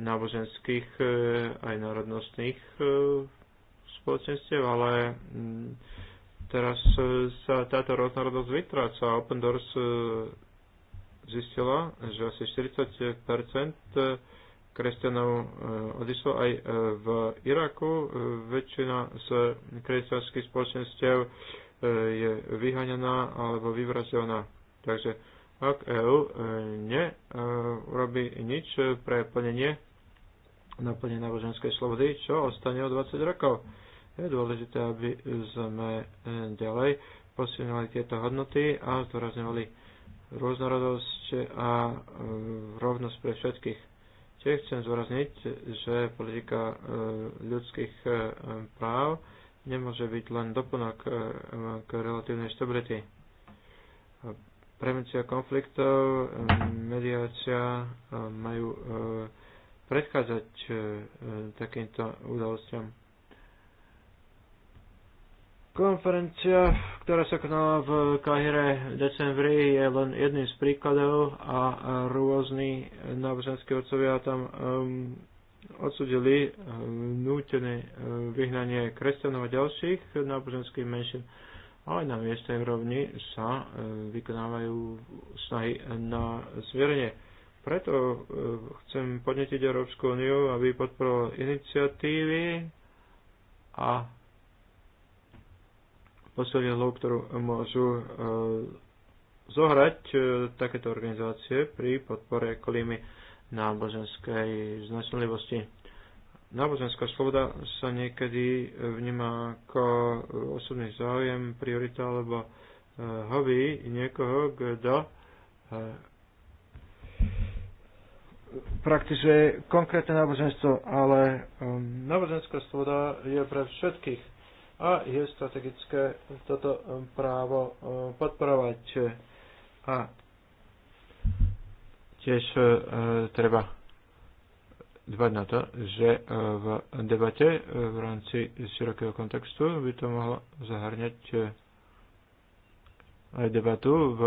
náboženských aj národnostných spoločenstiev, ale mm, teraz sa táto rôznorodosť vytráca. Open Doors zistila, že asi 40 kresťanov eh, odišlo aj eh, v Iraku. Eh, väčšina z kresťanských spoločenstiev je vyhaňaná alebo vyvrazená. Takže ak EU robí nič pre plnenie naplne náboženskej slobody, čo ostane o 20 rokov. Je dôležité, aby sme ďalej posilňovali tieto hodnoty a zdôrazňovali rôznorodosť a rovnosť pre všetkých Čiže chcem zvorazniť, že politika e, ľudských e, práv nemôže byť len doplnok e, k relatívnej stability. Prevencia konfliktov, mediácia majú predchádzať takýmto udalostiam. Konferencia, ktorá sa konala v Kahire v decembri, je len jedným z príkladov a rôzni náboženskí otcovia tam um, odsudili um, nútené um, vyhnanie kresťanov a ďalších náboženských menšin. Ale na miestnej úrovni sa um, vykonávajú snahy na zvierenie. Preto um, chcem podnetiť Európsku úniu, aby podporovala iniciatívy a poslednú hlavu, ktorú môžu e, zohrať e, takéto organizácie pri podpore klímy náboženskej značnlivosti. Náboženská sloboda sa niekedy vníma ako osobný záujem, priorita alebo e, hobby niekoho, kto praktizuje konkrétne náboženstvo, ale náboženská sloboda je pre všetkých a je strategické toto um, právo um, podporovať. A tiež e, treba dbať na to, že uh, v debate uh, v rámci širokého kontextu by to mohlo zahrňať aj debatu v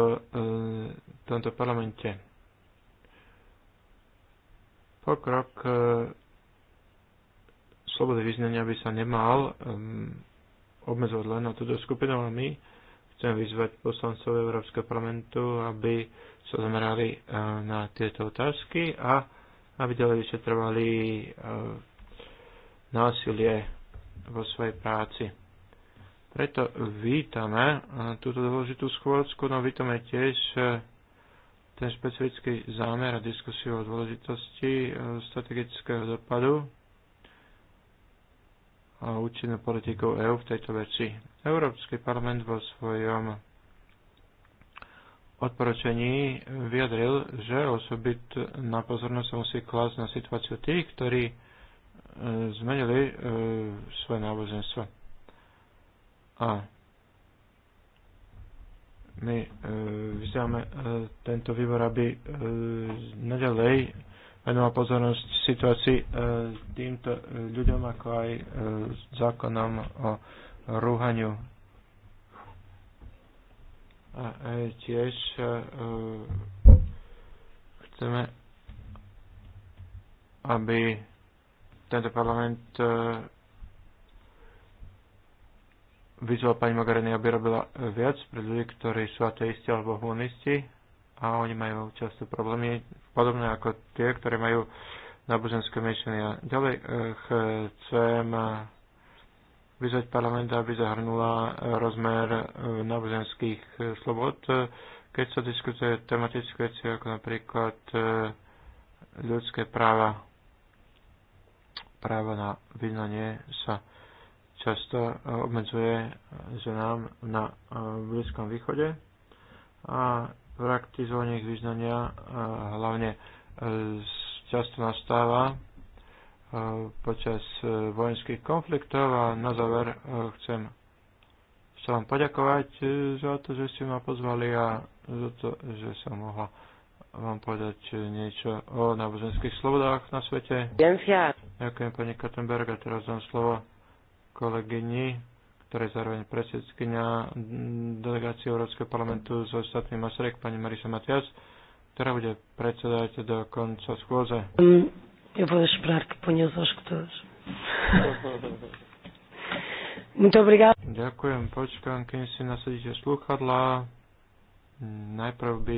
tomto parlamente. Pokrok slobody význania by sa nemal um, obmedzovať len na túto skupinu, ale my chcem vyzvať poslancov Európskeho parlamentu, aby sa zamerali eh, na tieto otázky a aby ďalej vyšetrovali eh, násilie vo svojej práci. Preto vítame eh, túto dôležitú schôdzku, no vítame tiež ten špecifický zámer a diskusiu o dôležitosti strategického dopadu a účinnú politiku EÚ v tejto veci. Európsky parlament vo svojom odporúčaní vyjadril, že na pozornosť sa musí klásť na situáciu tých, ktorí e, zmenili e, svoje náboženstvo. A my e, vyzývame tento výbor, aby e, venoval pozornosť situácii e, týmto ľuďom, ako aj e, zákonom o rúhaniu. A e, tiež chceme, aby tento parlament vyzval pani Magarini, aby robila viac pre ľudí, ktorí sú ateisti alebo humanisti a oni majú často problémy podobné ako tie, ktoré majú náboženské menšiny. Ďalej eh, chcem vyzvať parlament, aby zahrnula eh, rozmer eh, náboženských slobod, keď sa diskutuje tematické veci ako napríklad ľudské práva. Práva na vyznanie sa často obmedzuje ženám na Blízkom východe a praktizovanie ich vyznania e, hlavne často e, nastáva e, počas vojenských konfliktov a na záver chcem sa vám poďakovať za to, že ste ma pozvali a za to, že som mohla vám povedať niečo o náboženských slobodách na svete. Ďakujem pani Kattenberg a teraz dám slovo kolegyni ktorá je zároveň predsedkynia delegácie Európskeho parlamentu so ostatným Masarek, pani Marisa Matias, ktorá bude predsedať do konca schôze. Ja eu vou esperar que ponhas aos cotores. Muito obrigado. Ďakujem, počkám, keď si nasadíte sluchadlá. Najprv by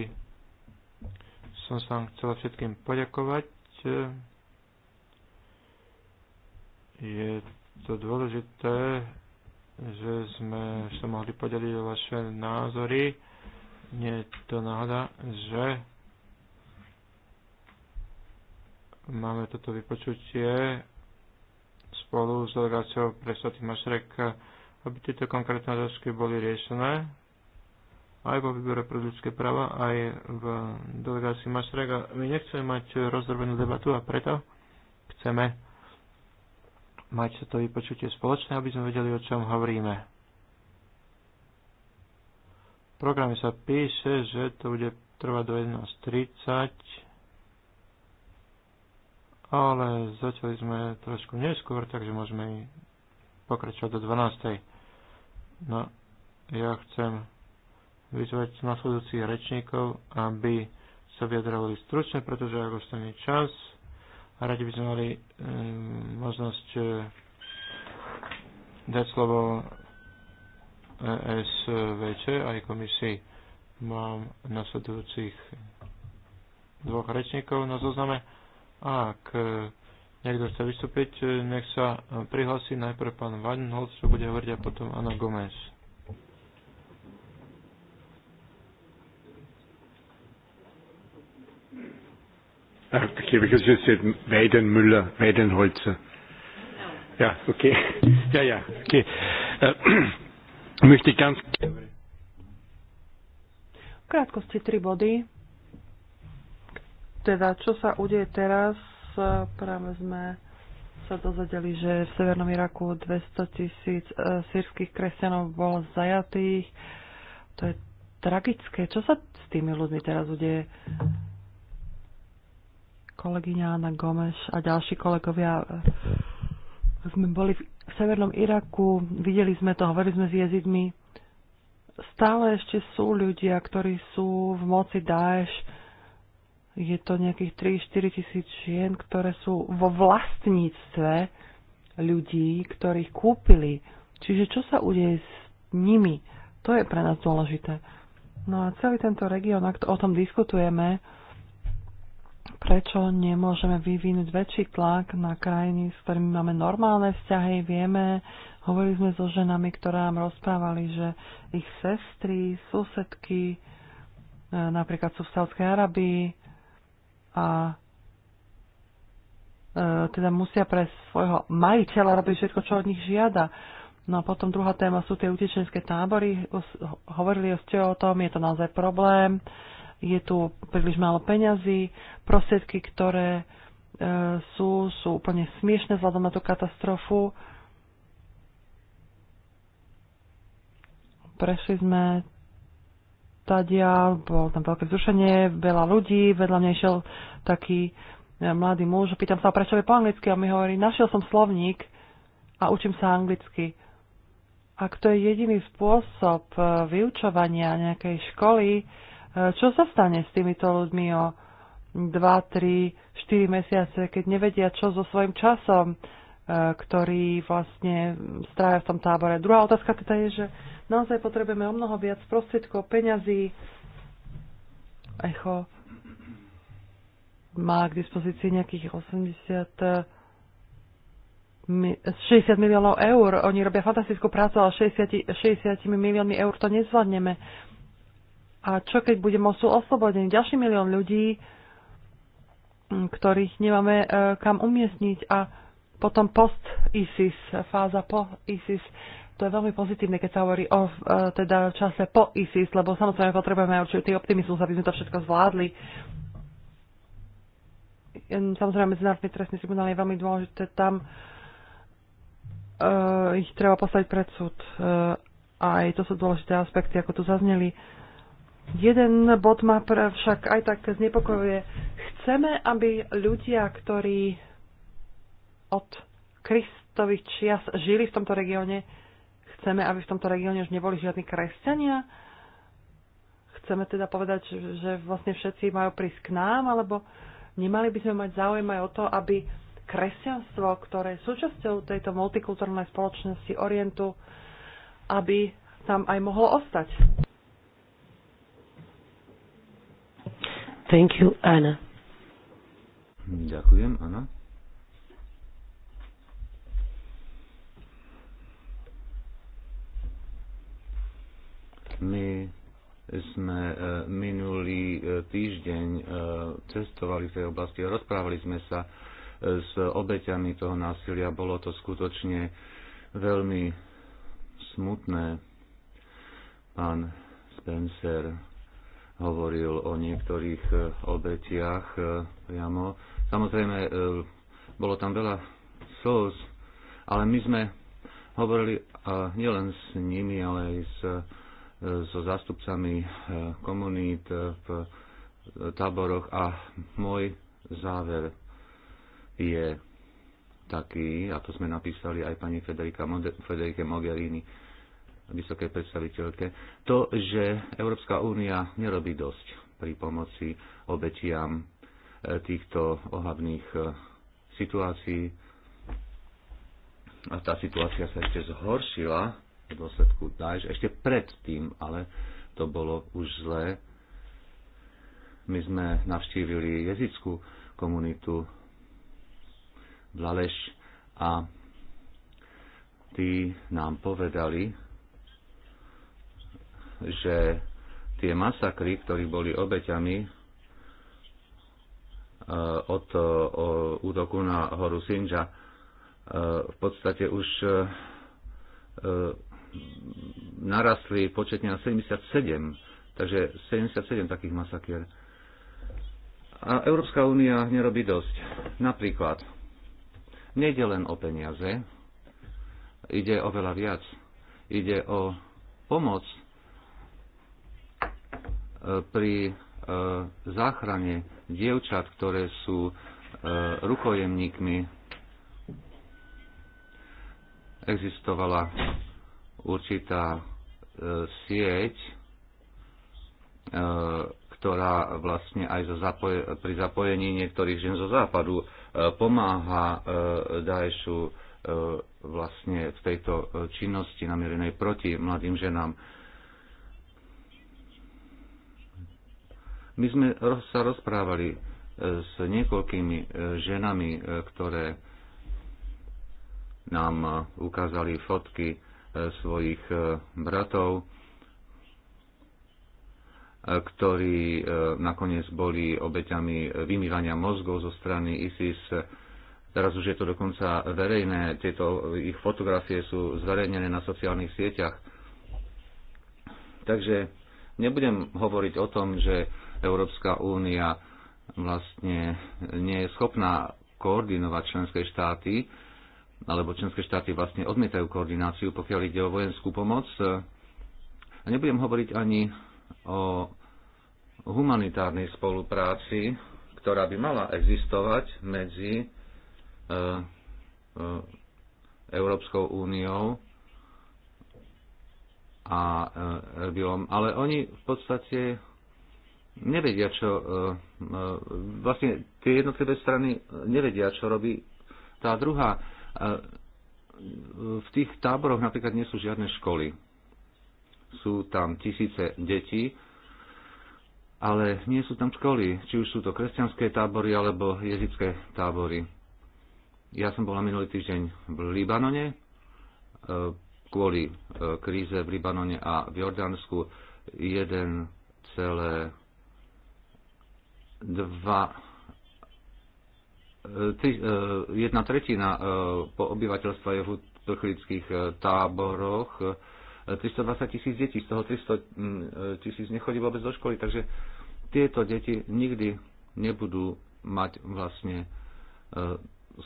som sa vám chcela všetkým poďakovať. Je to dôležité že sme sa mohli podeliť o vaše názory. Nie je to náhoda, že máme toto vypočutie spolu s delegáciou pre Svatý Mašrek, aby tieto konkrétne otázky boli riešené aj vo výbore pre ľudské práva, aj v delegácii Mašrek. My nechceme mať rozdrobenú debatu a preto chceme mať toto vypočutie spoločné, aby sme vedeli, o čom hovoríme. V programe sa píše, že to bude trvať do 11.30, ale začali sme trošku neskôr, takže môžeme pokračovať do 12.00. No, ja chcem vyzvať nasledujúcich rečníkov, aby sa vyjadrovali stručne, pretože ak ostane čas, a radi by sme mali e, možnosť e, dať slovo ESVČ aj komisii. Mám nasledujúcich dvoch rečníkov na zozname. Ak e, niekto chce vystúpiť, e, nech sa prihlási najprv pán Vagnholz, čo bude hovoriť, a potom Anna Gomez. Ah, okay, because you said Weidenmüller, Weidenholzer. Ja, okay. Ja, ja, okay. Äh, möchte ich ganz... krátkosti tri body. Teda, čo sa udeje teraz? Eh, práve sme sa dozvedeli, že v Severnom Iraku 200 tisíc eh, sírskych kresťanov bolo zajatých. To je tragické. Čo sa s tými ľuďmi teraz udeje? kolegyňa Anna Gomes a ďalší kolegovia sme boli v severnom Iraku, videli sme to, hovorili sme s jezidmi. Stále ešte sú ľudia, ktorí sú v moci Daesh. Je to nejakých 3-4 tisíc žien, ktoré sú vo vlastníctve ľudí, ktorých kúpili. Čiže čo sa udeje s nimi? To je pre nás dôležité. No a celý tento región, ak o tom diskutujeme, prečo nemôžeme vyvinúť väčší tlak na krajiny, s ktorými máme normálne vzťahy, vieme, hovorili sme so ženami, ktoré nám rozprávali, že ich sestry, susedky, e, napríklad sú v Sávskej Arabii a e, teda musia pre svojho majiteľa robiť všetko, čo od nich žiada. No a potom druhá téma sú tie utečenské tábory. Hovorili ste o tom, je to naozaj problém je tu príliš málo peňazí, prostriedky, ktoré e, sú, sú úplne smiešne vzhľadom na tú katastrofu. Prešli sme tadia, bolo tam veľké vzrušenie, veľa ľudí, vedľa mňa išiel taký e, mladý muž, pýtam sa, prečo je po anglicky a mi hovorí, našiel som slovník a učím sa anglicky. Ak to je jediný spôsob e, vyučovania nejakej školy, čo sa stane s týmito ľuďmi o 2, 3, 4 mesiace, keď nevedia, čo so svojím časom, e, ktorý vlastne strája v tom tábore. Druhá otázka teda je, že naozaj potrebujeme o mnoho viac prostriedkov, peňazí. Echo má k dispozícii nejakých 80 60 miliónov eur. Oni robia fantastickú prácu, ale 60, 60 miliónmi eur to nezvládneme. A čo keď bude Mosul oslobodený? Ďalší milión ľudí, mm, ktorých nemáme e, kam umiestniť a potom post-ISIS, fáza po ISIS. To je veľmi pozitívne, keď sa hovorí o e, teda čase po ISIS, lebo samozrejme potrebujeme určitý optimizmus, aby sme to všetko zvládli. Samozrejme, medzinárodný trestný tribunál je veľmi dôležité. Tam uh, ich treba postaviť pred súd. Uh, aj to sú dôležité aspekty, ako tu zazneli. Uh, Jeden bod ma však aj tak znepokojuje. Chceme, aby ľudia, ktorí od Kristových čias žili v tomto regióne, chceme, aby v tomto regióne už neboli žiadni kresťania? Chceme teda povedať, že vlastne všetci majú prísť k nám, alebo nemali by sme mať záujem aj o to, aby kresťanstvo, ktoré je súčasťou tejto multikultúrnej spoločnosti Orientu, aby tam aj mohlo ostať. Thank you, Anna. Ďakujem, Anna. My sme e, minulý e, týždeň e, cestovali v tej oblasti a rozprávali sme sa s obeťami toho násilia. Bolo to skutočne veľmi smutné. Pán Spencer hovoril o niektorých e, obetiach e, priamo. Samozrejme, e, bolo tam veľa slz, ale my sme hovorili nielen s nimi, ale aj s, so zástupcami komunít v táboroch a môj záver je taký, a to sme napísali aj pani Federike Mogherini, vysokej predstaviteľke, to, že Európska únia nerobí dosť pri pomoci obetiam e, týchto ohavných e, situácií. A tá situácia sa ešte zhoršila v dôsledku daž, ešte predtým, ale to bolo už zlé. My sme navštívili jezickú komunitu v Laleš a tí nám povedali, že tie masakry, ktorí boli obeťami e, od e, útoku na horu Sinja, e, v podstate už narastli početne na 77, takže 77 takých masakier. A Európska únia nerobí dosť. Napríklad, nejde len o peniaze, ide o veľa viac. Ide o pomoc pri e, záchrane dievčat, ktoré sú e, rukojemníkmi, existovala určitá e, sieť, ktorá vlastne aj pri zapojení niektorých žien zo západu pomáha Daešu vlastne v tejto činnosti namierenej proti mladým ženám. My sme sa rozprávali e, s niekoľkými e, ženami, e, ktoré nám ukázali fotky svojich bratov, ktorí nakoniec boli obeťami vymývania mozgov zo strany ISIS. Teraz už je to dokonca verejné, tieto ich fotografie sú zverejnené na sociálnych sieťach. Takže nebudem hovoriť o tom, že Európska únia vlastne nie je schopná koordinovať členské štáty, alebo členské štáty vlastne odmietajú koordináciu, pokiaľ ide o vojenskú pomoc. A nebudem hovoriť ani o humanitárnej spolupráci, ktorá by mala existovať medzi e, e, Európskou úniou a e, Erbilom. Ale oni v podstate nevedia, čo e, e, vlastne tie jednotlivé strany e, nevedia, čo robí tá druhá. V tých táboroch napríklad nie sú žiadne školy. Sú tam tisíce detí, ale nie sú tam školy, či už sú to kresťanské tábory alebo jezické tábory. Ja som bola minulý týždeň v Libanone kvôli kríze v Libanone a v Jordánsku 1,5 dva, e, tri, e, jedna tretina e, po obyvateľstva je v uprchlických táboroch. 320 tisíc detí, z toho 300 tisíc nechodí vôbec do školy, takže tieto deti nikdy nebudú mať vlastne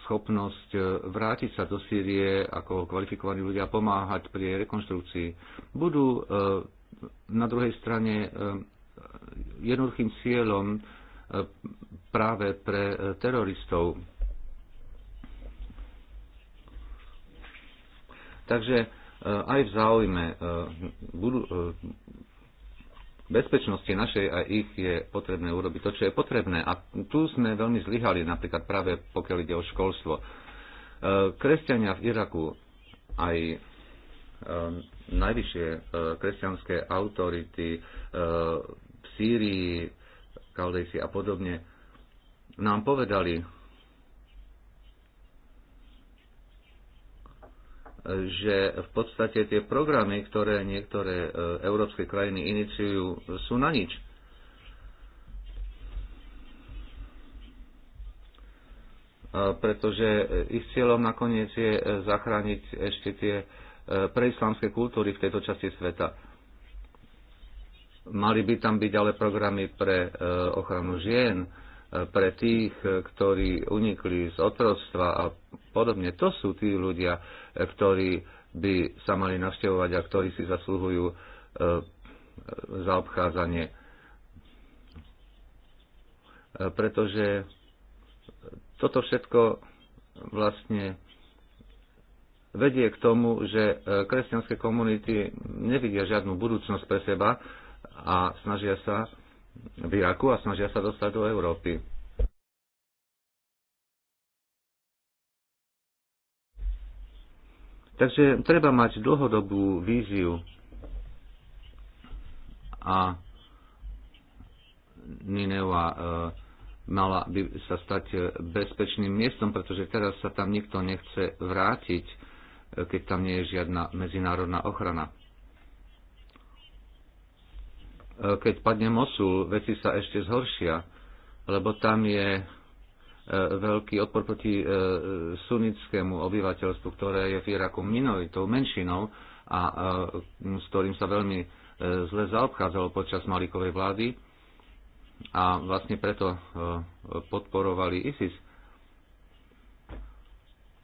schopnosť vrátiť sa do Sýrie ako kvalifikovaní ľudia pomáhať pri rekonštrukcii. Budú na druhej strane jednoduchým cieľom práve pre e, teroristov. Takže e, aj v záujme e, bezpečnosti našej a ich je potrebné urobiť to, čo je potrebné. A tu sme veľmi zlyhali, napríklad práve pokiaľ ide o školstvo. Kresťania v Iraku aj najvyššie kresťanské autority v Sýrii, Kaldejci a podobne, nám povedali, že v podstate tie programy, ktoré niektoré e, európske krajiny iniciujú, sú na nič. E, pretože e, ich cieľom nakoniec je zachrániť ešte tie preislamské kultúry v tejto časti sveta. Mali by tam byť ale programy pre e, ochranu žien, e, pre tých, e, ktorí unikli z otroctva a podobne. To sú tí ľudia, ktorí by sa mali navštevovať a ktorí si zasluhujú zaobchádzanie. Pretože toto všetko vlastne vedie k tomu, že kresťanské komunity nevidia žiadnu budúcnosť pre seba a snažia sa v Iraku a snažia sa dostať do Európy. Takže treba mať dlhodobú víziu a Nineva e, mala by sa stať bezpečným miestom, pretože teraz sa tam nikto nechce vrátiť, e, keď tam nie je žiadna medzinárodná ochrana keď padne Mosul, veci sa ešte zhoršia, lebo tam je e, veľký odpor proti e, sunnickému obyvateľstvu, ktoré je v Iraku minoritou, menšinou a e, s ktorým sa veľmi zle zaobchádzalo počas Malikovej vlády a vlastne preto podporovali ISIS.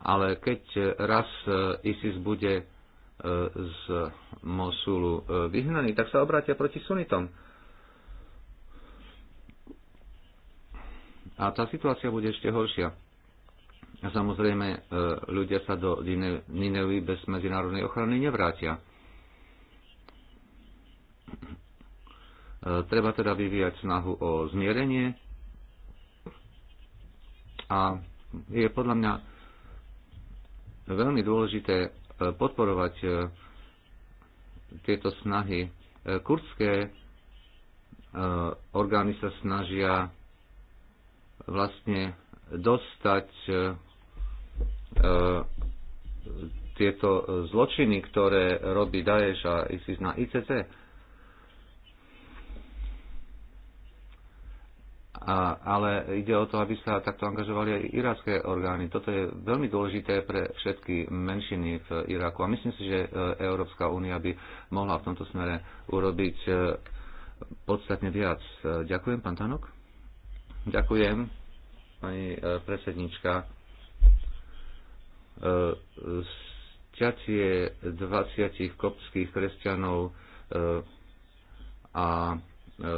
Ale keď raz ISIS bude z Mosulu e, vyhnaní, tak sa obrátia proti sunitom. A tá situácia bude ešte horšia. A samozrejme, e, ľudia sa do Ninevy bez medzinárodnej ochrany nevrátia. E, treba teda vyvíjať snahu o zmierenie a je podľa mňa veľmi dôležité E, podporovať e, tieto snahy. E, kurdské orgány sa snažia vlastne dostať tieto zločiny, ktoré robí Daesh a ISIS na ICC A, ale ide o to, aby sa takto angažovali aj iracké orgány. Toto je veľmi dôležité pre všetky menšiny v Iraku a myslím si, že e, Európska únia by mohla v tomto smere urobiť e, podstatne viac. E, ďakujem, pán Tanok. Ďakujem, pani predsednička. Sťatie 20 kopských kresťanov a E,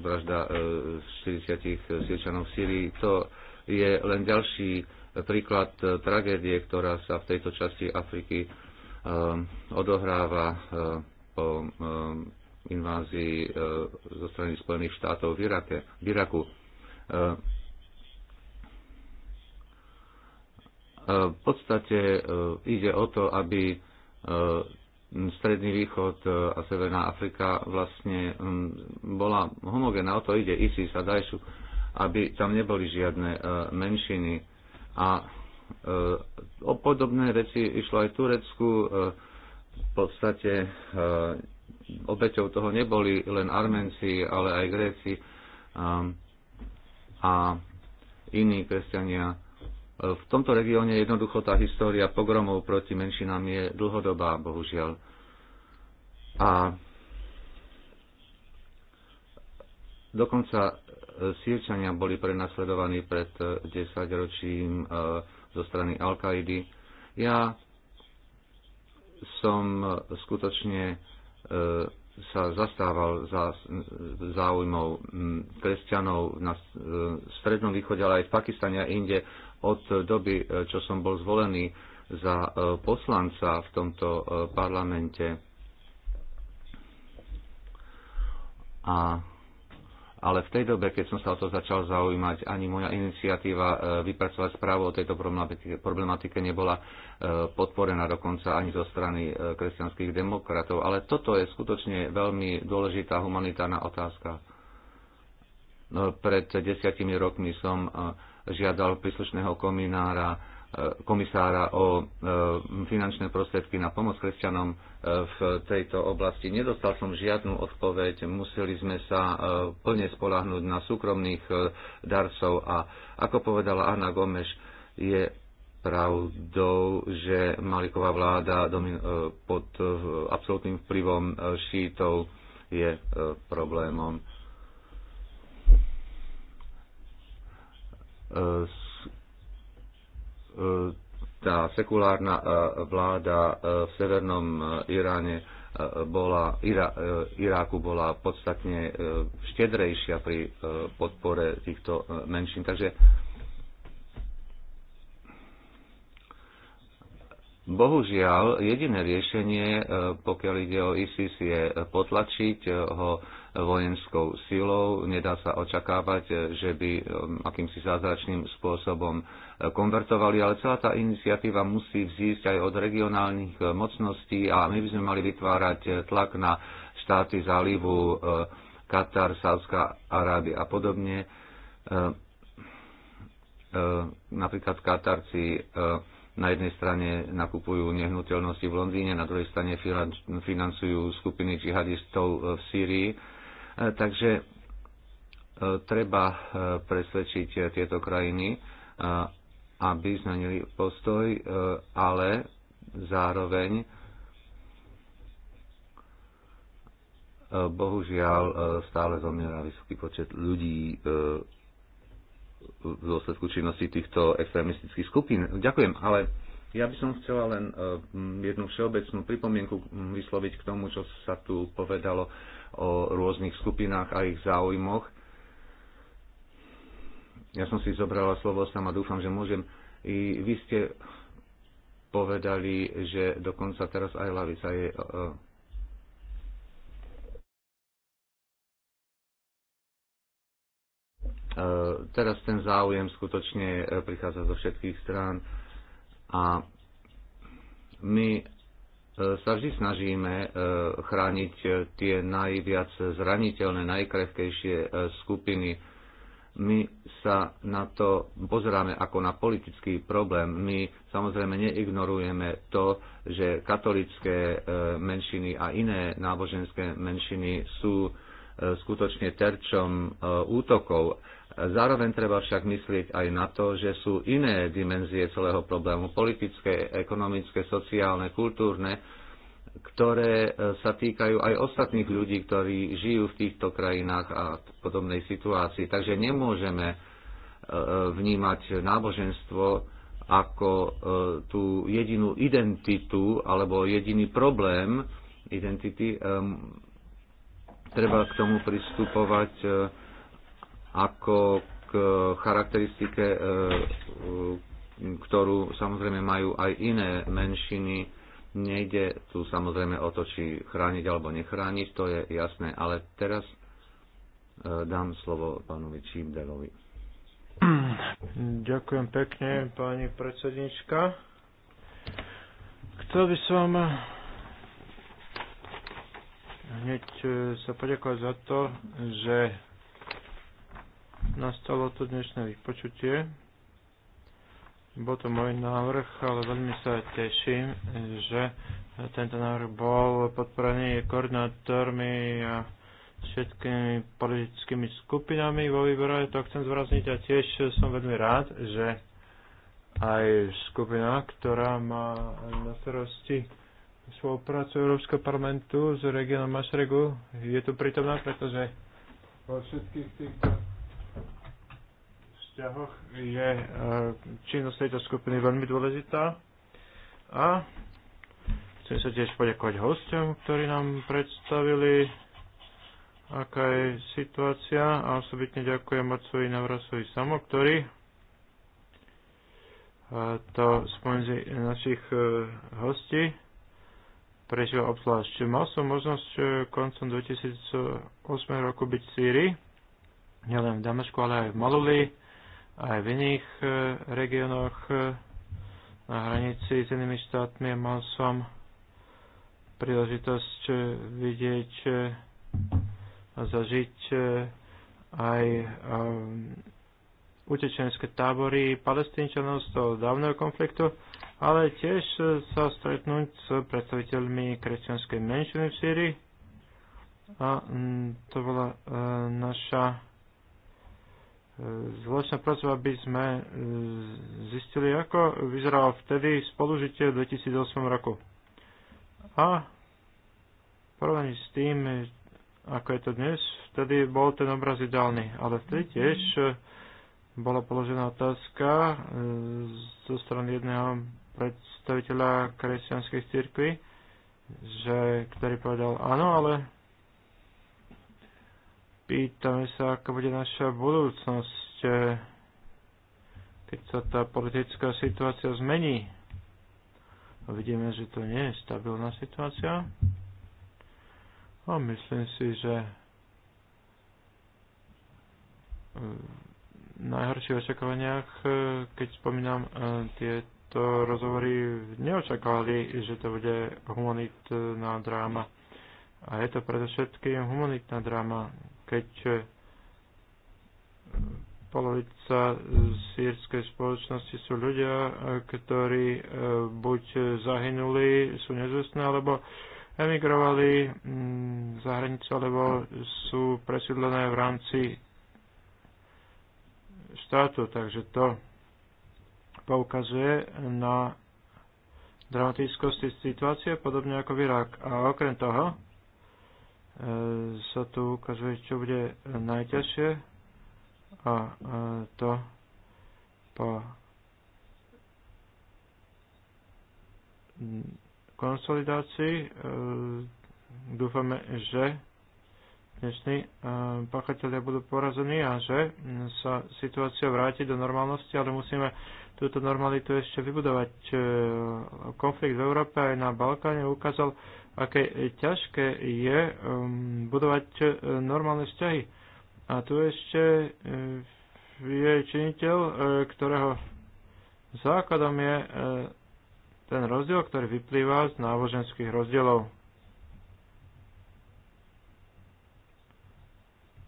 vražda 40 e, Sýrčanov v Syrii. To je len ďalší príklad e, tragédie, ktorá sa v tejto časti Afriky odohráva po invázii zo strany Spojených štátov v, Irake, v Iraku. V podstate ide o to, aby Stredný východ e, a Severná Afrika vlastne bola homogénna, o to ide ISIS a Dajšu, aby tam neboli žiadne e, menšiny. A e, o podobné veci išlo aj Turecku. V podstate obeťou toho neboli len Armenci, ale aj Gréci a iní kresťania v tomto regióne jednoducho tá história pogromov proti menšinám je dlhodobá, bohužiaľ. A dokonca e, Sýrčania boli prenasledovaní pred 10 e, ročím e, zo strany Al-Kaidy. Ja som skutočne sa zastával za záujmov kresťanov na Strednom východe, ale aj v Pakistane a inde od doby, e, čo som bol zvolený za e, poslanca v tomto e, parlamente. A, ale v tej dobe, keď som sa o to začal zaujímať, ani moja iniciatíva vypracovať správu o tejto problematike, problematike nebola podporená dokonca ani zo strany kresťanských demokratov. Ale toto je skutočne veľmi dôležitá humanitárna otázka. Pred desiatimi rokmi som žiadal príslušného kominára, e, komisára o e, finančné prostriedky na pomoc kresťanom e, v tejto oblasti. Nedostal som žiadnu odpoveď, museli sme sa plne spolahnúť na súkromných darcov a ako povedala Anna Gomeš, je pravdou, že Maliková vláda pod absolútnym vplyvom šítov je problémom E, e, tá sekulárna e, vláda v severnom Iráne bola, Ira, Iráku bola podstatne štedrejšia pri podpore týchto menšín. Takže bohužiaľ jediné riešenie, pokiaľ ide o ISIS, je potlačiť ho vojenskou silou. Nedá sa očakávať, eh, že by eh, akýmsi zázračným spôsobom eh, konvertovali, ale celá tá iniciatíva musí vzísť aj od regionálnych mocností a my by sme mali vytvárať tlak na štáty zálivu Katar, Sávská Arábia a podobne. Napríklad Katarci na jednej strane nakupujú nehnuteľnosti v Londýne, na druhej strane financujú skupiny džihadistov v Sýrii E, takže e, treba e, presvedčiť tieto krajiny, aby zmenili postoj, ale zároveň bohužiaľ stále zomiera vysoký počet ľudí v dôsledku činnosti týchto extrémistických skupín. Ďakujem, ale ja by som chcela len jednu všeobecnú pripomienku vysloviť k tomu, čo sa tu povedalo o rôznych skupinách a ich záujmoch. Ja som si zobrala slovo sama, dúfam, že môžem. I vy ste povedali, že dokonca teraz aj lavica je e, teraz ten záujem skutočne e, prichádza zo všetkých strán a my E, sa vždy snažíme e, chrániť e, tie najviac zraniteľné, najkrehkejšie skupiny. My sa na to pozeráme ako na politický problém. My samozrejme neignorujeme to, že katolické menšiny a iné náboženské menšiny sú skutočne terčom útokov Zároveň treba však myslieť aj na to, že sú iné dimenzie celého problému, politické, ekonomické, sociálne, kultúrne, ktoré e, sa týkajú aj ostatných ľudí, ktorí žijú v týchto krajinách a v podobnej situácii. Takže nemôžeme e, e, vnímať náboženstvo ako tú jedinú identitu alebo jediný problém identity. Ehm, treba k tomu pristupovať ako k charakteristike, e, e, ktorú samozrejme majú aj iné menšiny. Nejde tu samozrejme o to, či chrániť alebo nechrániť, to je jasné, ale teraz e, dám slovo pánovi Čímdelovi. Ďakujem pekne, pani predsednička. Chcel by som hneď sa poďakovať za to, že nastalo to dnešné vypočutie. Bol to môj návrh, ale veľmi sa teším, že tento návrh bol podporený koordinátormi a všetkými politickými skupinami vo výbore. To chcem zvrazniť a tiež som veľmi rád, že aj skupina, ktorá má na starosti prácu Európskeho parlamentu z regionu Mašregu, je tu prítomná, pretože vo všetkých týchto vzťahoch je e, činnosť tejto skupiny veľmi dôležitá a chcem sa tiež poďakovať hostom, ktorí nám predstavili aká je situácia a osobitne ďakujem Macovi Navrasovi Samo, ktorý e, to spomenzi našich e, hostí prežil obzvlášť. Mal som možnosť koncom 2008 roku byť v Sýrii, nielen v Damašku, ale aj v Malulii aj v iných e, regiónoch e, na hranici s inými štátmi. Mal som príležitosť e, vidieť a zažiť aj utečenské tábory palestínčanov z toho dávneho konfliktu, ale tiež sa stretnúť s predstaviteľmi kresťanskej menšiny v Sýrii. A to bola naša zvláštne pracovať, aby sme e, zistili, ako vyzeralo vtedy spolužitie v 2008 roku. A porovnaní s tým, e, ako je to dnes, vtedy bol ten obraz ideálny, ale vtedy mhm. tiež e, bola položená otázka zo strany jedného predstaviteľa kresťanskej cirkvi, že, ktorý povedal áno, ale Pýtame sa, aká bude naša budúcnosť, eh, keď sa tá politická situácia zmení. A vidíme, že to nie je stabilná situácia. A myslím si, že eh, v najhorších očakovaniach, eh, keď spomínam tieto rozhovory, neočakávali, že to bude humanitná dráma. A je to predovšetkým humanitná dráma keď e, polovica sírskej spoločnosti sú ľudia, e, ktorí e, buď zahynuli, sú nezvestné, alebo emigrovali mm, za hranicu, alebo sú presídlené v rámci štátu. Takže to poukazuje na dramatickosti situácie, podobne ako v Irak. A okrem toho, E, sa tu ukazuje, čo bude najťažšie a e, to po konsolidácii e, dúfame, že dnešní pachatelia budú porazení a že sa situácia vráti do normálnosti, ale musíme túto normalitu ešte vybudovať. Konflikt v Európe aj na Balkáne ukázal, aké ťažké je um, budovať e, normálne vzťahy. A tu ešte e, je činiteľ, e, ktorého základom je ten rozdiel, ktorý vyplýva z náboženských rozdielov.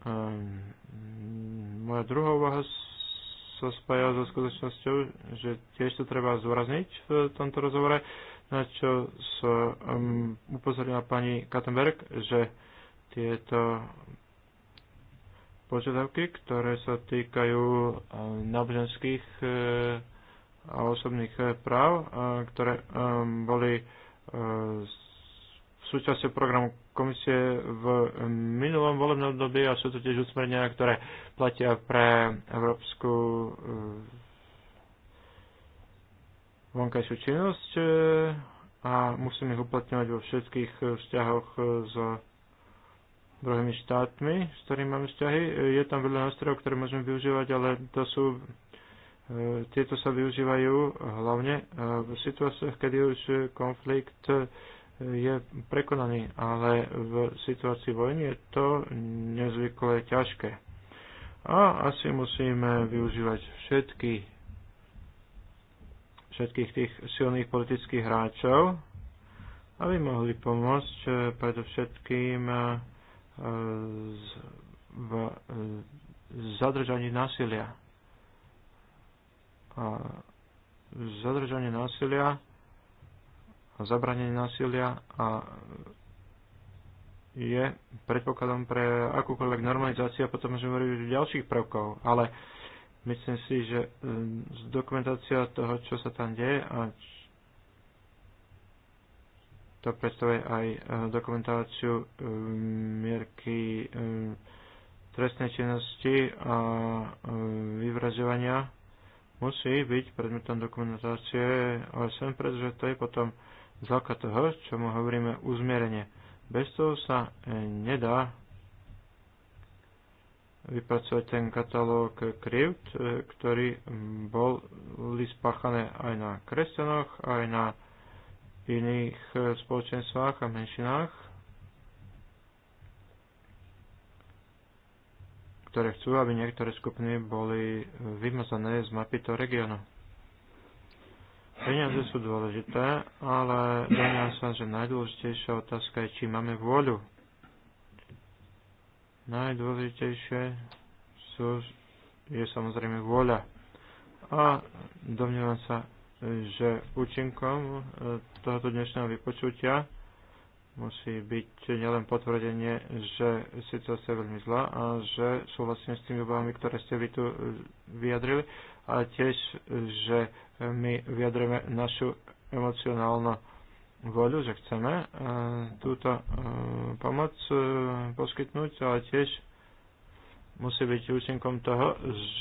Ehm, moja druhá úvaha sa spája so skutočnosťou, že tiež to treba zúrazniť v tomto rozhovore, na čo sa um, upozorila pani Kattenberg, že tieto požiadavky, ktoré sa týkajú um, náboženských uh, a osobných uh, práv, uh, ktoré um, boli súčasťou programu komisie v minulom volebnom období a sú to tiež usmernenia, ktoré platia pre Európsku vonkajšiu činnosť e, a musím ich uplatňovať vo všetkých e, vzťahoch e, s druhými štátmi, s ktorými máme vzťahy. Je tam veľa nástrojov, ktoré môžeme využívať, ale to sú, tieto sa využívajú hlavne v situáciách, keď už konflikt je prekonaný, ale v situácii vojny je to nezvykle ťažké. A asi musíme využívať všetky všetkých tých silných politických hráčov, aby mohli pomôcť eh, predovšetkým eh, v eh, zadržaní násilia. A zadržanie násilia a zabranenie násilia a je predpokladom pre akúkoľvek normalizáciu a potom môžeme hovoriť o ďalších prvkov. Ale Myslím si, že um, dokumentácia toho, čo sa tam deje a to predstavuje aj uh, dokumentáciu um, mierky um, trestnej činnosti a vyvrazovania musí byť predmetom dokumentácie OSM, pretože to je potom základ toho, čo mu hovoríme uzmierenie. Bez toho sa eh, nedá vypracovať ten katalóg krivt, e, ktorý bol spáchané aj na kresťanoch, aj na iných e, spoločenstvách a menšinách, ktoré chcú, aby niektoré skupiny boli vymazané z mapy toho regiónu. Peniaze sú dôležité, ale domnievam sa, že najdôležitejšia otázka je, či máme vôľu Najdôležitejšie sú, je samozrejme vôľa. A domnievam sa, že účinkom e, tohoto dnešného vypočutia musí byť nielen potvrdenie, že situácia je veľmi zlá a že súhlasím s tými obavami, ktoré ste vy tu e, vyjadrili, ale tiež, že my vyjadrujeme našu emocionálnu volu, že chceme e, túto e, pomoc e, poskytnúť, ale tiež musí byť účinkom toho,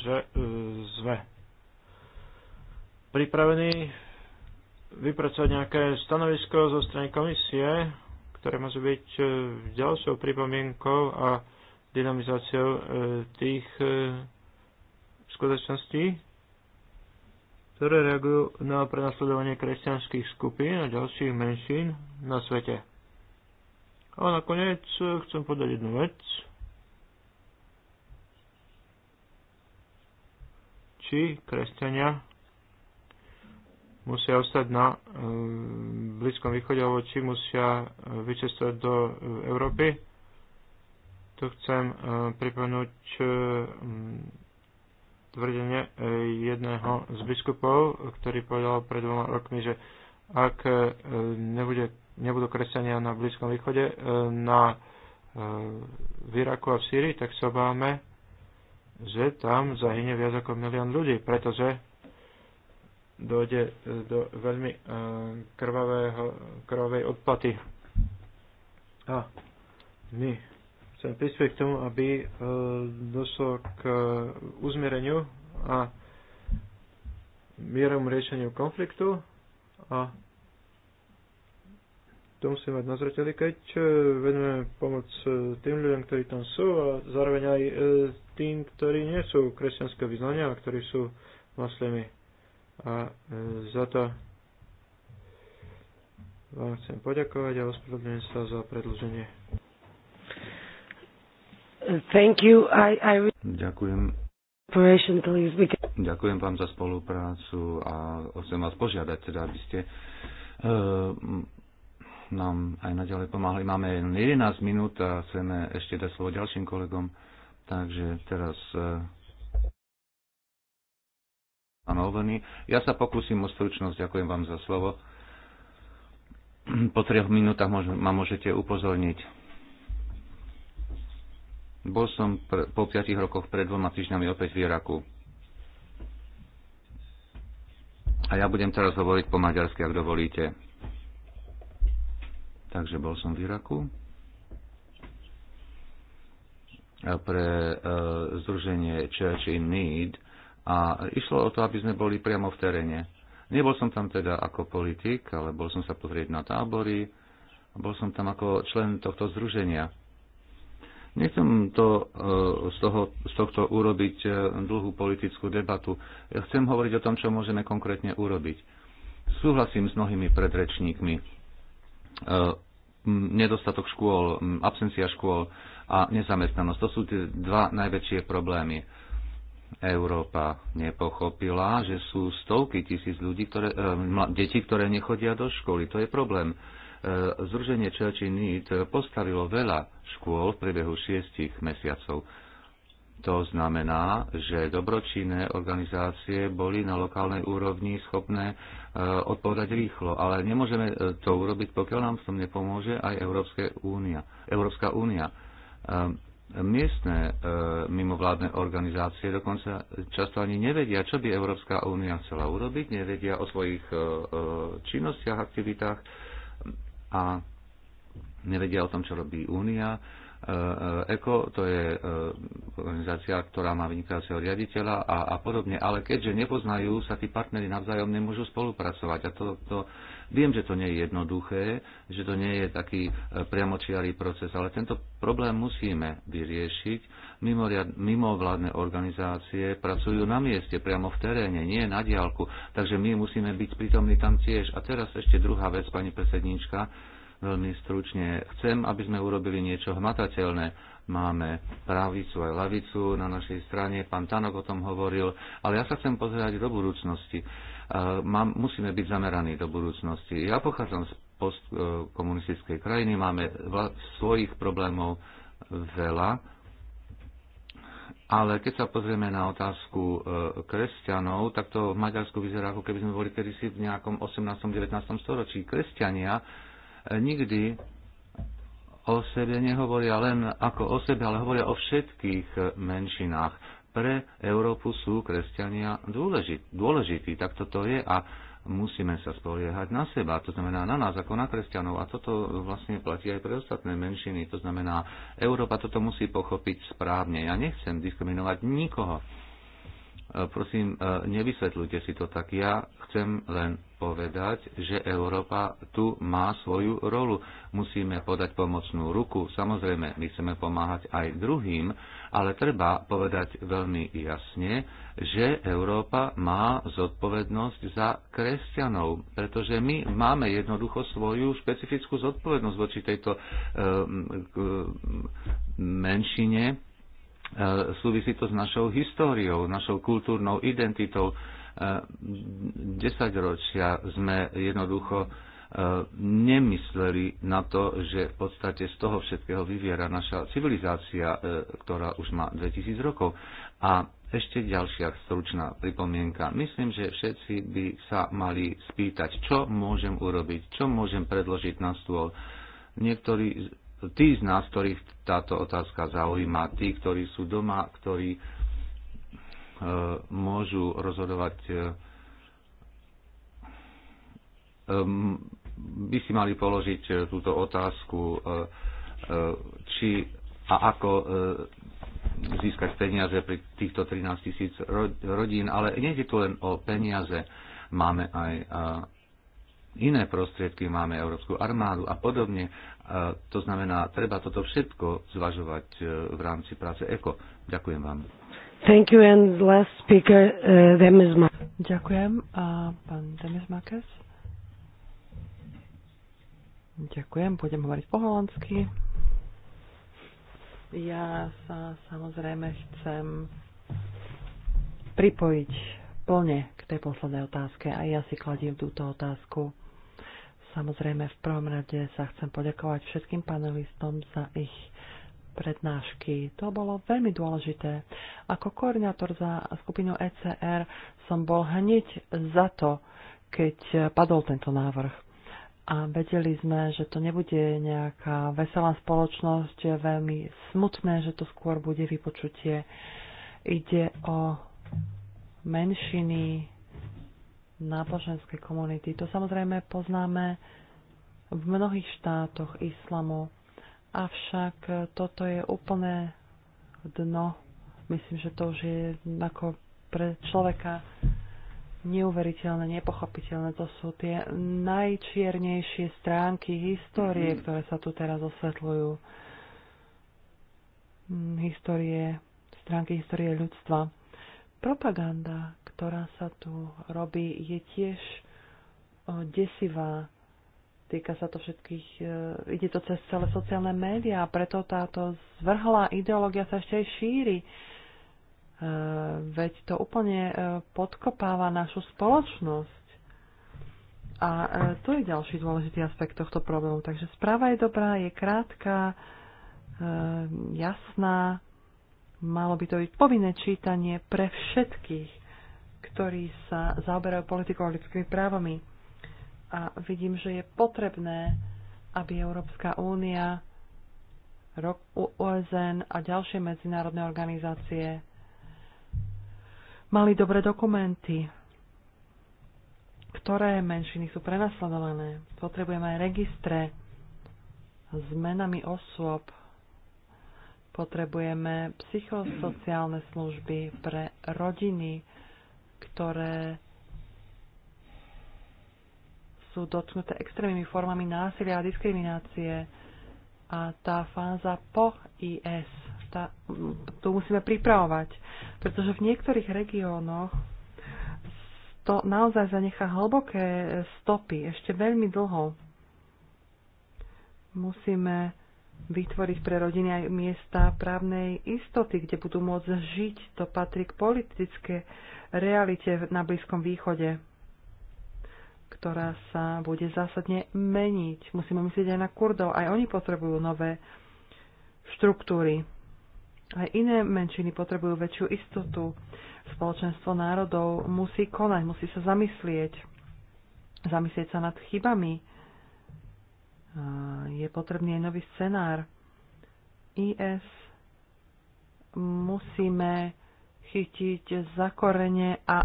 že sme pripravení vypracovať nejaké stanovisko zo strany komisie, ktoré môže byť ďalšou pripomienkou a dynamizáciou tých skutočností, ktoré reagujú na prenasledovanie kresťanských skupín a ďalších menšín na svete. A nakoniec eh, chcem podať jednu vec. Či kresťania musia ostať na eh, Blízkom východe, alebo či musia eh, vycestovať do Európy. Tu chcem pripomenúť tvrdenie e, jedného z biskupov, ktorý povedal pred dvoma rokmi, že ak e, nebude, nebudú kresťania na Blízkom východe, e, na, v Iraku a v Sýrii, tak sa obávame, že tam zahynie viac ako milión ľudí, pretože dojde do veľmi krvavého, krvavej odplaty. A my chcem prispieť k tomu, aby e, došlo k e, uzmiereniu a mierom riešeniu konfliktu a to musíme mať na zreteli, keď e, venujeme pomoc tým ľuďom, ktorí tam sú a zároveň aj tým, ktorí nie sú kresťanské vyznania a ktorí sú moslimi. A za to vám chcem poďakovať a ospravedlňujem sa za predlženie. Thank you. I, I... Ďakujem. Ďakujem vám za spoluprácu a chcem vás požiadať, teda, aby ste uh, nám aj naďalej pomáhali. Máme 11 minút a chceme ešte dať slovo ďalším kolegom, takže teraz uh, pán Ja sa pokúsim o stručnosť, ďakujem vám za slovo. Po troch minútach môž, ma môžete upozorniť bol som pr- po 5 rokoch pred dvoma týždňami opäť v Iraku. A ja budem teraz hovoriť po maďarsky, ak dovolíte. Takže bol som v Iraku. A pre e, združenie Church in Need a išlo o to, aby sme boli priamo v teréne. Nebol som tam teda ako politik, ale bol som sa pozrieť na tábory, bol som tam ako člen tohto združenia Nechcem to eh, z, toho, z tohto urobiť eh, dlhú politickú debatu. Chcem hovoriť o tom, čo môžeme konkrétne urobiť. Súhlasím s mnohými predrečníkmi. Eh, nedostatok škôl, absencia škôl a nezamestnanosť. To sú tie dva najväčšie problémy. Európa nepochopila, že sú stovky tisíc ľudí, ktoré, detí, ktoré nechodia do školy. To je problém. Združenie Church Need postavilo veľa škôl v priebehu šiestich mesiacov. To znamená, že dobročinné organizácie boli na lokálnej úrovni schopné e, odpovedať rýchlo, ale nemôžeme e, to urobiť, pokiaľ nám v tom nepomôže aj Európska únia. Európska únia. E, miestne mimovládne organizácie dokonca často ani nevedia, čo by Európska únia chcela urobiť, nevedia o svojich činnostiach, aktivitách a nevedia o tom, čo robí Únia. E, e, ECO, to je e, organizácia, ktorá má vynikajúceho riaditeľa a, a podobne, ale keďže nepoznajú sa tí partnery navzájom, nemôžu spolupracovať. A to, to, viem, že to nie je jednoduché, že to nie je taký priamočiarý proces, ale tento problém musíme vyriešiť. Mimoriad, mimovládne organizácie pracujú na mieste, priamo v teréne, nie na diálku, takže my musíme byť prítomní tam tiež. A teraz ešte druhá vec, pani predsedníčka veľmi stručne. Chcem, aby sme urobili niečo hmatateľné. Máme pravicu aj lavicu na našej strane, pán Tanok o tom hovoril, ale ja sa chcem pozerať do budúcnosti. Mám, musíme byť zameraní do budúcnosti. Ja pochádzam z postkomunistickej krajiny, máme svojich problémov veľa, ale keď sa pozrieme na otázku e, kresťanov, tak to v Maďarsku vyzerá, ako keby sme boli kedysi v nejakom 18. 19. storočí. Kresťania nikdy o sebe nehovoria len ako o sebe, ale hovoria o všetkých menšinách. Pre Európu sú kresťania dôležití, dôležití tak toto je a musíme sa spoliehať na seba, to znamená na nás ako na kresťanov a toto vlastne platí aj pre ostatné menšiny, to znamená Európa toto musí pochopiť správne. Ja nechcem diskriminovať nikoho. E, prosím, e, nevysvetľujte si to tak. Ja chcem len povedať, že Európa tu má svoju rolu. Musíme podať pomocnú ruku. Samozrejme, my chceme pomáhať aj druhým, ale treba povedať veľmi jasne, že Európa má zodpovednosť za kresťanov, pretože my máme jednoducho svoju špecifickú zodpovednosť voči tejto uh, menšine. Eh, súvisí to s našou históriou, našou kultúrnou identitou desaťročia sme jednoducho e, nemysleli na to, že v podstate z toho všetkého vyviera naša civilizácia, e, ktorá už má 2000 rokov. A ešte ďalšia stručná pripomienka. Myslím, že všetci by sa mali spýtať, čo môžem urobiť, čo môžem predložiť na stôl. Niektorí, tí z nás, ktorých táto otázka zaujíma, tí, ktorí sú doma, ktorí E, môžu rozhodovať e, e, by si mali položiť túto otázku, či a ako získať peniaze pri týchto 13 tisíc rodín, ale nejde tu len o peniaze. Máme aj iné prostriedky, máme Európsku armádu a podobne. To znamená, treba toto všetko zvažovať v rámci práce ECO. Ďakujem vám. Thank you and last speaker, uh, Demis Ďakujem. A pán Demis Makes? Ďakujem, budem hovoriť po holandsky. Ja sa samozrejme chcem pripojiť plne k tej poslednej otázke a ja si kladím túto otázku. Samozrejme v prvom rade sa chcem poďakovať všetkým panelistom za ich prednášky. To bolo veľmi dôležité. Ako koordinátor za skupinu ECR som bol hneď za to, keď padol tento návrh. A vedeli sme, že to nebude nejaká veselá spoločnosť, je veľmi smutné, že to skôr bude vypočutie. Ide o menšiny náboženskej komunity. To samozrejme poznáme v mnohých štátoch islamu Avšak e, toto je úplné dno. Myslím, že to už je ako pre človeka neuveriteľné, nepochopiteľné. To sú tie najčiernejšie stránky histórie, mm. ktoré sa tu teraz osvetľujú. Mm, histórie, stránky histórie ľudstva. Propaganda, ktorá sa tu robí, je tiež desivá. Týka sa to všetkých, e, ide to cez celé sociálne médiá, preto táto zvrhlá ideológia sa ešte aj šíri. E, veď to úplne e, podkopáva našu spoločnosť. A e, to je ďalší dôležitý aspekt tohto problému. Takže správa je dobrá, je krátka, e, jasná. Malo by to byť povinné čítanie pre všetkých, ktorí sa zaoberajú politikou a ľudskými právami a vidím, že je potrebné, aby Európska únia, OSN a ďalšie medzinárodné organizácie mali dobré dokumenty, ktoré menšiny sú prenasledované. Potrebujeme aj registre s menami osôb. Potrebujeme psychosociálne služby pre rodiny, ktoré sú dotknuté extrémnymi formami násilia a diskriminácie. A tá fáza po IS, tá, tu musíme pripravovať, pretože v niektorých regiónoch to naozaj zanechá hlboké stopy ešte veľmi dlho. Musíme vytvoriť pre rodiny aj miesta právnej istoty, kde budú môcť žiť. To patrí k politické realite na Blízkom východe ktorá sa bude zásadne meniť. Musíme myslieť aj na Kurdov. Aj oni potrebujú nové štruktúry. Aj iné menšiny potrebujú väčšiu istotu. Spoločenstvo národov musí konať, musí sa zamyslieť. Zamyslieť sa nad chybami. Je potrebný aj nový scenár. IS musíme chytiť za korene a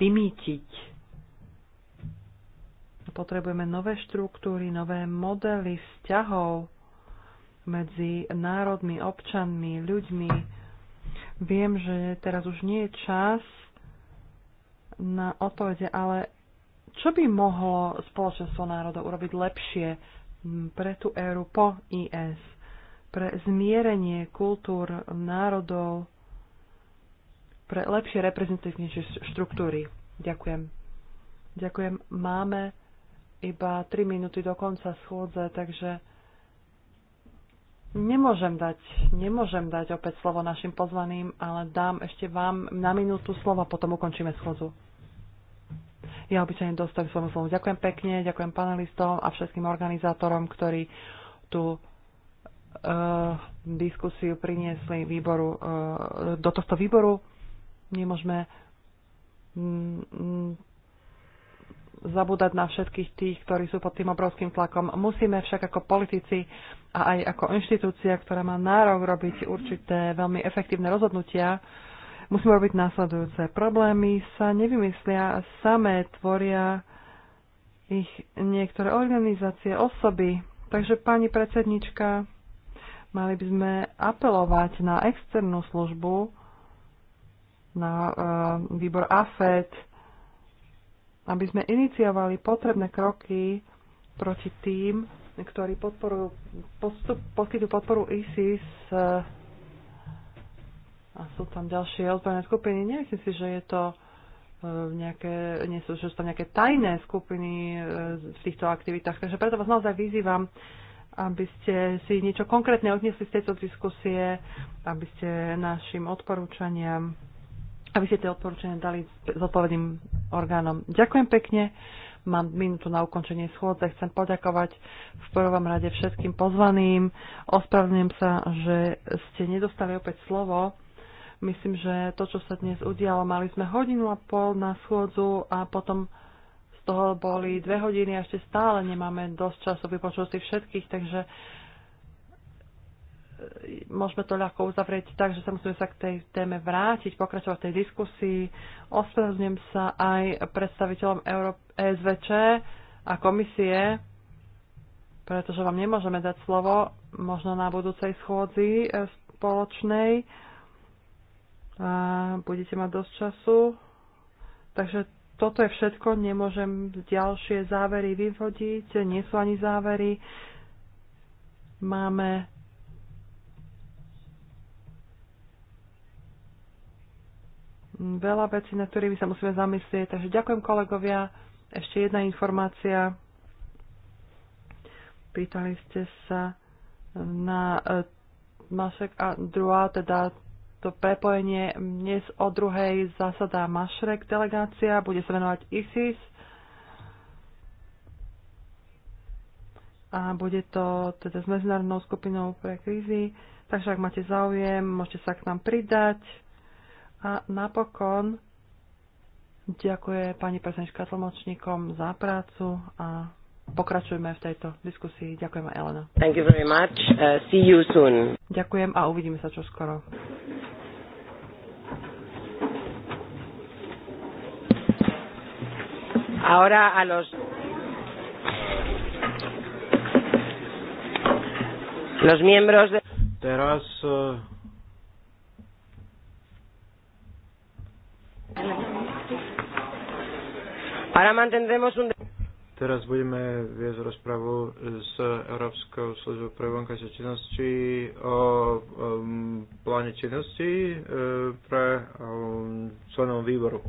vymýtiť Potrebujeme nové štruktúry, nové modely vzťahov medzi národmi, občanmi, ľuďmi. Viem, že teraz už nie je čas na odpovede, ale čo by mohlo spoločenstvo národov urobiť lepšie pre tú éru po IS? Pre zmierenie kultúr národov, pre lepšie reprezentatívnejšie štruktúry. Ďakujem. Ďakujem. Máme iba 3 minúty do konca schôdze, takže nemôžem dať, nemôžem dať opäť slovo našim pozvaným, ale dám ešte vám na minútu slovo a potom ukončíme schôdzu. Ja obyčajne dostávam svojmu slovu. Ďakujem pekne, ďakujem panelistom a všetkým organizátorom, ktorí tú uh, eh, diskusiu priniesli výboru, uh, do tohto výboru. Nemôžeme mm, mm, zabúdať na všetkých tých, ktorí sú pod tým obrovským tlakom. Musíme však ako politici a aj ako inštitúcia, ktorá má nárok robiť určité veľmi efektívne rozhodnutia, musíme robiť následujúce. Problémy sa nevymyslia, samé tvoria ich niektoré organizácie, osoby. Takže pani predsednička, mali by sme apelovať na externú službu, na uh, výbor AFED, aby sme iniciovali potrebné kroky proti tým, ktorí podporujú, postup, poskytujú podporu ISIS e, a sú tam ďalšie ozbrojené skupiny. Nemyslím si, že je to e, nejaké, nie sú, že sú tam nejaké tajné skupiny e, v týchto aktivitách. Takže preto vás naozaj vyzývam, aby ste si niečo konkrétne odniesli z tejto diskusie, aby ste našim odporúčaniam aby ste tie odporúčania dali zodpovedným orgánom. Ďakujem pekne. Mám minútu na ukončenie schôdze. Chcem poďakovať v prvom rade všetkým pozvaným. Ospravedlňujem sa, že ste nedostali opäť slovo. Myslím, že to, čo sa dnes udialo, mali sme hodinu a pol na schôdzu a potom z toho boli dve hodiny a ešte stále nemáme dosť času vypočuť si všetkých, takže môžeme to ľahko uzavrieť tak, že sa musíme sa k tej téme vrátiť, pokračovať v tej diskusii. Ospravedlňujem sa aj predstaviteľom Euró- ESVČ a komisie, pretože vám nemôžeme dať slovo možno na budúcej schôdzi e, spoločnej. A budete mať dosť času. Takže toto je všetko, nemôžem ďalšie závery vyvodiť, nie sú ani závery. Máme veľa vecí, na ktorými sa musíme zamyslieť. Takže ďakujem kolegovia. Ešte jedna informácia. Pýtali ste sa na e, Mašek a druhá, teda to prepojenie dnes o druhej zásada Mašrek delegácia, bude sa venovať ISIS. a bude to teda s medzinárodnou skupinou pre krízy. Takže ak máte záujem, môžete sa k nám pridať. A napokon ďakuje pani presenčka tlmočníkom za prácu a pokračujeme v tejto diskusii. Ďakujem, Elena. Thank you very much. Uh, see you soon. Ďakujem a uvidíme sa čoskoro. Ahora a los los miembros de Teraz uh Teraz budeme viesť rozpravu s Európskou službou pre vonkajšie činnosti o um, pláne činnosti um, pre um, členom výboru.